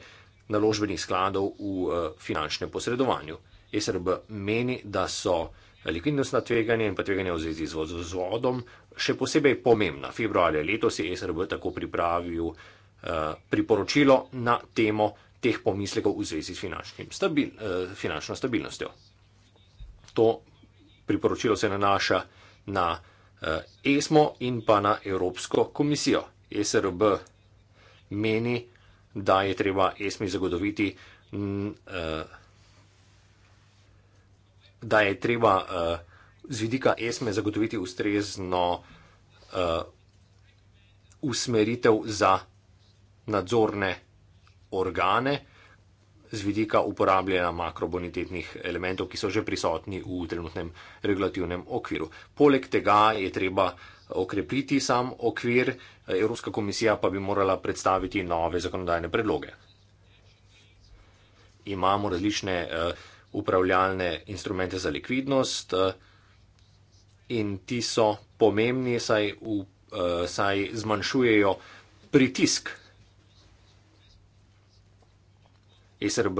naložbenih skladov v finančnem posredovanju. SRB meni, da so likvidnostna tveganja in pa tveganja v zvezi z vodom še posebej pomembna. Februarja letos je SRB tako pripravil eh, priporočilo na temo teh pomislekov v zvezi s stabil, eh, finančno stabilnostjo. To priporočilo se nanaša na eh, ESMO in pa na Evropsko komisijo. SRB meni, da je treba ESMI zagotoviti, mm, da je treba uh, z vidika esme zagotoviti ustrezno uh, usmeritev za nadzorne organe z vidika uporabljanja makrobonitetnih elementov, ki so že prisotni v trenutnem regulativnem okviru. Poleg tega je treba okrepiti sam okvir, Evropska komisija pa bi morala predstaviti nove zakonodajne predloge. Imamo različne uh, upravljalne instrumente za likvidnost, uh, in ti so pomembni, saj, v, uh, saj zmanjšujejo pritisk. SRB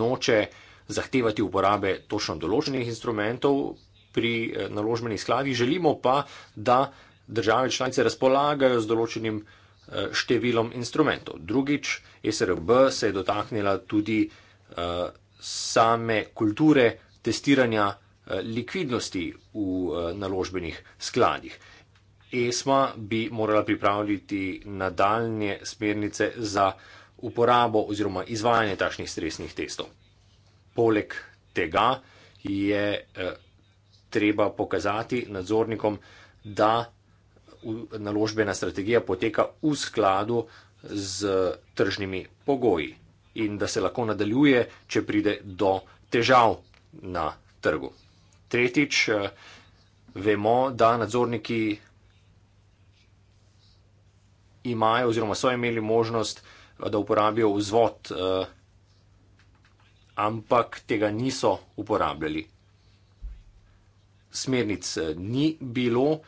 noče zahtevati uporabe točno določenih instrumentov pri eh, naložbenih skladih, želimo pa, da države članice razpolagajo z določenim eh, številom instrumentov. Drugič, SRB se je dotaknila tudi uh, same kulture testiranja Eh, likvidnosti v eh, naložbenih skladih. ESMA bi morala pripravljati nadaljne smernice za uporabo oziroma izvajanje takšnih stresnih testov. Poleg tega je eh, treba pokazati nadzornikom, da naložbena strategija poteka v skladu z tržnimi pogoji in da se lahko nadaljuje, če pride do težav na trgu. Tretjič, eh, vemo, da nadzorniki imajo oziroma so imeli možnost, eh, da uporabijo vzvod, eh, ampak tega niso uporabljali. Smernic ni bilo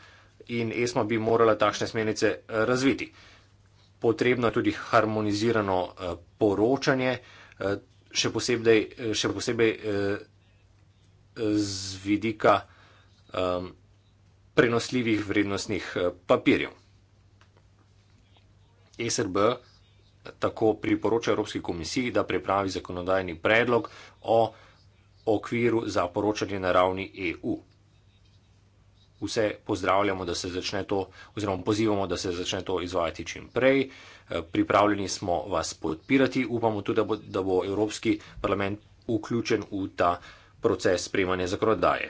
in ESMA bi morala takšne smernice razviti. Potrebno je tudi harmonizirano poročanje, še posebej, še posebej z vidika um, prenosljivih vrednostnih eh, papirjev. SRB tako priporoča Evropski komisiji, da pripravi zakonodajni predlog o okviru za poročanje na ravni EU. Vse pozdravljamo, da se začne to, oziroma pozivamo, da se začne to izvajati čim prej. Eh, pripravljeni smo vas podpirati, upamo tudi, da bo, da bo Evropski parlament vključen v ta uh, proces spremanja zakonodaje.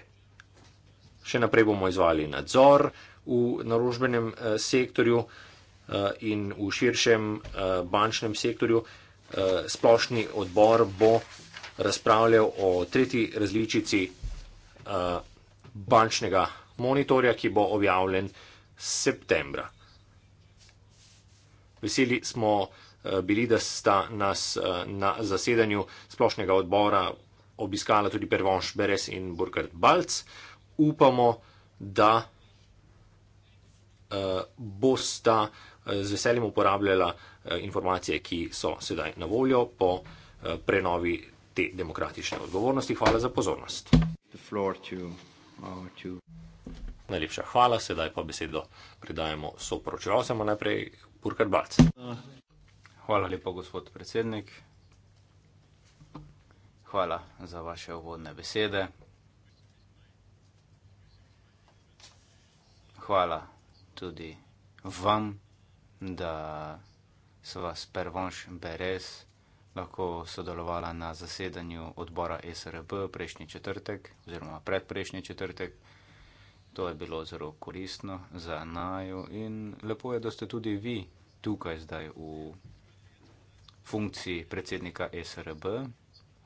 Še naprej bomo izvali nadzor v naložbenem eh, sektorju eh, in v širšem eh, bančnem sektorju. Splošni odbor bo razpravljal o tretji različici bančnega monitorja, ki bo objavljen septembra. Veseli smo bili, da sta nas na zasedanju splošnega odbora obiskala tudi Pervonš Beres in Burkhard Balc. Upamo, da eh, bosta eh, z veseljem uporabljala eh, informacije, ki so sedaj na voljo po prenovi te demokratične odgovornosti. Hvala za pozornost. Uh, Najlepša hvala, sedaj pa besedo predajemo soporočevalcem, najprej Burkhard Balc. Hvala lepa, gospod predsednik hvala za vaše uvodne besede. Hvala tudi vam, da so vas Pervonš Beres lahko sodelovala na zasedanju odbora SRB prejšnji četrtek oziroma predprejšnji četrtek. To je bilo zelo koristno za najo in lepo je, da ste tudi vi tukaj zdaj v funkciji predsednika SRB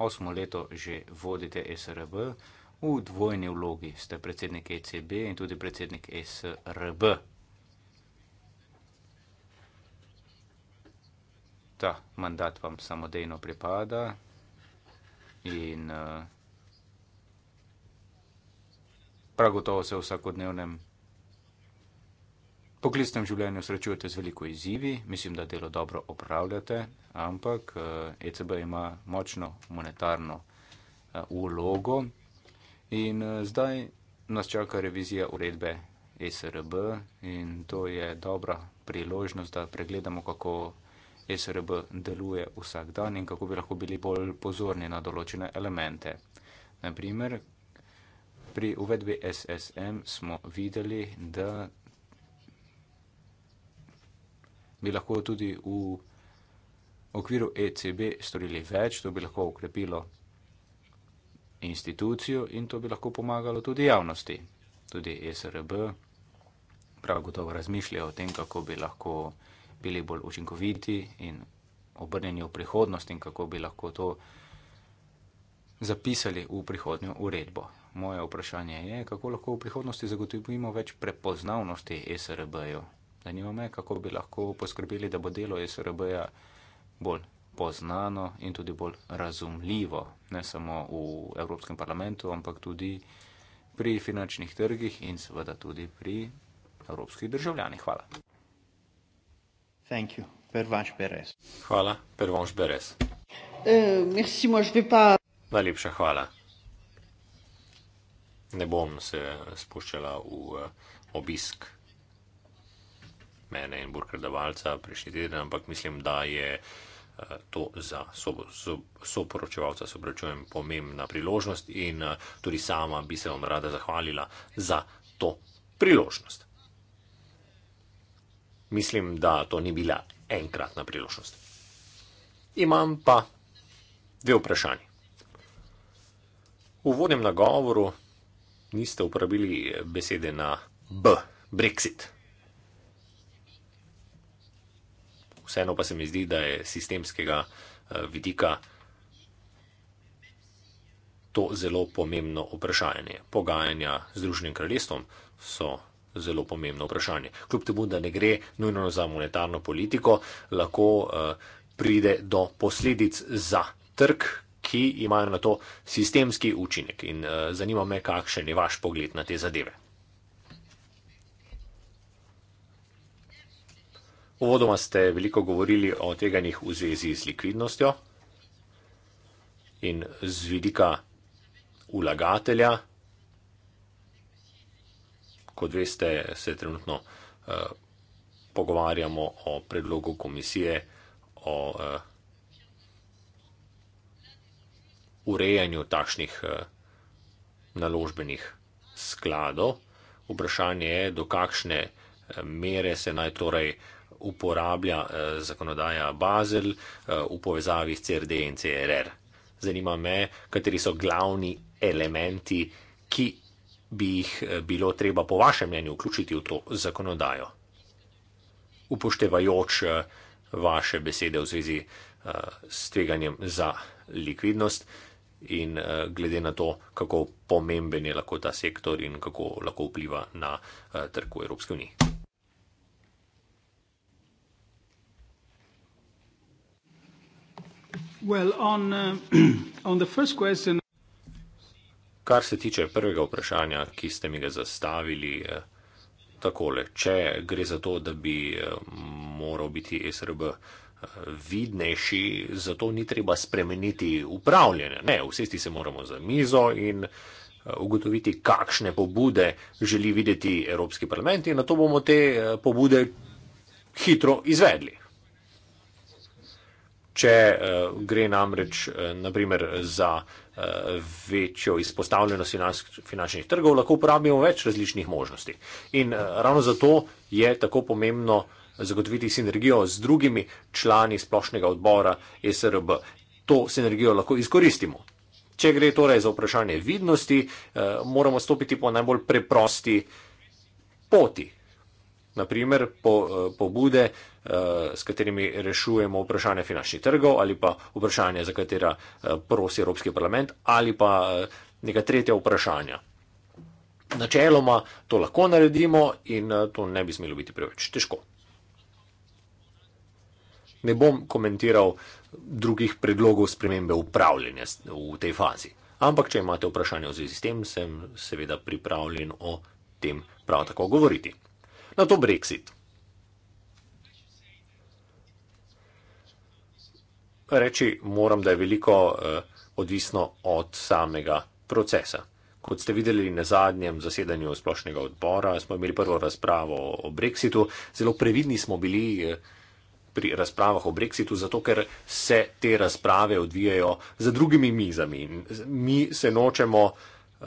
osmo leto že vodite SRB, v dvojni vlogi ste predsednik ECB in tudi predsednik SRB. Ta mandat vam samodejno pripada in eh, prav gotovo se v vsakodnevnem vsega poklicnem življenju srečujete z veliko izzivi, mislim, da delo dobro opravljate, ampak ECB eh, e ima močno monetarno ulogo eh, in eh, zdaj nas čaka revizija uredbe e SRB in to je dobra priložnost, da pregledamo, kako e SRB deluje vsak dan in kako bi lahko bili bolj pozorni na določene elemente. Naprimer, pri uvedbi SSM smo videli, da bi lahko tudi v okviru ECB storili več, to bi lahko ukrepilo institucijo in to bi lahko pomagalo tudi javnosti. Tudi e SRB prav gotovo razmišlja o tem, kako bi lahko bili bolj učinkoviti in obrnjeni v prihodnost in kako bi lahko to zapisali v prihodnjo uredbo. Moje vprašanje je, kako lahko v prihodnosti zagotovimo več prepoznavnosti e SRB-ju Zanima me, kako bi lahko poskrbeli, da bo delo SRB-ja bolj poznano in tudi bolj razumljivo, ne samo v Evropskem parlamentu, ampak tudi pri finančnih trgih in seveda tudi pri evropskih državljanih. Hvala. Hvala, Pervanš Beres. Eh, Najlepša hvala. Ne bom se spuščala v eh, obisk mene in Burkardovalca prejšnji teden, ampak mislim, da je eh, to za so, so, soporočevalca, se obračujem, pomembna priložnost in eh, tudi sama bi se vam rada zahvalila za to priložnost. Mislim, da to ni bila enkratna priložnost. Imam pa dve vprašanje. V vodnem nagovoru niste uporabili besede na B, Brexit. vseeno pa se mi zdi, da je sistemskega eh, vidika to zelo pomembno vprašanje. Pogajanja z Združenim kraljestvom so zelo pomembno vprašanje. Kljub temu, da ne gre nujno za monetarno politiko, lahko eh, pride do posledic za trg, ki imajo na to sistemski učinek. In eh, zanima me, kakšen je vaš pogled na te zadeve. Uvodoma ste veliko govorili o tveganjih v zvezi z likvidnostjo in z vidika ulagatelja. Kot veste, se trenutno eh, pogovarjamo o predlogu komisije o eh, urejanju takšnih eh, naložbenih skladov. Vprašanje je, do kakšne eh, mere se naj torej uporablja eh, zakonodaja Basel eh, v povezavi s CRD in CRR. Zanima me, kateri so glavni elementi, ki bi jih eh, bilo treba, po vašem mnenju, vključiti v to zakonodajo, upoštevajoč eh, vaše besede v zvezi eh, s tveganjem za likvidnost. In eh, glede na to, kako pomemben je lahko ta sektor in kako lahko vpliva na eh, trg v Evropski uniji. Uh, [clears throat] Kar se tiče prvega vprašanja, ki ste mi ga zastavili, eh, takole, če gre za to, da bi eh, moral biti SRB eh, vidnejši, zato ni treba spremeniti upravljanja. Ne, vsesti se moramo za mizo in ugotoviti, kakšne pobude želi videti Evropski parlament in na to bomo te pobude hitro izvedli. Če uh, gre namreč uh, eh, naprimer za uh, večjo izpostavljenost finans, finančnih trgov, lahko uporabimo več različnih možnosti. In uh, ravno zato je tako pomembno zagotoviti sinergijo z drugimi člani splošnega odbora SRB. To sinergijo lahko izkoristimo. Če gre torej za vprašanje vidnosti, uh, moramo stopiti po najbolj preprosti poti naprimer po, eh, pobude, eh, s katerimi rešujemo vprašanje finančnih trgov ali pa vprašanje, za katera eh, prosi Evropski parlament ali pa neka tretja vprašanja. Načeloma to lahko naredimo in to ne bi smelo biti preveč težko. Ne bom komentiral drugih predlogov spremembe upravljanja v tej fazi. Ampak, če imate vprašanje v zvezi s tem, sem seveda pripravljen o tem prav tako govoriti na no to Brexit. Reči moram, da je veliko eh, odvisno od samega procesa. Kot ste videli na zadnjem zasedanju splošnega odbora, smo imeli prvo razpravo o Brexitu. Zelo previdni smo bili eh, pri razpravah o Brexitu, zato ker se te razprave odvijajo za drugimi mizami. Mi se nočemo uh,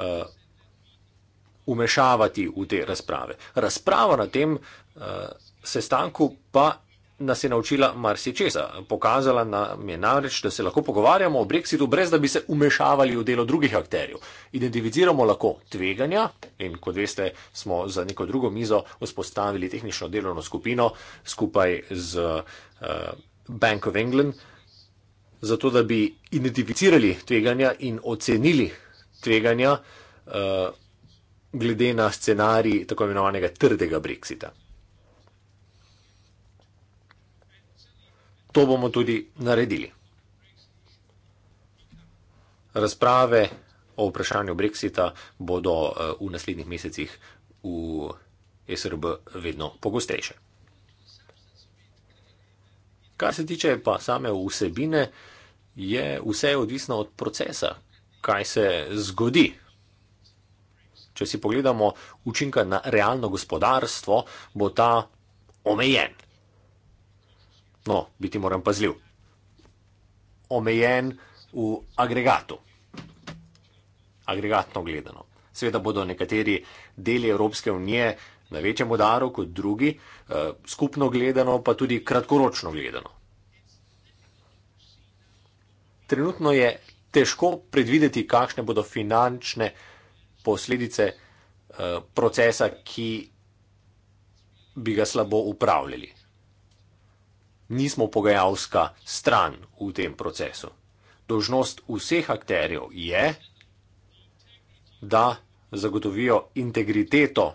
umešavati v te razprave. Razprava na tem uh, sestanku pa nas je naučila marsičesa. Pokazala nam je namreč, da se lahko pogovarjamo o Brexitu, brez da bi se umešavali v delo drugih akterjev. Identificiramo lahko tveganja in, kot veste, smo za neko drugo mizo vzpostavili tehnično delovno skupino skupaj z uh, Bank of England, zato da bi identificirali tveganja in ocenili tveganja. Uh, glede na scenarij tako imenovanega trdega brexita. To bomo tudi naredili. Razprave o vprašanju brexita bodo eh, v naslednjih mesecih v SRB vedno pogostejše. Kar se tiče pa same vsebine, je vse odvisno od procesa, kaj se zgodi če si pogledamo učinka na realno gospodarstvo, bo ta omejen. No, biti moram pazljiv. Omejen v agregatu. Agregatno gledano. Sveda bodo nekateri deli Evropske unije na večjem udaru kot drugi, eh, skupno gledano pa tudi kratkoročno gledano. Trenutno je težko predvideti, kakšne bodo finančne posledice uh, procesa, ki bi ga slabo upravljali. Nismo pogajalska stran v tem procesu. Dožnost vseh akterjev je, da zagotovijo integriteto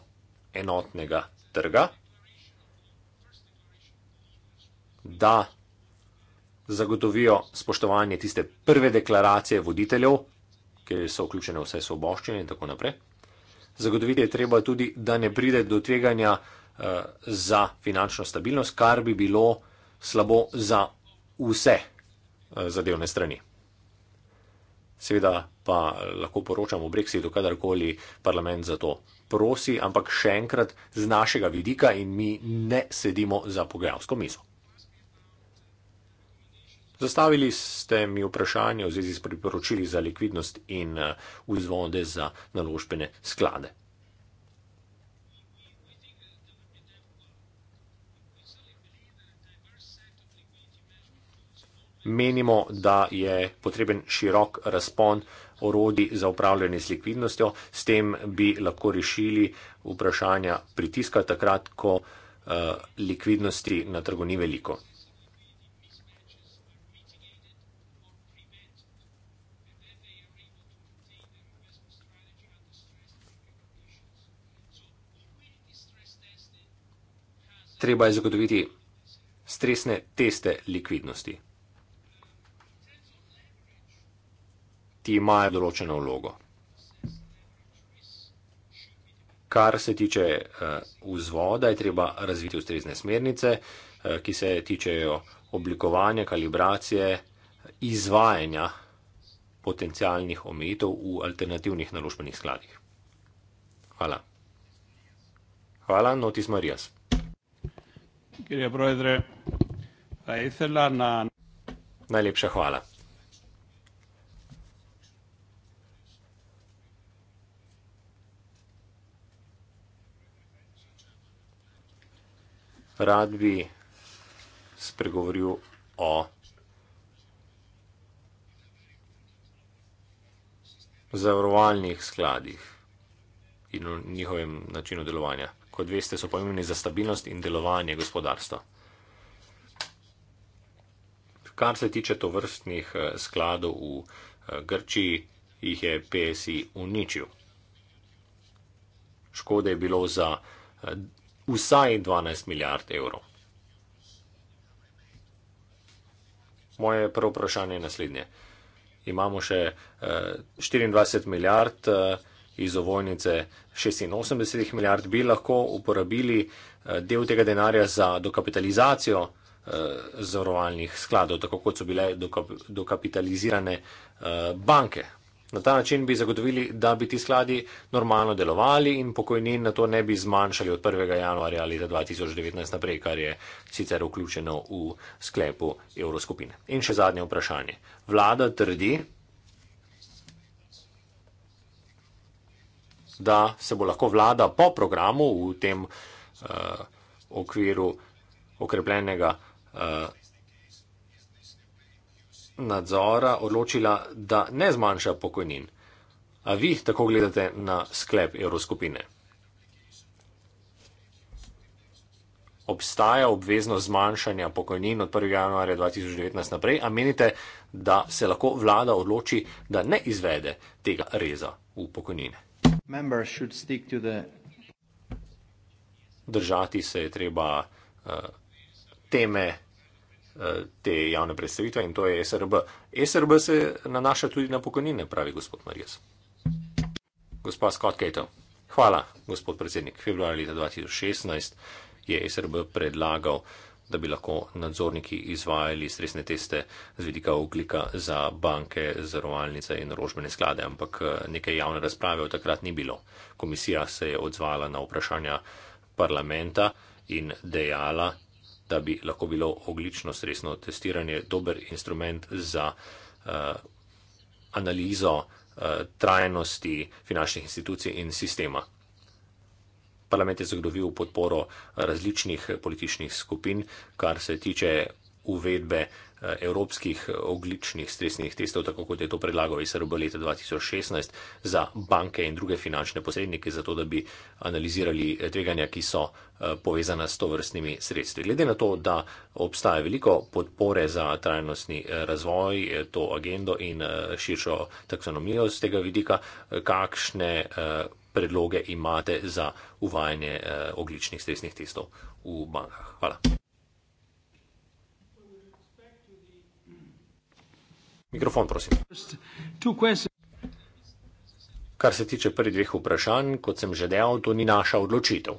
enotnega trga, da zagotovijo spoštovanje tiste prve deklaracije voditeljev kjer so vključene vse svoboščine in tako naprej. Zagotoviti je treba tudi, da ne pride do tveganja uh, za finančno stabilnost, kar bi bilo slabo za vse uh, zadevne strani. Seveda pa lahko poročam o Brexitu, kadarkoli parlament za to prosi, ampak še enkrat z našega vidika in mi ne sedimo za pogajalsko mizo. Zastavili ste mi vprašanje v zvezi s priporočili za likvidnost in eh, vzvode za naložbene sklade. Menimo, da je potreben širok razpon orodij za upravljanje z likvidnostjo, s tem bi lahko rešili vprašanja pritiska takrat, ko eh, likvidnosti na trgu ni veliko. treba je zagotoviti stresne teste likvidnosti. Ti imajo določeno vlogo. Kar se tiče eh, vzvoda, je treba razviti ustrezne smernice, eh, ki se tičejo oblikovanja, kalibracije, izvajanja potencijalnih omejitev v alternativnih naložbenih skladih. Hvala. Hvala, Notis Marijas. Najlepša hvala. Rad bi spregovoril o zavarovalnih skladih in o njihovem načinu delovanja kot veste, so pomembni za stabilnost in delovanje gospodarstva. Kar se tiče tovrstnih eh, skladov v eh, Grčiji, jih je PSI uničil. Škode je bilo za eh, vsaj 12 milijard evrov. Moje prvo vprašanje je naslednje. Imamo še 24 milijard evrov iz ovojnice 86 milijard, bi lahko uporabili eh, del tega denarja za dokapitalizacijo eh, zavarovalnih skladov, tako kot so bile dokapitalizirane eh, banke. Na ta način bi zagotovili, da bi ti skladi normalno delovali in pokojnin na to ne bi zmanjšali od 1. januarja leta 2019 naprej, kar je sicer vključeno v sklepu Evroskupine. In še zadnje vprašanje. Vlada trdi, da se bo lahko vlada po programu v tem uh, okviru okrepljenega uh, nadzora odločila, da ne zmanjša pokojnin. A vi tako gledate na sklep evroskupine? Obstaja obveznost zmanjšanja pokojnin od 1. januarja 2019 naprej, a menite, da se lahko vlada odloči, da ne izvede tega reza v pokojnine? Držati se je treba uh, teme uh, te javne predstavitve in to je SRB. SRB se nanaša tudi na pokojnine, pravi gospod Marijas. Gospa Scott Cato, hvala, gospod predsednik. Februar leta 2016 je SRB predlagal uh, da bi lahko nadzorniki izvajali stresne teste z vidika oglika za banke, zarovalnice in rožbene sklade, ampak eh, neke javne razprave od takrat ni bilo. Komisija se je odzvala na vprašanja parlamenta in dejala, da bi lahko bilo oglično stresno testiranje dober instrument za uh, analizo uh, trajnosti finančnih institucij in sistema. Parlament je zagotovil podporo različnih političnih skupin, kar se tiče uvedbe eh, evropskih ogličnih stresnih testov, tako kot je to predlagal ISRB leta 2016 za banke in druge finančne posrednike, zato da bi analizirali eh, tveganja, ki so eh, povezana s to vrstnimi sredstvi. Glede na to, da obstaja veliko podpore za trajnostni razvoj, to agendo in širšo taksonomijo z tega vidika, kakšne predloge imate za uvajanje eh, ogličnih stresnih testov v bankah. Hvala. Mikrofon, prosim. Kar se tiče prvih dveh vprašanj, kot sem že dejal, to ni naša odločitev.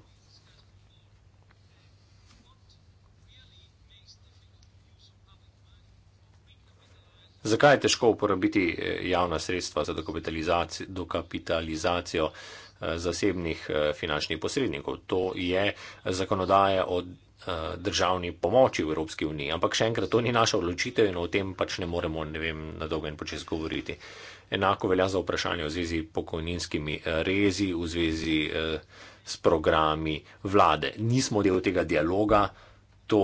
Zakaj je težko uporabiti eh, javna sredstva za dokapitalizacijo eh, zasebnih eh, finančnih posrednikov? To je zakonodaje o državni pomoči v Evropski uniji. Ampak še enkrat, to ni naša odločitev in o tem pač ne moremo ne vem, na dolgo in počes govoriti. Enako velja za vprašanje v zvezi pokojninskimi rezi, v zvezi s programi vlade. Nismo del tega dialoga, to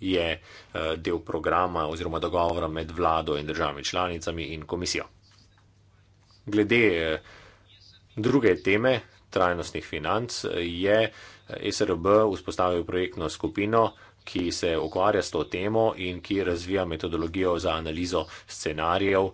je eh, del programa oziroma dogovora med vlado in državami članicami in komisijo. Glede eh, druge teme trajnostnih financ eh, je SRB vzpostavil projektno skupino, ki se ukvarja s to temo in ki razvija metodologijo za analizo scenarijev,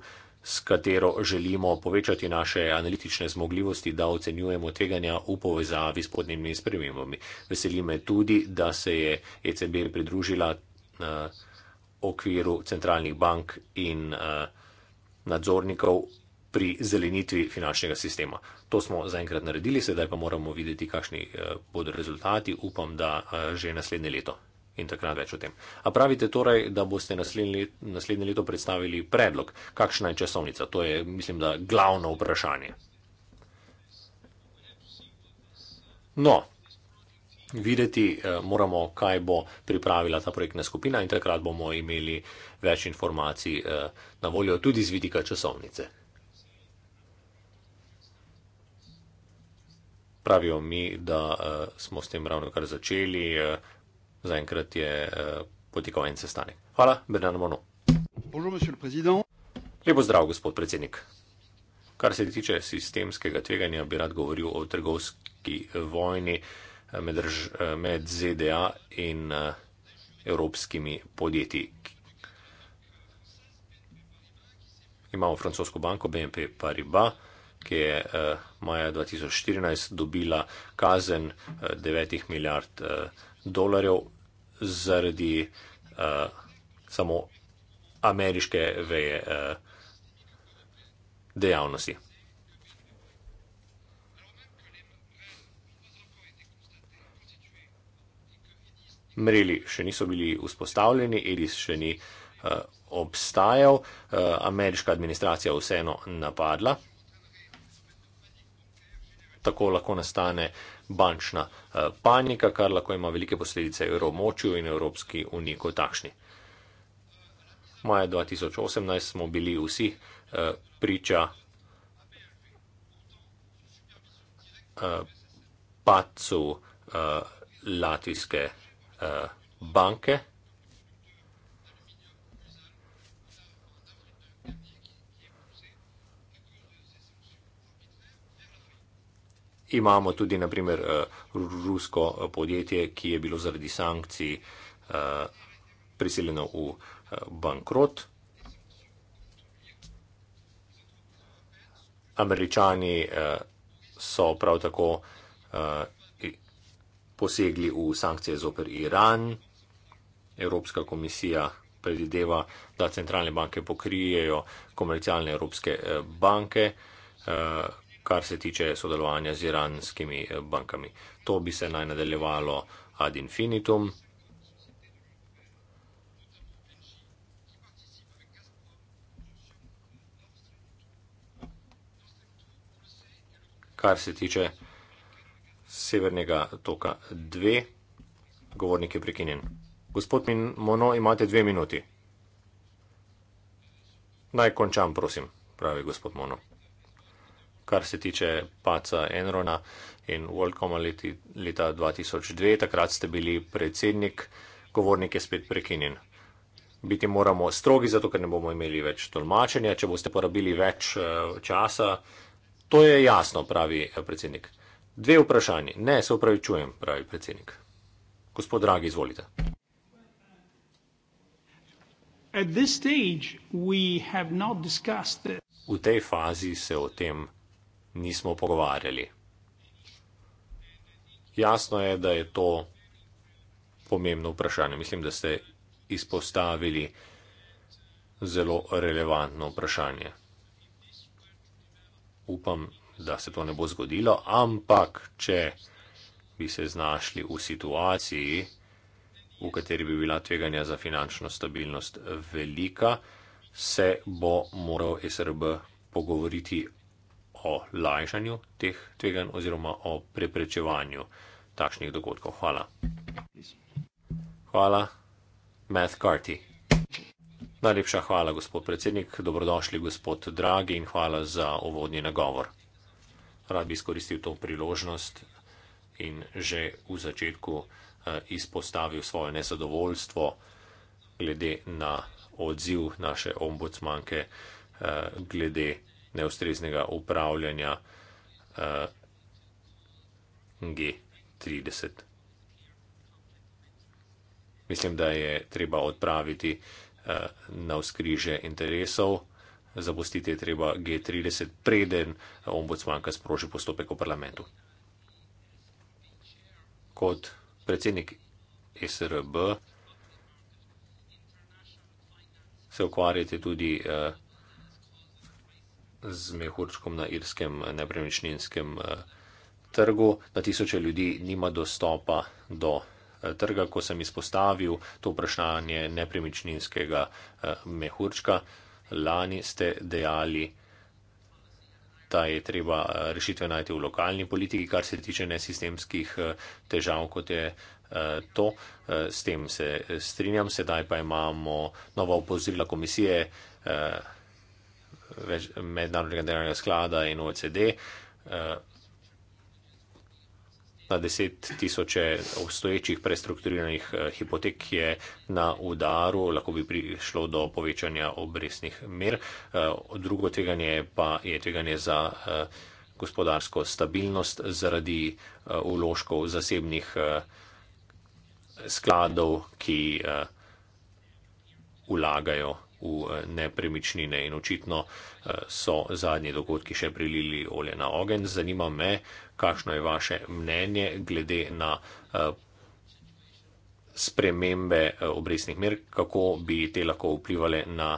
s katero želimo povečati naše analitične zmogljivosti, da ocenjujemo tveganja v povezavi s podnebnimi spremembami. Veseli me tudi, da se je ECB pridružila uh, okviru centralnih bank in uh, nadzornikov pri zelenitvi finančnega sistema. To smo zaenkrat naredili, sedaj pa moramo videti, kakšni eh, bodo rezultati. Upam, da že naslednje leto in takrat več o tem. A pravite torej, da boste naslednje leto predstavili predlog, kakšna je časovnica? To je, mislim, da glavno vprašanje. No, videti eh, moramo, kaj bo pripravila ta projektna skupina in takrat bomo imeli več informacij eh, na voljo tudi z vidika časovnice. Pravijo mi, da eh, smo s tem ravno kar začeli, Zaenkrat je eh, potekal en sestanek. Hvala, Bernard Mono. Lepo zdrav, gospod predsednik. Kar se tiče sistemskega tveganja, bi rad govoril o trgovski eh, vojni eh, med, drž, med ZDA in evropskimi podjetji. Imamo francosko banko BNP Paribas, ki je maja 2014 dobila kazen 9 milijard evrov dolarjev zaradi uh, samo ameriške veje uh, dejavnosti. Mreli še niso bili vzpostavljeni, Edis še ni uh, obstajal, uh, ameriška administracija vseeno napadla. Tako lahko nastane uh, bančna eh, panika, kar lahko ima velike posledice evromočju in Evropski uniji kot takšni. Maja 2018 smo bili vsi eh, priča eh, pacu latvijske banke. imamo tudi naprimer eh, rusko eh, podjetje, ki je bilo zaradi sankcij eh, prisiljeno v bankrot. Američani so prav tako posegli v sankcije zoper Iran. Evropska komisija predideva, da centralne banke pokrijejo komercialne evropske banke, kar se tiče sodelovanja z iranskimi eh, bankami. To bi se naj nadaljevalo ad infinitum. Kar se tiče severnega toka 2, govornik je prekinjen. Gospod Mono, imate dve minuti. Naj končam, prosim, pravi gospod Mono kar se tiče paca Enrona in WorldCom-a leti, leta 2002, takrat ste bili predsednik, govornik je spet prekinjen. Biti moramo strogi, zato ker ne bomo imeli več tolmačenja, če boste porabili več eh, časa. To je jasno, pravi eh, predsednik. Dve vprašanje. Ne, se upravičujem, pravi predsednik. Gospod Dragi, izvolite. V tej fazi se o tem nismo pogovarjali. Jasno je, da je to pomembno vprašanje. Mislim, da ste izpostavili zelo relevantno vprašanje. Upam, da se to ne bo zgodilo, ampak če bi se znašli v situaciji, v kateri bi bila tveganja za finančno stabilnost velika, se bo moral SRB pogovoriti o lajšanju teh tveganj oziroma o preprečevanju takšnih dogodkov. Hvala. Hvala, Matt Carty. Najlepša hvala, gospod predsednik, dobrodošli, gospod Dragi, in hvala za uvodni nagovor. Rad bi izkoristil to priložnost in že v začetku eh, izpostavil svoje nezadovoljstvo glede na odziv naše ombudsmanke eh, glede neustreznega upravljanja uh, eh, G30. Mislim, da je treba odpraviti uh, na vzkriže interesov, zapustiti je treba G30, preden ombudsmanka sproži postopek v parlamentu. Kot predsednik SRB se ukvarjate tudi uh, z mehurčkom na irskem eh, nepremičninskem eh, trgu. Na tisoče ljudi nima dostopa do eh, trga, ko sem izpostavil to vprašanje nepremičninskega mehurčka. Lani ste dejali, da je treba rešitve najti v lokalni politiki, kar se tiče nesistemskih težav, kot je to. S tem se strinjam, sedaj pa imamo nova opozorila komisije več, mednarodnega denarnega sklada in OECD. Eh, na deset tisoče obstoječih prestrukturiranih eh, hipotek je na udaru, lahko bi prišlo do povečanja obresnih mer. Eh, drugo tveganje pa je tveganje za gospodarsko stabilnost zaradi uložkov zasebnih skladov, ki vlagajo v eh, nepremičnine in očitno eh, so zadnji dogodki še prilili olje na ogen. Zanima me, kakšno je vaše mnenje glede na eh, spremembe obresnih mer, kako bi te lahko vplivali na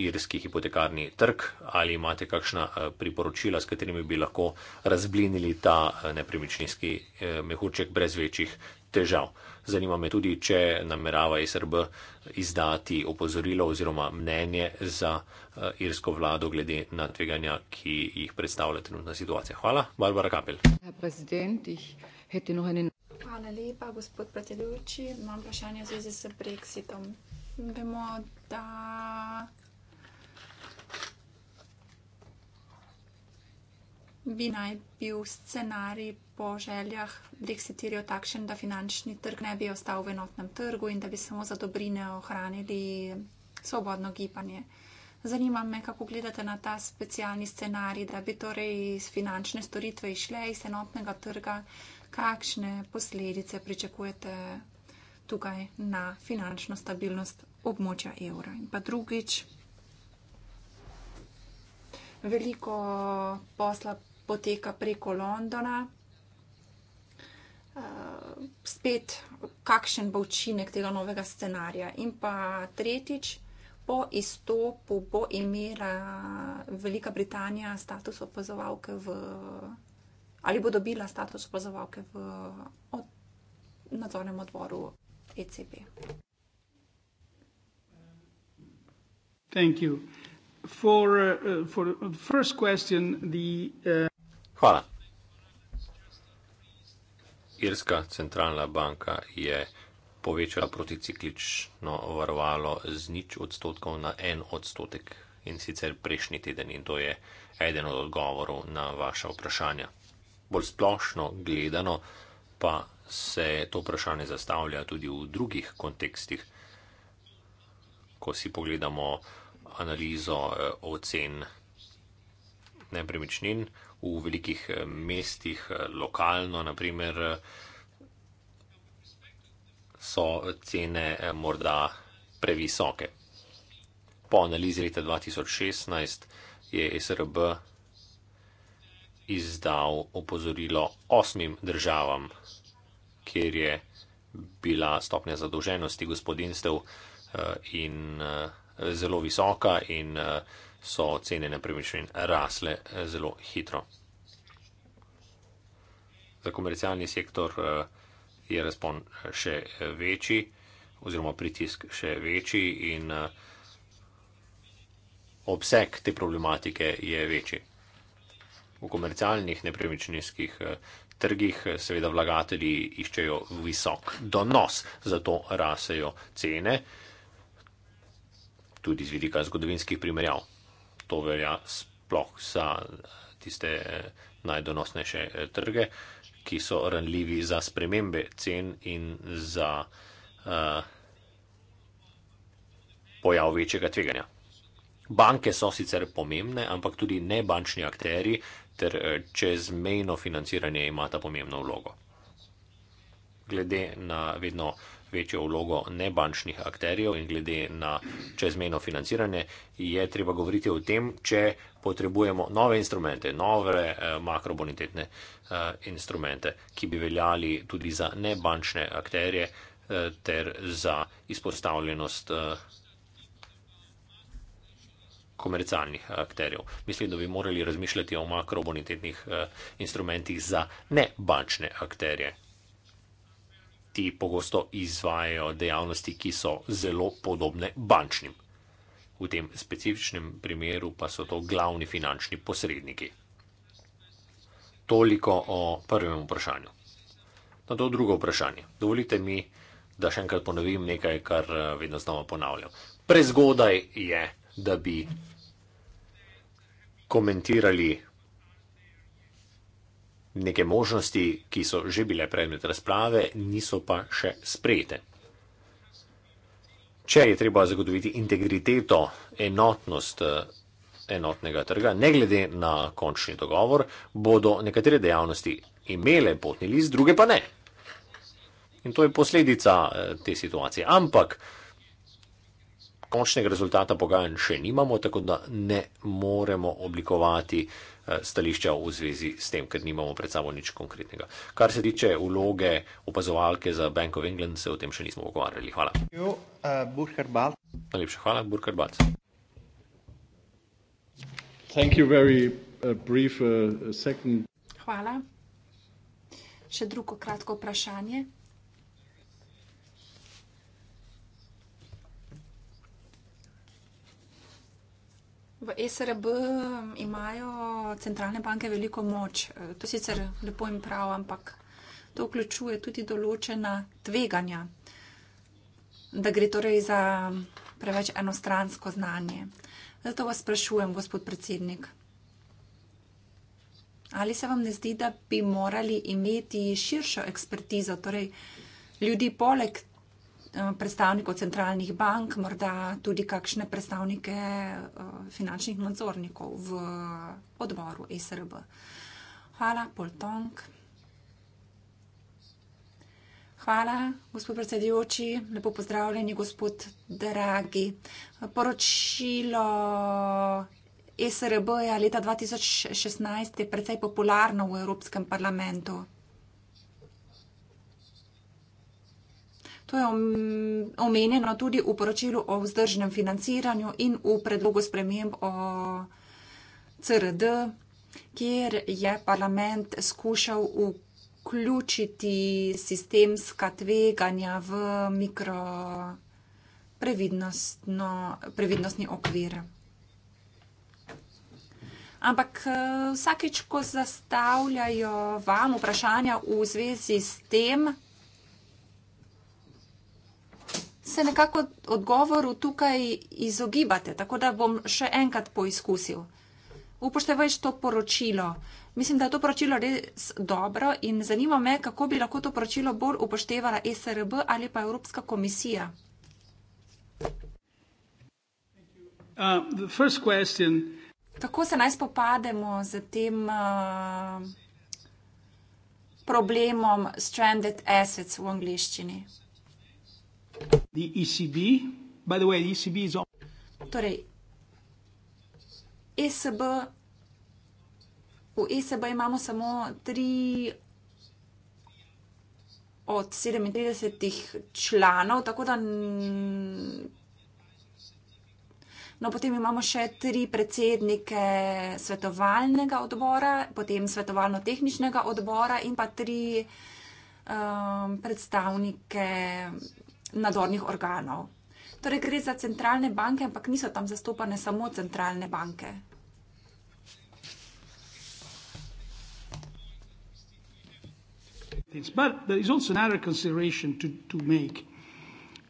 irski hipotekarni trg ali imate kakšna priporočila, s katerimi bi lahko razblinili ta nepremičninski mehurček brez večjih težav. Zanima me tudi, če namerava SRB izdati opozorilo oziroma mnenje za eh, irsko vlado glede na tveganja, ki jih predstavlja trenutna situacija. Hvala. Barbara Kapel. Hvala lepa, gospod predsedujoči. Imam vprašanje v zvezi s Brexitom. Vemo, da bi naj bil scenarij po željah Brexiterjev takšen, da finančni trg ne bi ostal v enotnem trgu in da bi samo za dobrine ohranili svobodno gibanje. Zanima me, kako gledate na ta specialni scenarij, da bi torej iz finančne storitve išle iz enotnega trga, kakšne posledice pričakujete tukaj na finančno stabilnost območja evra. In pa drugič, veliko posla poteka preko Londona. Uh, spet, kakšen bo učinek tega novega scenarija. In pa tretjič, po izstopu bo imela Velika Britanija status opazovalke v, ali bo dobila status opazovalke v od, nadzornem odboru ECB. Thank you. For, uh, uh, for the first question, the uh Hvala. Irska centralna banka je povečala proticiklično varovalo z nič odstotkov na en odstotek in sicer prejšnji teden in to je eden od odgovorov na vaše vprašanja. Bolj splošno gledano pa se to vprašanje zastavlja tudi v drugih kontekstih. Ko si pogledamo analizo eh, ocen nepremičnin, v velikih eh, mestih, eh, lokalno, naprimer, eh, so cene morda previsoke. Po analizi leta 2016 je SRB izdal opozorilo osmim državam, kjer je bila stopnja zadolženosti gospodinstev in zelo visoka in so cene nepremičnin rasle eh, zelo hitro. Za komercialni sektor eh, je razpon eh, še večji oziroma pritisk še večji in obseg te problematike je večji. V komercialnih nepremičninskih trgih seveda vlagatelji iščejo visok donos, zato rasejo cene tudi z vidika zgodovinskih primerjav to velja sploh za tiste eh, najdonosnejše eh, trge, ki so ranljivi za spremembe cen in za uh, pojav večjega tveganja. Banke so sicer pomembne, ampak tudi nebančni akteri ter čezmejno financiranje imata pomembno vlogo. Glede na vedno uh, večjo vlogo nebančnih akterjev in glede na čezmeno financiranje, je treba govoriti o tem, če potrebujemo nove instrumente, nove eh, makrobonitetne eh, instrumente, ki bi veljali tudi za nebančne akterje eh, ter za izpostavljenost eh, komercialnih akterjev. Mislim, da bi morali razmišljati o makrobonitetnih eh, instrumentih za nebančne akterje ti pogosto izvajajo dejavnosti, ki so zelo podobne bančnim. V tem specifičnem primeru pa so to glavni finančni posredniki. Toliko o prvem vprašanju. Na to drugo vprašanje. Dovolite mi, da še enkrat ponovim nekaj, kar eh, vedno znova ponavljam. Prezgodaj je, da bi komentirali neke možnosti, ki so že bile predmet razprave, niso pa še sprejete. Če je treba zagotoviti integriteto, enotnost eh, enotnega trga, ne glede na končni dogovor, bodo nekatere dejavnosti imele potni list, druge pa ne. In to je posledica eh, te situacije. Ampak končnega rezultata pogajanj še nimamo, tako da ne moremo oblikovati Eh, stališča v zvezi s tem, ker nimamo pred sabo nič konkretnega. Kar se tiče vloge opazovalke za Bank of England, se o tem še nismo pogovarjali. Hvala. Eh, Najlepša hvala, Burkhard Balc. Eh, hvala. Še drugo kratko vprašanje. V e SRB um, imajo centralne banke veliko moč. E, to sicer lepo in prav, ampak to vključuje tudi določena tveganja, da gre torej za preveč enostransko znanje. Zato vas sprašujem, gospod predsednik, ali se vam ne zdi, da bi morali imeti širšo ekspertizo, torej ljudi poleg Eh, predstavnikov centralnih bank, morda tudi kakšne predstavnike eh, finančnih nadzornikov v odboru ESRB. Hvala, Pol Tong. Hvala, gospod predsedujoči, lepo pozdravljeni, gospod Dragi. Poročilo ESRB je leta 2016 je precej popularno v Evropskem parlamentu. To je omenjeno tudi v poročilu o vzdržnem financiranju in v predlogu sprememb o CRD, kjer je parlament skušal vključiti sistemska tveganja v mikroprevidnostni okvir. Ampak vsakeč, ko zastavljajo vam vprašanja v zvezi s tem, se nekako odgovoru tukaj izogibate, tako da bom še enkrat poizkusil. Upoštevajš to poročilo. Mislim, da je to poročilo res dobro in zanima me, kako bi lahko to poročilo bolj upoštevala SRB ali pa Evropska komisija. Uh, kako se naj spopademo z tem uh, problemom stranded assets v angliščini? ECB, e by the way, the ECB is on. Torej, ECB, v ECB imamo samo tri od 37 članov, tako da. No, potem imamo še tri predsednike svetovalnega odbora, potem svetovalno-tehničnega odbora in pa tri um, predstavnike nadzornih organov. Torej, gre za centralne banke, ampak niso tam zastopane samo centralne banke.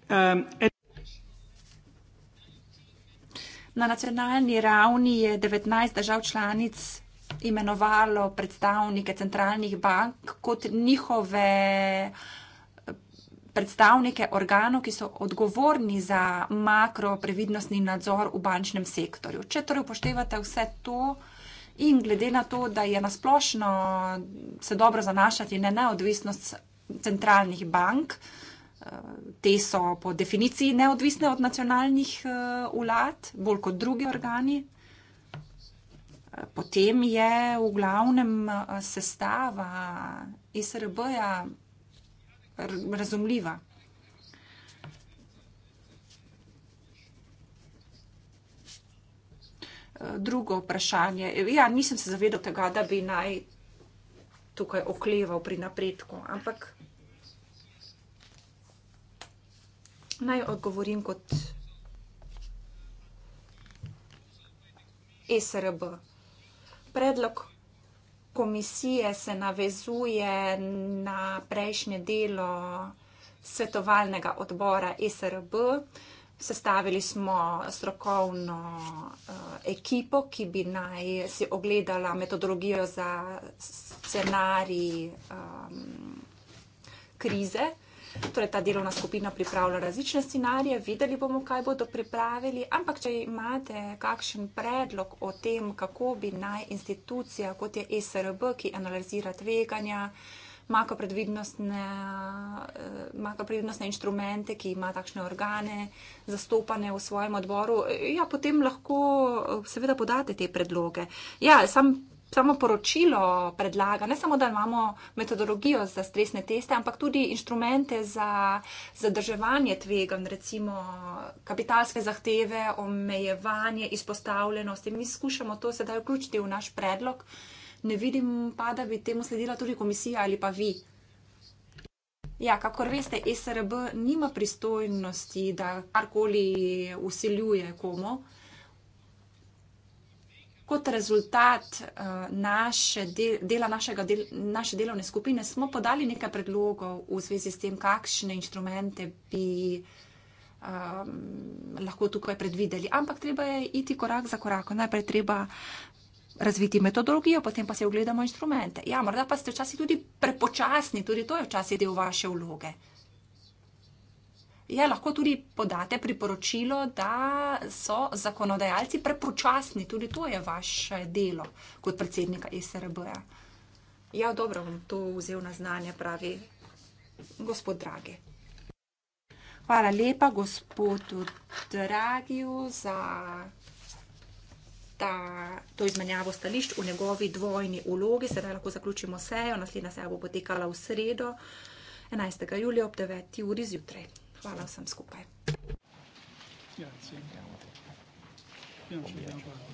Um, Na nacionalni ravni je 19 držav članic imenovalo predstavnike centralnih bank kot njihove uh, predstavnike organov, ki so odgovorni za makroprevidnostni nadzor v bančnem sektorju. Če torej upoštevate vse to in glede na to, da je nasplošno se dobro zanašati na neodvisnost centralnih bank, eh, te so po definiciji neodvisne od nacionalnih eh, vlad, bolj kot drugi organi. Eh, potem je v glavnem sestava ISRB-ja razumljiva. Drugo vprašanje. Ja, nisem se zavedal tega, da bi naj tukaj okleval pri napredku, ampak naj odgovorim kot SRB. Predlog komisije se navezuje na prejšnje delo svetovalnega odbora SRB. Sestavili smo strokovno eh, ekipo, ki bi naj si ogledala metodologijo za scenarij um, krize. Torej, ta delovna skupina pripravlja različne scenarije, videli bomo, kaj bodo pripravili, ampak če imate kakšen predlog o tem, kako bi naj institucija, kot je e SRB, ki analizira tveganja, maka previdnostne eh, inštrumente, ki ima takšne organe zastopane v svojem odboru, ja, potem lahko eh, seveda podate te predloge. Ja, sam samo poročilo predlaga, ne samo, da imamo metodologijo za stresne teste, ampak tudi inštrumente za zadrževanje tvegan, recimo kapitalske zahteve, omejevanje izpostavljenosti. Mi skušamo to sedaj vključiti v naš predlog. Ne vidim pa, da bi temu sledila tudi komisija ali pa vi. Ja, kakor veste, SRB nima pristojnosti, da karkoli usiljuje komu. Kot rezultat uh, naše del, dela našega, del, naše delovne skupine smo podali nekaj predlogov v zvezi s tem, kakšne inštrumente bi um, lahko tukaj predvideli. Ampak treba je iti korak za korakom. Najprej treba razviti metodologijo, potem pa se ogledamo inštrumente. Ja, morda pa ste včasih tudi prepočasni, tudi to je včasih del vaše vloge. Ja, lahko tudi podate priporočilo, da so zakonodajalci prepočasni, tudi to je vaše delo kot predsednika SRB-ja. Ja, dobro, bom to vzel na znanje, pravi gospod Dragi. Hvala lepa gospodu Dragiju za ta, to izmenjavo stališč v njegovi dvojni ulogi. Sedaj lahko zaključimo sejo. Naslednja seja bo potekala v sredo, 11. julija ob 9. uri zjutraj. Hvala vsem skupaj. Ja, ja, ja, ja